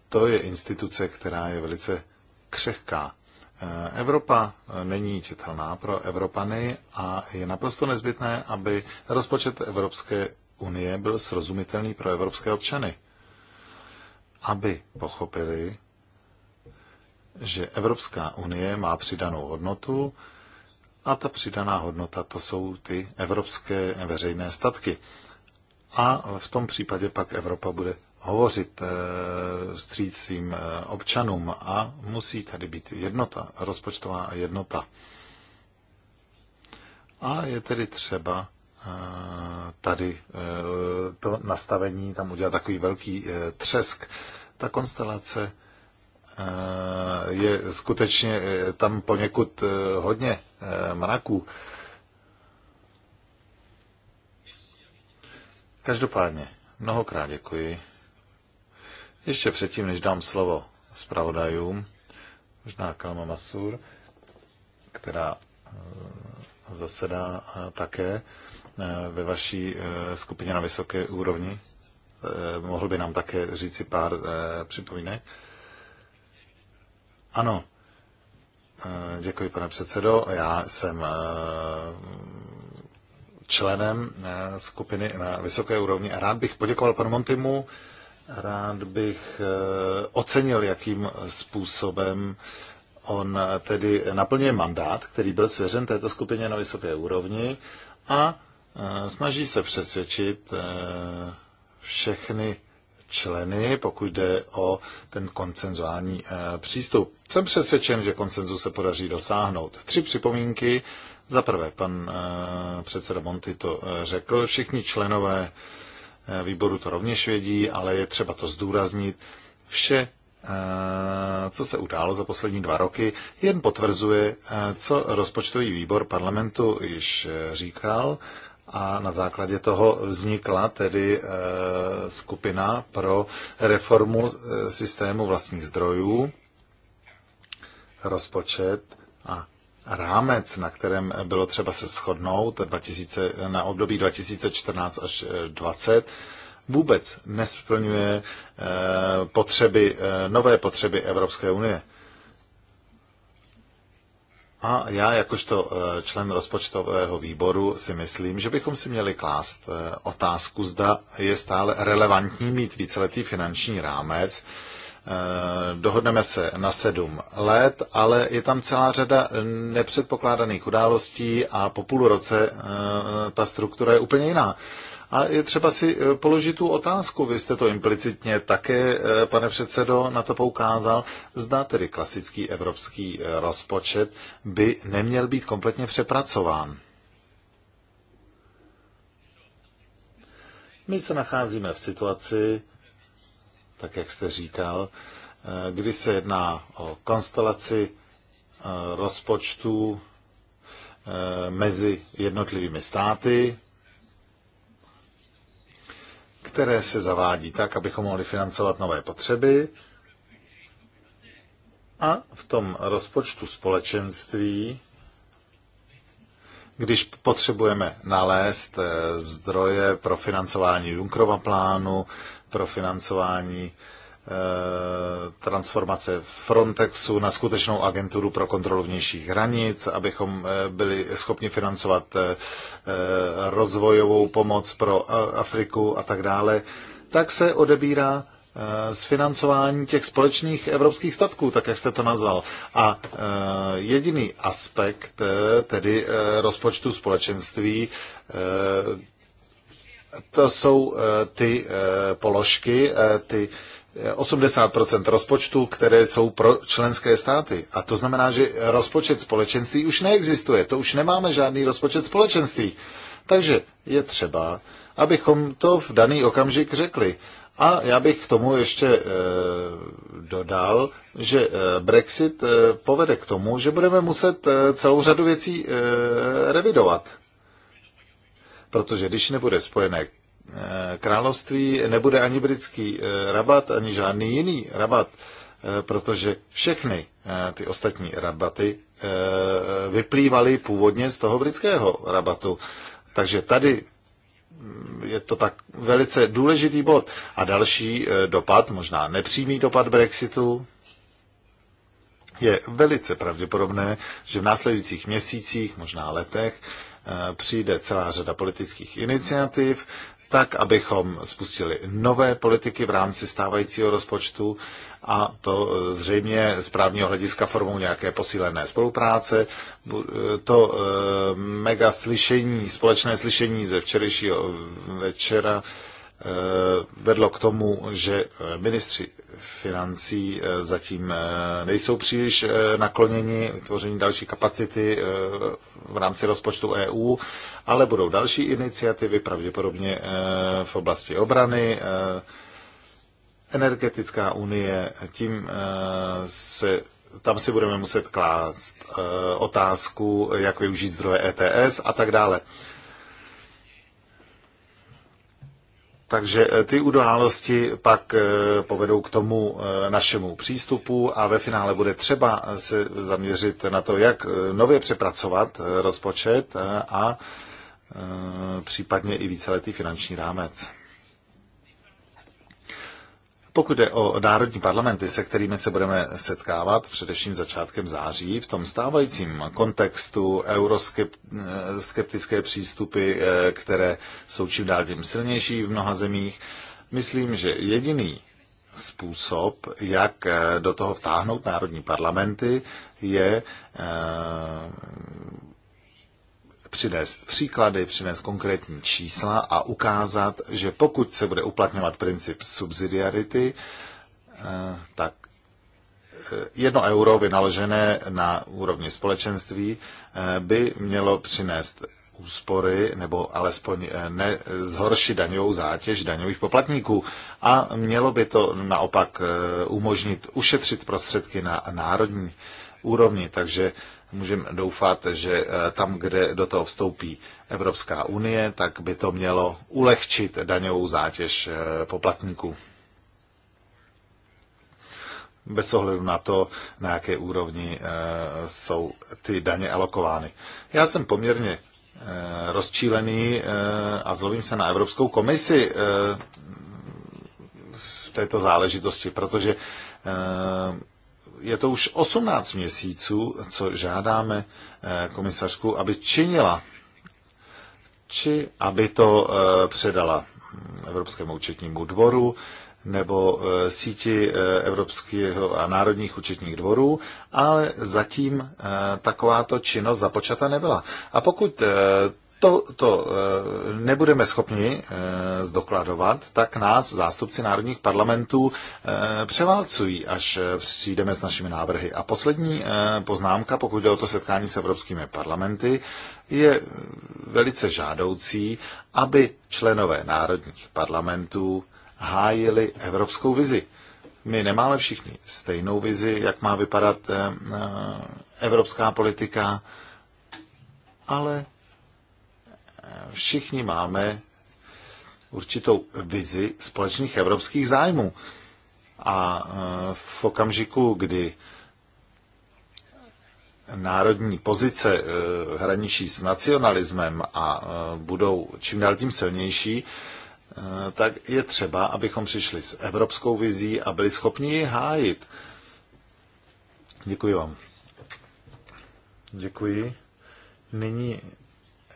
to je instituce, která je velice křehká Evropa není čitelná pro Evropany a je naprosto nezbytné, aby rozpočet Evropské unie byl srozumitelný pro evropské občany, aby pochopili, že Evropská unie má přidanou hodnotu a ta přidaná hodnota to jsou ty evropské veřejné statky. A v tom případě pak Evropa bude hovořit eh, střícím eh, občanům a musí tady být jednota, rozpočtová jednota. A je tedy třeba eh, tady to nastavení tam udělat takový velký třesk. Ta konstelace je skutečně tam poněkud hodně mraků. Každopádně, mnohokrát děkuji ještě předtím, než dám slovo zpravodajům, možná Kalma Masur, která eh, zasedá eh, také eh, ve vaší skupině na vysoké úrovni, mohl by nám také říci pár připomínek. Ano, děkuji, pane předsedo. Já jsem členem skupiny na vysoké úrovni a rád bych poděkoval panu Montimu Rád bych eh, ocenil, jakým způsobem on tedy naplňuje mandát, který byl svěřen této skupině na vysoké úrovni a eh, snaží se přesvědčit eh, všechny členy, pokud jde o ten koncenzuální přístup. Jsem přesvědčen, že koncenzu se podaří dosáhnout. Tři připomínky. Za prvé, pan předseda Monty to řekl, všichni členové Eh, výboru to rovněž vědí, ale je třeba to zdůraznit. Vše, eh, co se událo za poslední dva roky, jen potvrzuje, eh, co rozpočtový výbor parlamentu již říkal a na základě toho vznikla tedy skupina pro reformu systému vlastních zdrojů, rozpočet a rámec, na kterém bylo třeba se shodnout 2000, na období 2014 až 2020, eh, vůbec nesplňuje eh, potřeby, eh, nové potřeby Evropské unie. A já jakožto člen rozpočtového výboru si myslím, že bychom si měli klást otázku, zda je stále relevantní mít víceletý finanční rámec, Eh, dohodneme se na sedm let, ale je tam celá řada nepředpokládaných událostí a po půl roce eh, ta struktura je úplně jiná. A je třeba si eh, položit tu otázku, vy jste to implicitně také, pane předsedo, na to poukázal, zda tedy klasický evropský rozpočet by neměl být kompletně přepracován. My se nacházíme v situaci, tak jak jste říkal, eh, kdy se jedná o konstelaci eh, rozpočtů eh, mezi jednotlivými státy, které se zavádí tak, abychom mohli financovat nové potřeby. A v tom rozpočtu společenství, když potřebujeme nalézt zdroje pro financování Junkrova plánu, pro financování eh, transformace Frontexu na skutečnou agenturu pro kontrolu vnějších hranic, abychom eh, byli schopni financovat eh, rozvojovou pomoc pro Afriku a tak dále, tak se odebírá z financování těch společných evropských statků, tak jak jste to nazval. A jediný aspekt tedy rozpočtu společenství, to jsou eh, ty eh, položky, eh, ty 80 rozpočtu, které jsou pro členské státy. A to znamená, že rozpočet společenství už neexistuje. To už nemáme žádný rozpočet společenství. Takže je třeba, abychom to v daný okamžik řekli. A já bych k tomu ještě e, dodal, že Brexit e, povede k tomu, že budeme muset e, celou řadu věcí e, revidovat protože když nebude spojené eh, království, nebude ani britský eh, rabat, ani žádný jiný rabat, eh, protože všechny ty ostatní rabaty vyplývaly původně z toho britského rabatu. Takže tady mm, je to tak velice důležitý bod. A další dopad, možná nepřímý dopad Brexitu, je velice pravděpodobné, že v následujících měsících, možná letech, Eh, přijde celá řada politických iniciativ, tak, abychom spustili nové politiky v rámci stávajícího rozpočtu a to eh, zřejmě z právního hlediska formou nějaké posílené spolupráce. Eh, to mega slyšení, společné slyšení ze včerejšího večera vedlo k tomu, že ministři financí zatím nejsou příliš nakloněni vytvoření další kapacity v rámci rozpočtu EU, ale budou další iniciativy, pravděpodobně eh, v oblasti obrany, eh, energetická unie, tím eh, se tam si budeme muset klást otázku, jak využít zdroje ETS a tak dále. Takže eh, ty události pak eh, povedou k tomu eh, našemu přístupu a ve finále bude třeba se zaměřit na to, jak nově přepracovat rozpočet a případně i víceletý finanční rámec. Pokud je o národní parlamenty, se kterými se budeme setkávat především začátkem září, v tom stávajícím kontextu euroskeptické přístupy, eh, které jsou čím dál tím silnější v mnoha zemích, myslím, že jediný způsob, jak eh, do toho vtáhnout národní parlamenty, je eh, přinést příklady, přinést konkrétní čísla a ukázat, že pokud se bude uplatňovat princip subsidiarity, eh, tak eh, jedno euro vynaložené na úrovni společenství eh, by mělo přinést úspory nebo alespoň ne, zhorší daňovou zátěž daňových poplatníků. A mělo by to naopak umožnit ušetřit prostředky na národní úrovni, takže můžeme doufat, že eh, tam, kde do toho vstoupí Evropská unie, tak by to mělo ulehčit daňovou zátěž eh, poplatníků. Bez ohledu na to, na jaké úrovni eh, jsou ty daně alokovány. Já jsem poměrně rozčílený a zlobím se na Evropskou komisi v této záležitosti, protože je to už 18 měsíců, co žádáme eh, komisařku, aby činila, či aby to eh, předala Evropskému účetnímu dvoru nebo eh, síti Evropského a národních účetních dvorů, ale zatím takováto činnost započata nebyla. A pokud to, to eh, nebudeme schopni eh, zdokladovat, tak nás zástupci národních parlamentů eh, převálcují, až přijdeme s našimi návrhy. A poslední poznámka, pokud jde o to setkání s evropskými parlamenty, je velice žádoucí, aby členové národních parlamentů hájili evropskou vizi. My nemáme všichni stejnou vizi, jak má vypadat evropská politika, ale všichni máme určitou vizi společných evropských zájmů. A e, v okamžiku, kdy národní pozice e, hraničí s nacionalismem a e, budou čím dál tím silnější, tak je třeba, abychom přišli s evropskou vizí a byli schopni ji hájit. Děkuji vám. Děkuji. Nyní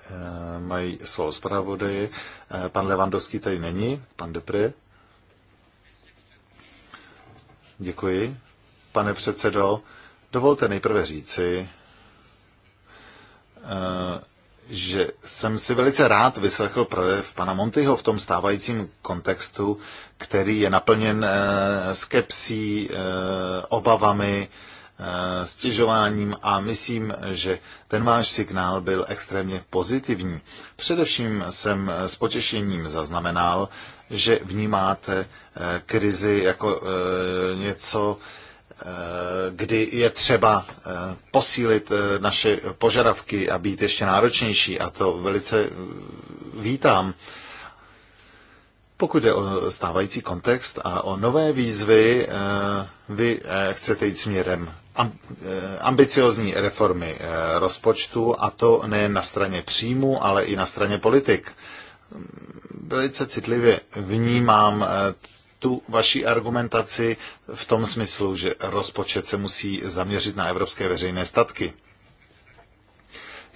Eh, mají slovo zpravodaji. Eh, pan Levandovský tady není, pan Depry. Děkuji. Pane předsedo, dovolte nejprve říci, eh, že jsem si velice rád vyslechl projev pana Montyho v tom stávajícím kontextu, který je naplněn skepsí, obavami, Eh, stěžováním a myslím, že ten váš signál byl extrémně pozitivní. Především jsem eh, s potěšením zaznamenal, že vnímáte eh, krizi jako něco, kdy je třeba posílit naše požadavky a být ještě náročnější a to velice vítám. Pokud je o stávající kontext a o nové výzvy, vy chcete jít směrem Eh, ambiciozní reformy eh, rozpočtu, a to nejen na straně příjmu, ale i na straně politik. Velice citlivě vnímám eh, tu vaši argumentaci v tom smyslu, že rozpočet se musí zaměřit na evropské veřejné statky.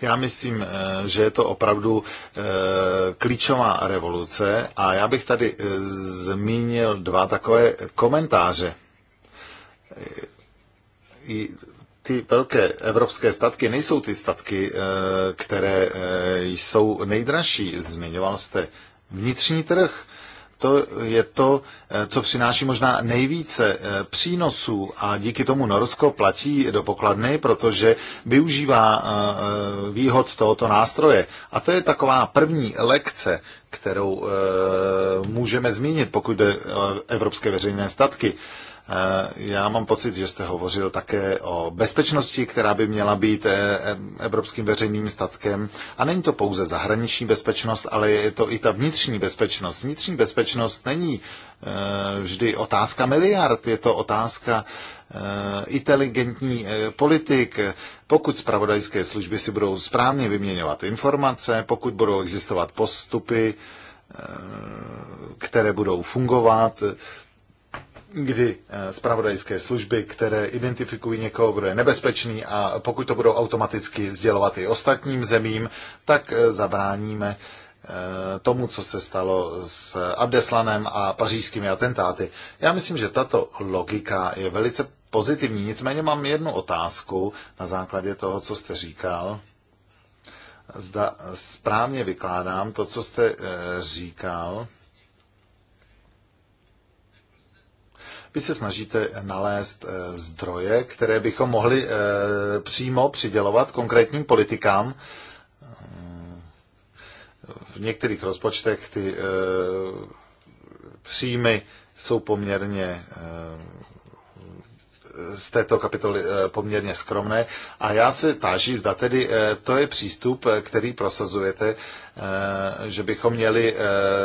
Já myslím, že je to opravdu klíčová revoluce a já bych tady zmínil dva takové komentáře i ty velké evropské statky nejsou ty statky, eh, které eh, jsou nejdražší. Zmiňoval jste vnitřní trh. To je to, eh, co přináší možná nejvíce přínosů a díky tomu Norsko platí do pokladny, protože využívá výhod tohoto nástroje. A to je taková první lekce, kterou můžeme zmínit, pokud jde o evropské veřejné statky. Eh, já mám pocit, že jste hovořil také o bezpečnosti, která by měla být eh, evropským veřejným statkem. A není to pouze zahraniční bezpečnost, ale je to i ta vnitřní bezpečnost. Vnitřní bezpečnost není eh, vždy otázka miliard, je to otázka inteligentní politik, pokud spravodajské služby si budou správně vyměňovat informace, pokud budou existovat postupy, které budou fungovat, kdy eh, zpravodajské služby, které identifikují někoho, kdo je nebezpečný a pokud to budou automaticky sdělovat i ostatním zemím, tak eh, zabráníme eh, tomu, co se stalo s Abdeslanem a pařížskými atentáty. Já myslím, že tato logika je velice pozitivní. Nicméně mám jednu otázku na základě toho, co jste říkal. Zda správně vykládám to, co jste říkal Vy se snažíte nalézt eh, zdroje, které bychom mohli eh, přímo přidělovat konkrétním politikám. V některých rozpočtech ty eh, příjmy jsou poměrně z této kapitoly eh, poměrně skromné. A já se táží, zda tedy eh, to je přístup, eh, který prosazujete, že bychom měli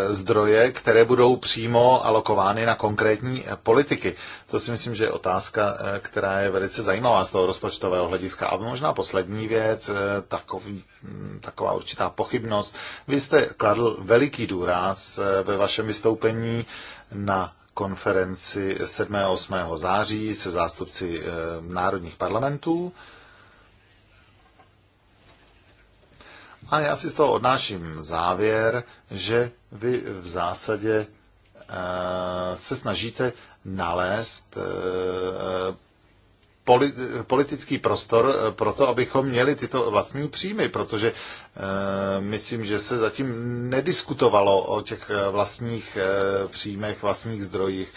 zdroje, které budou přímo alokovány na konkrétní politiky. To si myslím, že je otázka, která je velice zajímavá z toho rozpočtového hlediska. A možná poslední věc, takový, hm, taková určitá pochybnost. Vy jste kladl veliký důraz ve vašem vystoupení na konferenci 7. a 8. září se zástupci eh, národních parlamentů. A já si z toho odnáším závěr, že vy v zásadě eh, se snažíte nalézt eh, politický prostor eh, pro to, abychom měli tyto vlastní příjmy, protože eh, myslím, že se zatím nediskutovalo o těch eh, vlastních příjmech, vlastních zdrojích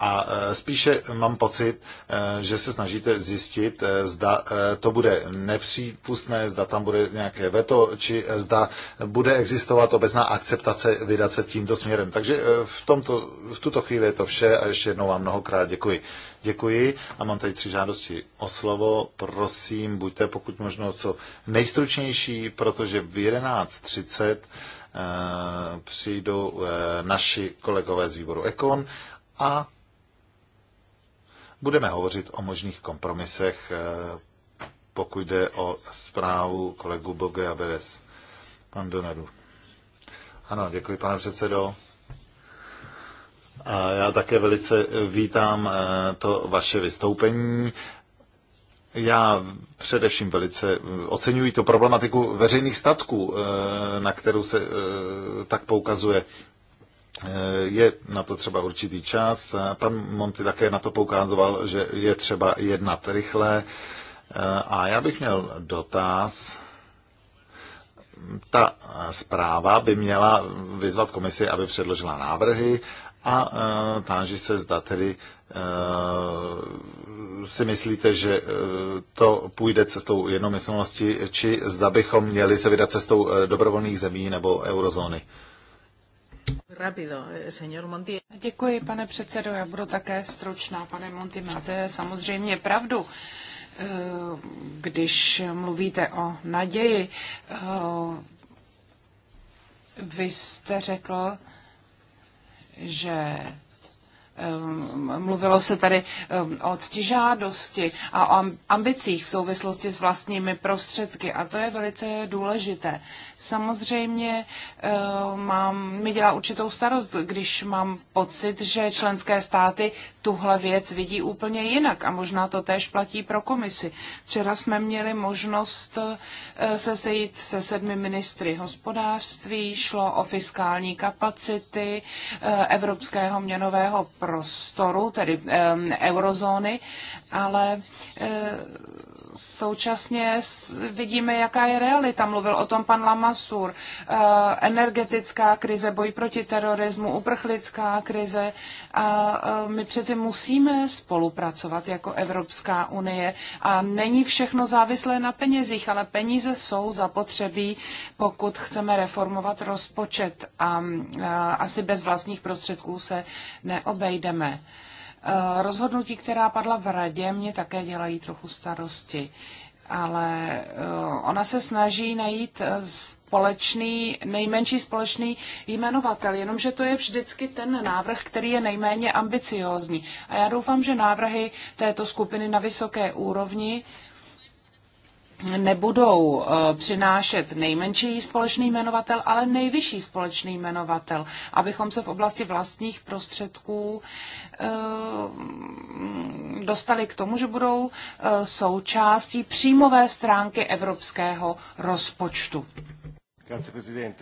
a e, spíše mám pocit, e, že se snažíte zjistit, e, zda to bude nepřípustné, zda tam bude nějaké veto, či zda bude existovat obecná akceptace vydat se tímto směrem. Takže v, tomto, v tuto chvíli je to vše a ještě jednou vám mnohokrát děkuji. Děkuji a mám tady tři žádosti o slovo. Prosím, buďte pokud možno co nejstručnější, protože v 11.30 přijdou naši kolegové z výboru Ekon a Budeme hovořit o možných kompromisech, eh, pokud jde o zprávu kolegu Boge a Beres. Pan Donadu. Ano, děkuji, pane předsedo. A já také velice eh, vítám eh, to vaše vystoupení. Já především velice oceňuji to problematiku veřejných statků, na kterou se tak poukazuje Eh, je na to třeba určitý čas. Pan eh, Monty také na to poukázoval, že je třeba jednat rychle. Eh, a já bych měl dotaz. Ta zpráva by měla vyzvat komisi, aby předložila návrhy a táží se, zda tedy si myslíte, že to půjde cestou jednomyslnosti, či zda bychom měli se vydat cestou dobrovolných zemí nebo eurozóny. Eh, Děkuji, pane předsedo, já budu také stručná. Pane Monti, máte samozřejmě pravdu eh, když mluvíte o naději, eh, vy jste řekl, že mluvilo se tady o ctižádosti a o ambicích v souvislosti s vlastními prostředky a to je velice důležité. Samozřejmě eh, mám, mi dělá určitou starost, když mám pocit, že členské státy tuhle věc vidí úplně jinak a možná to též platí pro komisi. Včera jsme měli možnost eh, se sejít se sedmi ministry hospodářství, šlo o fiskální kapacity eh, Evropského měnového prostoru, tedy eurozóny, ale současně vidíme, jaká je realita. Mluvil o tom pan Lamasur. Eh, energetická krize, boj proti terorismu, uprchlická krize. A eh, my přece musíme spolupracovat jako Evropská unie. A není všechno závislé na penězích, ale peníze jsou zapotřebí, pokud chceme reformovat rozpočet. A eh, asi bez vlastních prostředků se neobejdeme. Eh, rozhodnutí, která padla v radě, mě také dělají trochu starosti ale eh, ona se snaží najít eh, společný, nejmenší společný jmenovatel, jenomže to je vždycky ten návrh, který je nejméně ambiciózní. A já doufám, že návrhy této skupiny na vysoké úrovni nebudou eh, přinášet nejmenší společný jmenovatel, ale nejvyšší společný jmenovatel, abychom se v oblasti vlastních prostředků eh, dostali k tomu, že budou eh, součástí příjmové stránky evropského rozpočtu. E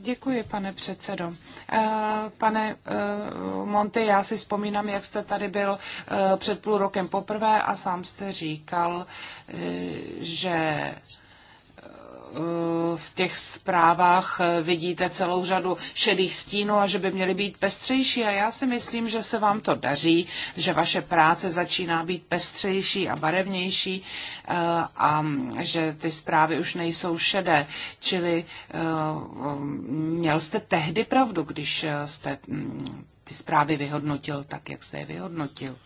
Děkuji, pane předsedo. Eh, pane eh, Monty, já si vzpomínám, jak jste tady byl eh, před půl rokem poprvé a sám jste říkal, že Eh, v těch zprávách eh, vidíte celou řadu šedých stínů a že by měly být pestřejší. A já si myslím, že se vám to daří, že vaše práce začíná být pestřejší a barevnější eh, a že ty zprávy už nejsou šedé. Čili měl jste tehdy pravdu, když jste hm, ty zprávy vyhodnotil tak, jak jste je vyhodnotil.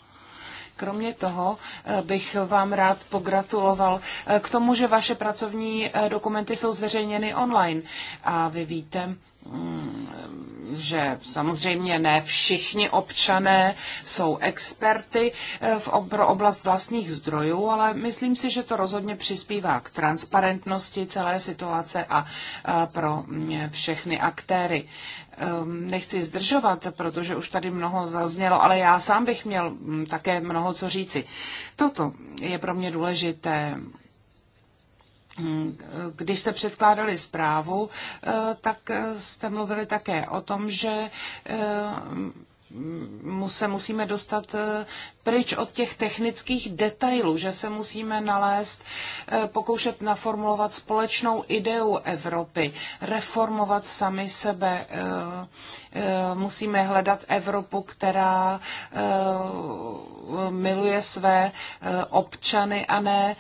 Kromě toho eh, bych vám rád pogratuloval eh, k tomu, že vaše pracovní eh, dokumenty jsou zveřejněny online. A vy víte, Mm, že samozřejmě ne všichni občané jsou experty eh, v, oblast vlastních zdrojů, ale myslím si, že to rozhodně přispívá k transparentnosti celé situace a eh, pro mm, všechny aktéry. Ehm, nechci zdržovat, protože už tady mnoho zaznělo, ale já sám bych měl mm, také mnoho co říci. Toto je pro mě důležité když jste předkládali zprávu, eh, tak eh, jste mluvili také o tom, že eh, se musíme dostat eh, pryč od těch technických detailů, že se musíme nalézt, eh, pokoušet naformulovat společnou ideu Evropy, reformovat sami sebe. Eh, musíme hledat Evropu, která miluje své občany a ne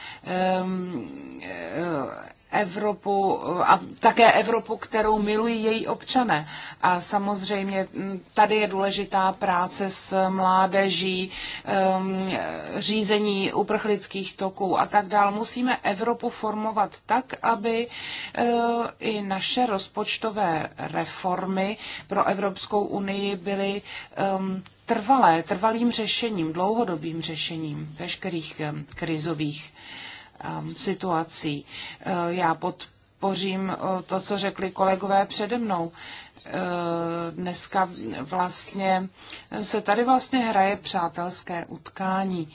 Evropu a také Evropu, kterou milují její občané. A samozřejmě mm, tady je důležitá práce s mládeží, ehm, řízení uprchlických toků a tak dál. Musíme Evropu formovat tak, aby eh, i naše rozpočtové reformy pro Evropskou unii byly ehm, trvalé, trvalým řešením, dlouhodobým řešením veškerých ehm, krizových Um, situací. Uh, já podpořím uh, to, co řekli kolegové přede mnou. Uh, dneska vlastně se tady vlastně hraje přátelské utkání.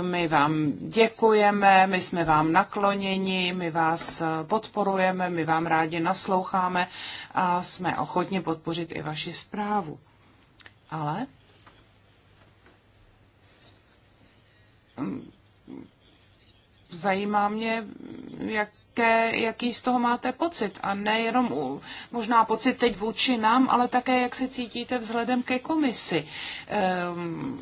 My vám děkujeme, my jsme vám nakloněni, my vás podporujeme, my vám rádi nasloucháme a jsme ochotni podpořit i vaši zprávu. Ale Hm. zajímá mě, jaké, jaký z toho máte pocit. A nejenom možná pocit teď vůči nám, ale také, jak se cítíte vzhledem ke komisi. Um,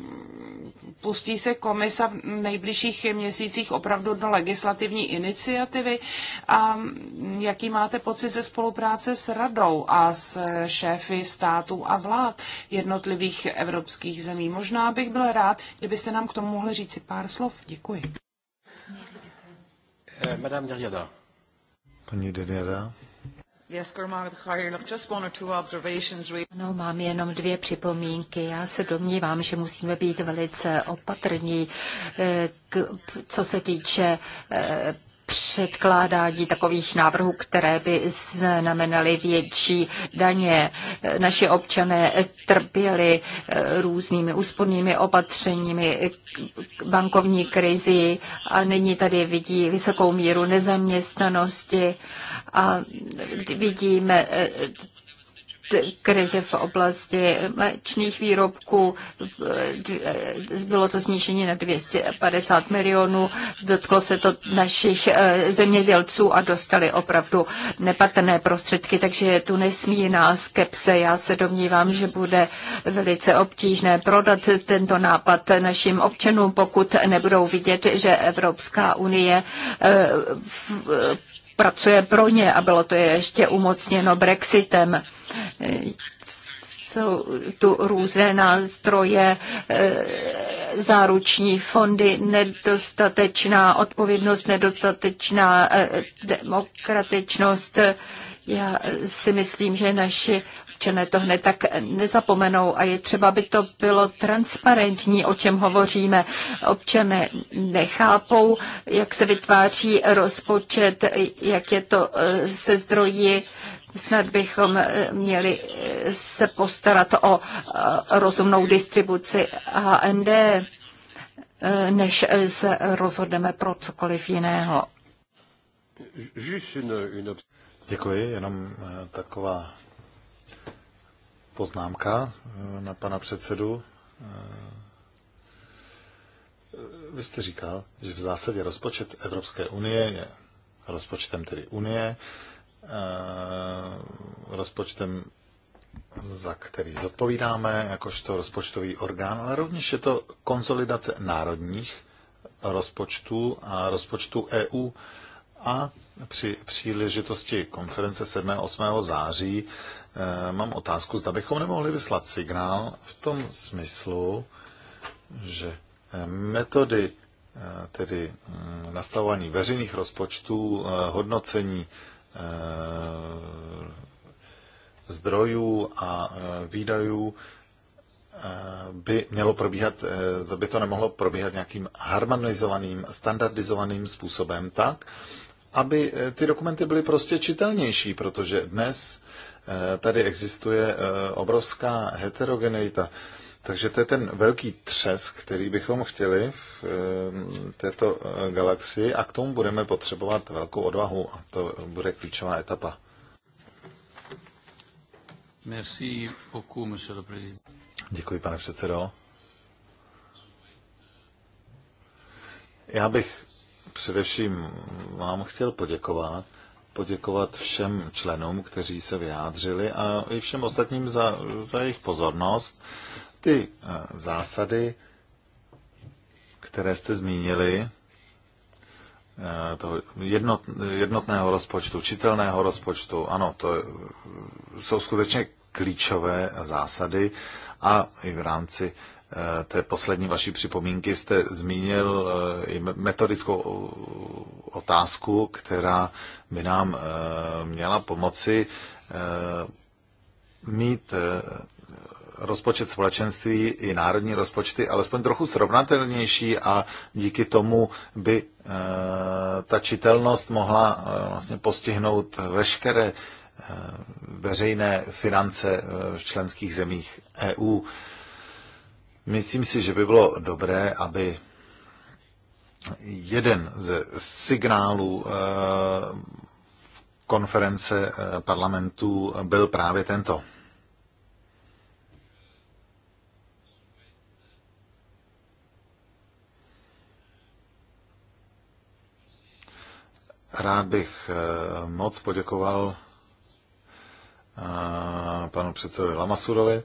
pustí se komisa v nejbližších měsících opravdu do legislativní iniciativy a jaký máte pocit ze spolupráce s radou a s šéfy států a vlád jednotlivých evropských zemí. Možná bych byl rád, kdybyste nám k tomu mohli říci pár slov. Děkuji. Eh, madame Derriada. Paní Derriada. No, mám jenom dvě připomínky. Já se domnívám, že musíme být velice opatrní, eh, co se týče eh, předkládání takových návrhů, které by znamenaly větší daně. Naši občané trpěli eh, různými úspornými opatřeními, bankovní krizi a nyní tady vidí vysokou míru nezaměstnanosti a vidíme eh, krize v oblasti mléčných výrobků. Eh, bylo to snížení na 250 milionů. Dotklo se to našich eh, zemědělců a dostali opravdu nepatrné prostředky, takže je tu nesmírná skepse. Já se domnívám, že bude velice obtížné prodat tento nápad našim občanům, pokud nebudou vidět, že Evropská unie eh, pracuje pro ně a bylo to ještě umocněno Brexitem jsou tu různé nástroje, eh, záruční fondy, nedostatečná odpovědnost, nedostatečná eh, demokratičnost. Já si myslím, že naši občané to hned tak nezapomenou a je třeba, aby to bylo transparentní, o čem hovoříme. Občané nechápou, jak se vytváří rozpočet, jak je to eh, se zdroji Snad bychom eh, měli eh, se postarat o eh, rozumnou distribuci HND, než se rozhodneme pro cokoliv jiného. Děkuji, jenom taková poznámka na pana předsedu. Vy jste říkal, že v zásadě rozpočet Evropské unie je rozpočtem tedy unie, Eh, rozpočtem, za který zodpovídáme, jakožto rozpočtový orgán, ale rovněž je to konsolidace národních rozpočtů a rozpočtů EU a při příležitosti konference 7. 8. září eh, mám otázku, zda bychom nemohli vyslat signál v tom smyslu, že eh, metody tedy mm, nastavování veřejných rozpočtů, hodnocení Eh, zdrojů a eh, výdajů eh, by mělo probíhat, by to nemohlo probíhat nějakým harmonizovaným, standardizovaným způsobem tak, aby ty dokumenty byly prostě čitelnější, protože dnes tady existuje obrovská heterogeneita. Takže to je ten velký třesk, který bychom chtěli v této eh, galaxii a k tomu budeme potřebovat velkou odvahu a to bude klíčová etapa. Merci beaucoup, monsieur le président. Děkuji, pane předsedo. Já bych především vám chtěl poděkovat poděkovat všem členům, kteří se vyjádřili a i všem ostatním za, za jejich pozornost. Ty eh, zásady, které jste zmínili, eh, toho jednot, jednotného rozpočtu, čitelného rozpočtu, ano, to jsou skutečně klíčové zásady a i v rámci eh, té poslední vaší připomínky jste zmínil i metodickou otázku, která by nám měla pomoci mít rozpočet společenství i národní rozpočty alespoň trochu srovnatelnější a díky tomu by eh, ta čitelnost mohla eh, vlastně postihnout veškeré eh, veřejné finance v členských zemích EU. Myslím si, že by bylo dobré, aby jeden ze signálů konference parlamentů byl právě tento. Rád bych eh, moc poděkoval eh, panu předsedovi Lamasurovi.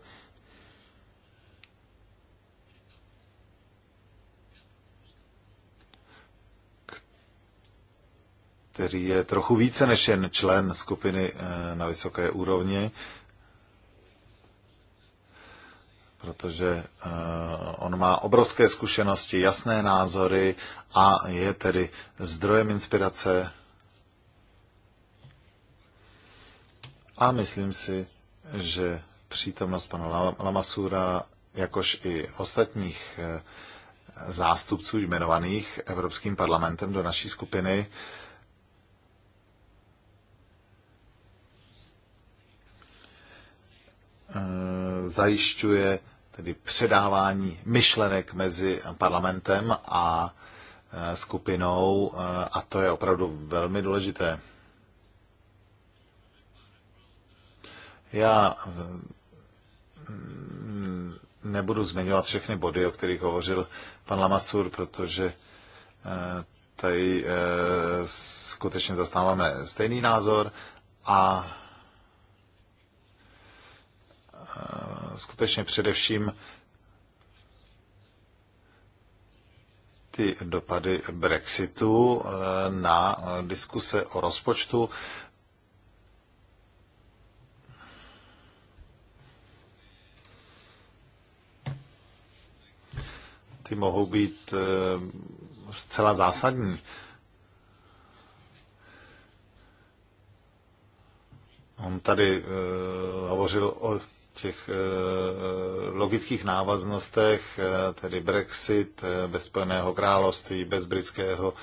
který je trochu více než jen člen skupiny eh, na vysoké úrovni protože eh, on má obrovské zkušenosti, jasné názory a je tedy zdrojem inspirace. A myslím si, že přítomnost pana Lamasura, jakož i ostatních eh, zástupců jmenovaných Evropským parlamentem do naší skupiny, eh, zajišťuje tedy předávání myšlenek mezi parlamentem a e, skupinou e, a to je opravdu velmi důležité. Já mm, nebudu zmiňovat všechny body, o kterých hovořil pan Lamasur, protože e, tady skutečně zastáváme stejný názor a skutečně především ty dopady Brexitu eh, na diskuse o rozpočtu. Ty mohou být eh, zcela zásadní. On tady eh, hovořil o těch eh, eh, logických návaznostech, eh, tedy Brexit bez Spojeného království, bez britského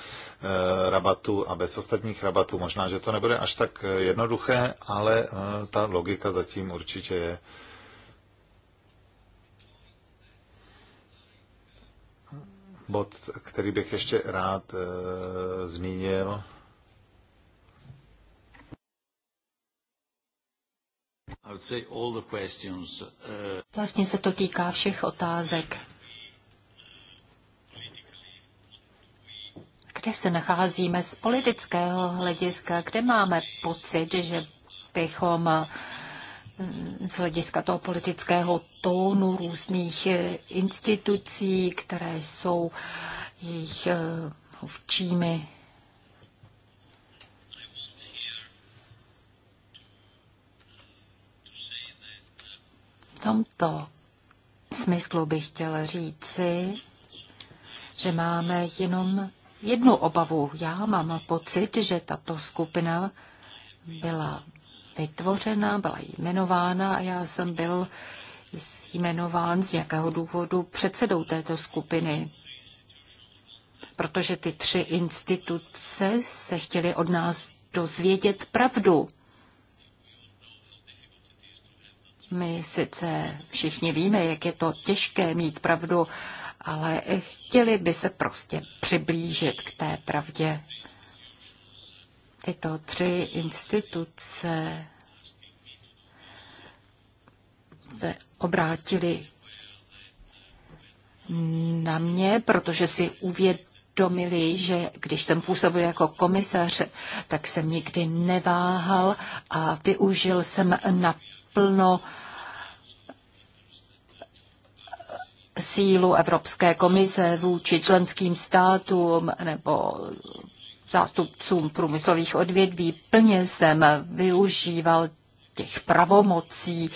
rabatu a bez ostatních rabatů. Možná, že to nebude až tak jednoduché, ale ta logika zatím určitě je. Bod, který bych ještě rád e, zmínil, Uh, vlastně se to týká všech otázek. Kde se nacházíme z politického hlediska? Kde máme pocit, že bychom eh, z hlediska toho politického tónu různých eh, institucí, které jsou jejich mluvčími eh, tomto smyslu bych chtěl říci, že máme jenom jednu obavu. Já mám pocit, že tato skupina byla vytvořena, byla jmenována a já jsem byl jmenován z nějakého důvodu předsedou této skupiny, protože ty tři instituce se chtěly od nás dozvědět pravdu. My sice všichni víme, jak je to těžké mít pravdu, ale chtěli by se prostě přiblížit k té pravdě. Tyto tři instituce se obrátili na mě, protože si uvědomili, že když jsem působil jako komisař, tak jsem nikdy neváhal a využil jsem na plno sílu Evropské komise vůči členským státům nebo zástupcům průmyslových odvětví. Plně jsem využíval těch pravomocí,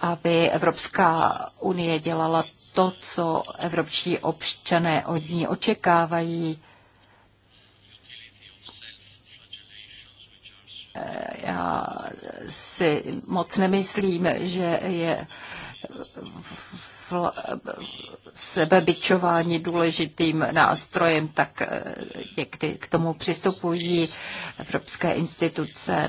aby Evropská unie dělala to, co evropští občané od ní očekávají. já si moc nemyslím, že je vla, sebebičování důležitým nástrojem, tak eh, někdy k tomu přistupují evropské instituce.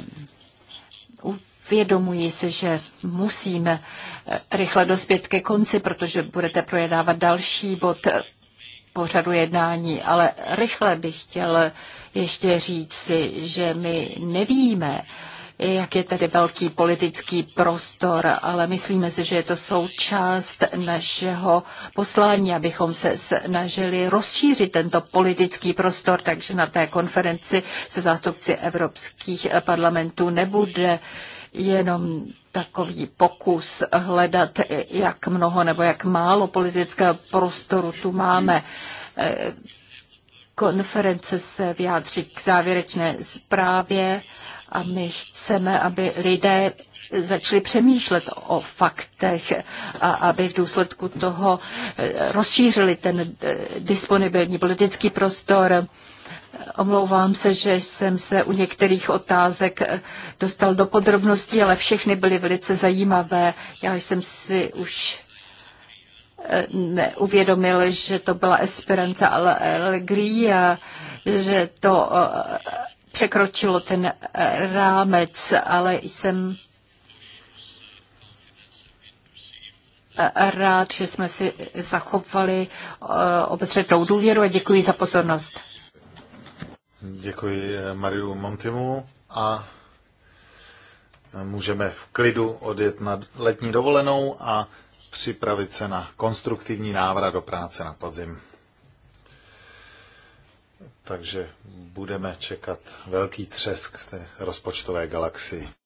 uvědomují se, že musíme eh, rychle dospět ke konci, protože budete projednávat další bod pořadu jednání, ale rychle bych chtěl ještě říci, že my nevíme, jak je tady velký politický prostor, ale myslíme si, že je to součást našeho poslání, abychom se snažili rozšířit tento politický prostor, takže na té konferenci se zástupci evropských parlamentů nebude jenom takový pokus hledat, jak mnoho nebo jak málo politického prostoru tu máme. Konference se vyjádří k závěrečné zprávě a my chceme, aby lidé začali přemýšlet o faktech a aby v důsledku toho rozšířili ten disponibilní politický prostor. Omlouvám se, že jsem se u některých otázek eh, dostal do podrobností, ale všechny byly velice zajímavé. Já jsem si už eh, neuvědomil, že to byla Esperanza Allegri a že to eh, překročilo ten rámec, ale jsem rád, že jsme si zachovali obecnou důvěru a děkuji za pozornost. Děkuji eh, Mariu Montimu a eh, můžeme v klidu odjet na letní dovolenou a připravit se na konstruktivní návrat do práce na podzim. Takže budeme čekat velký třesk v té rozpočtové galaxii.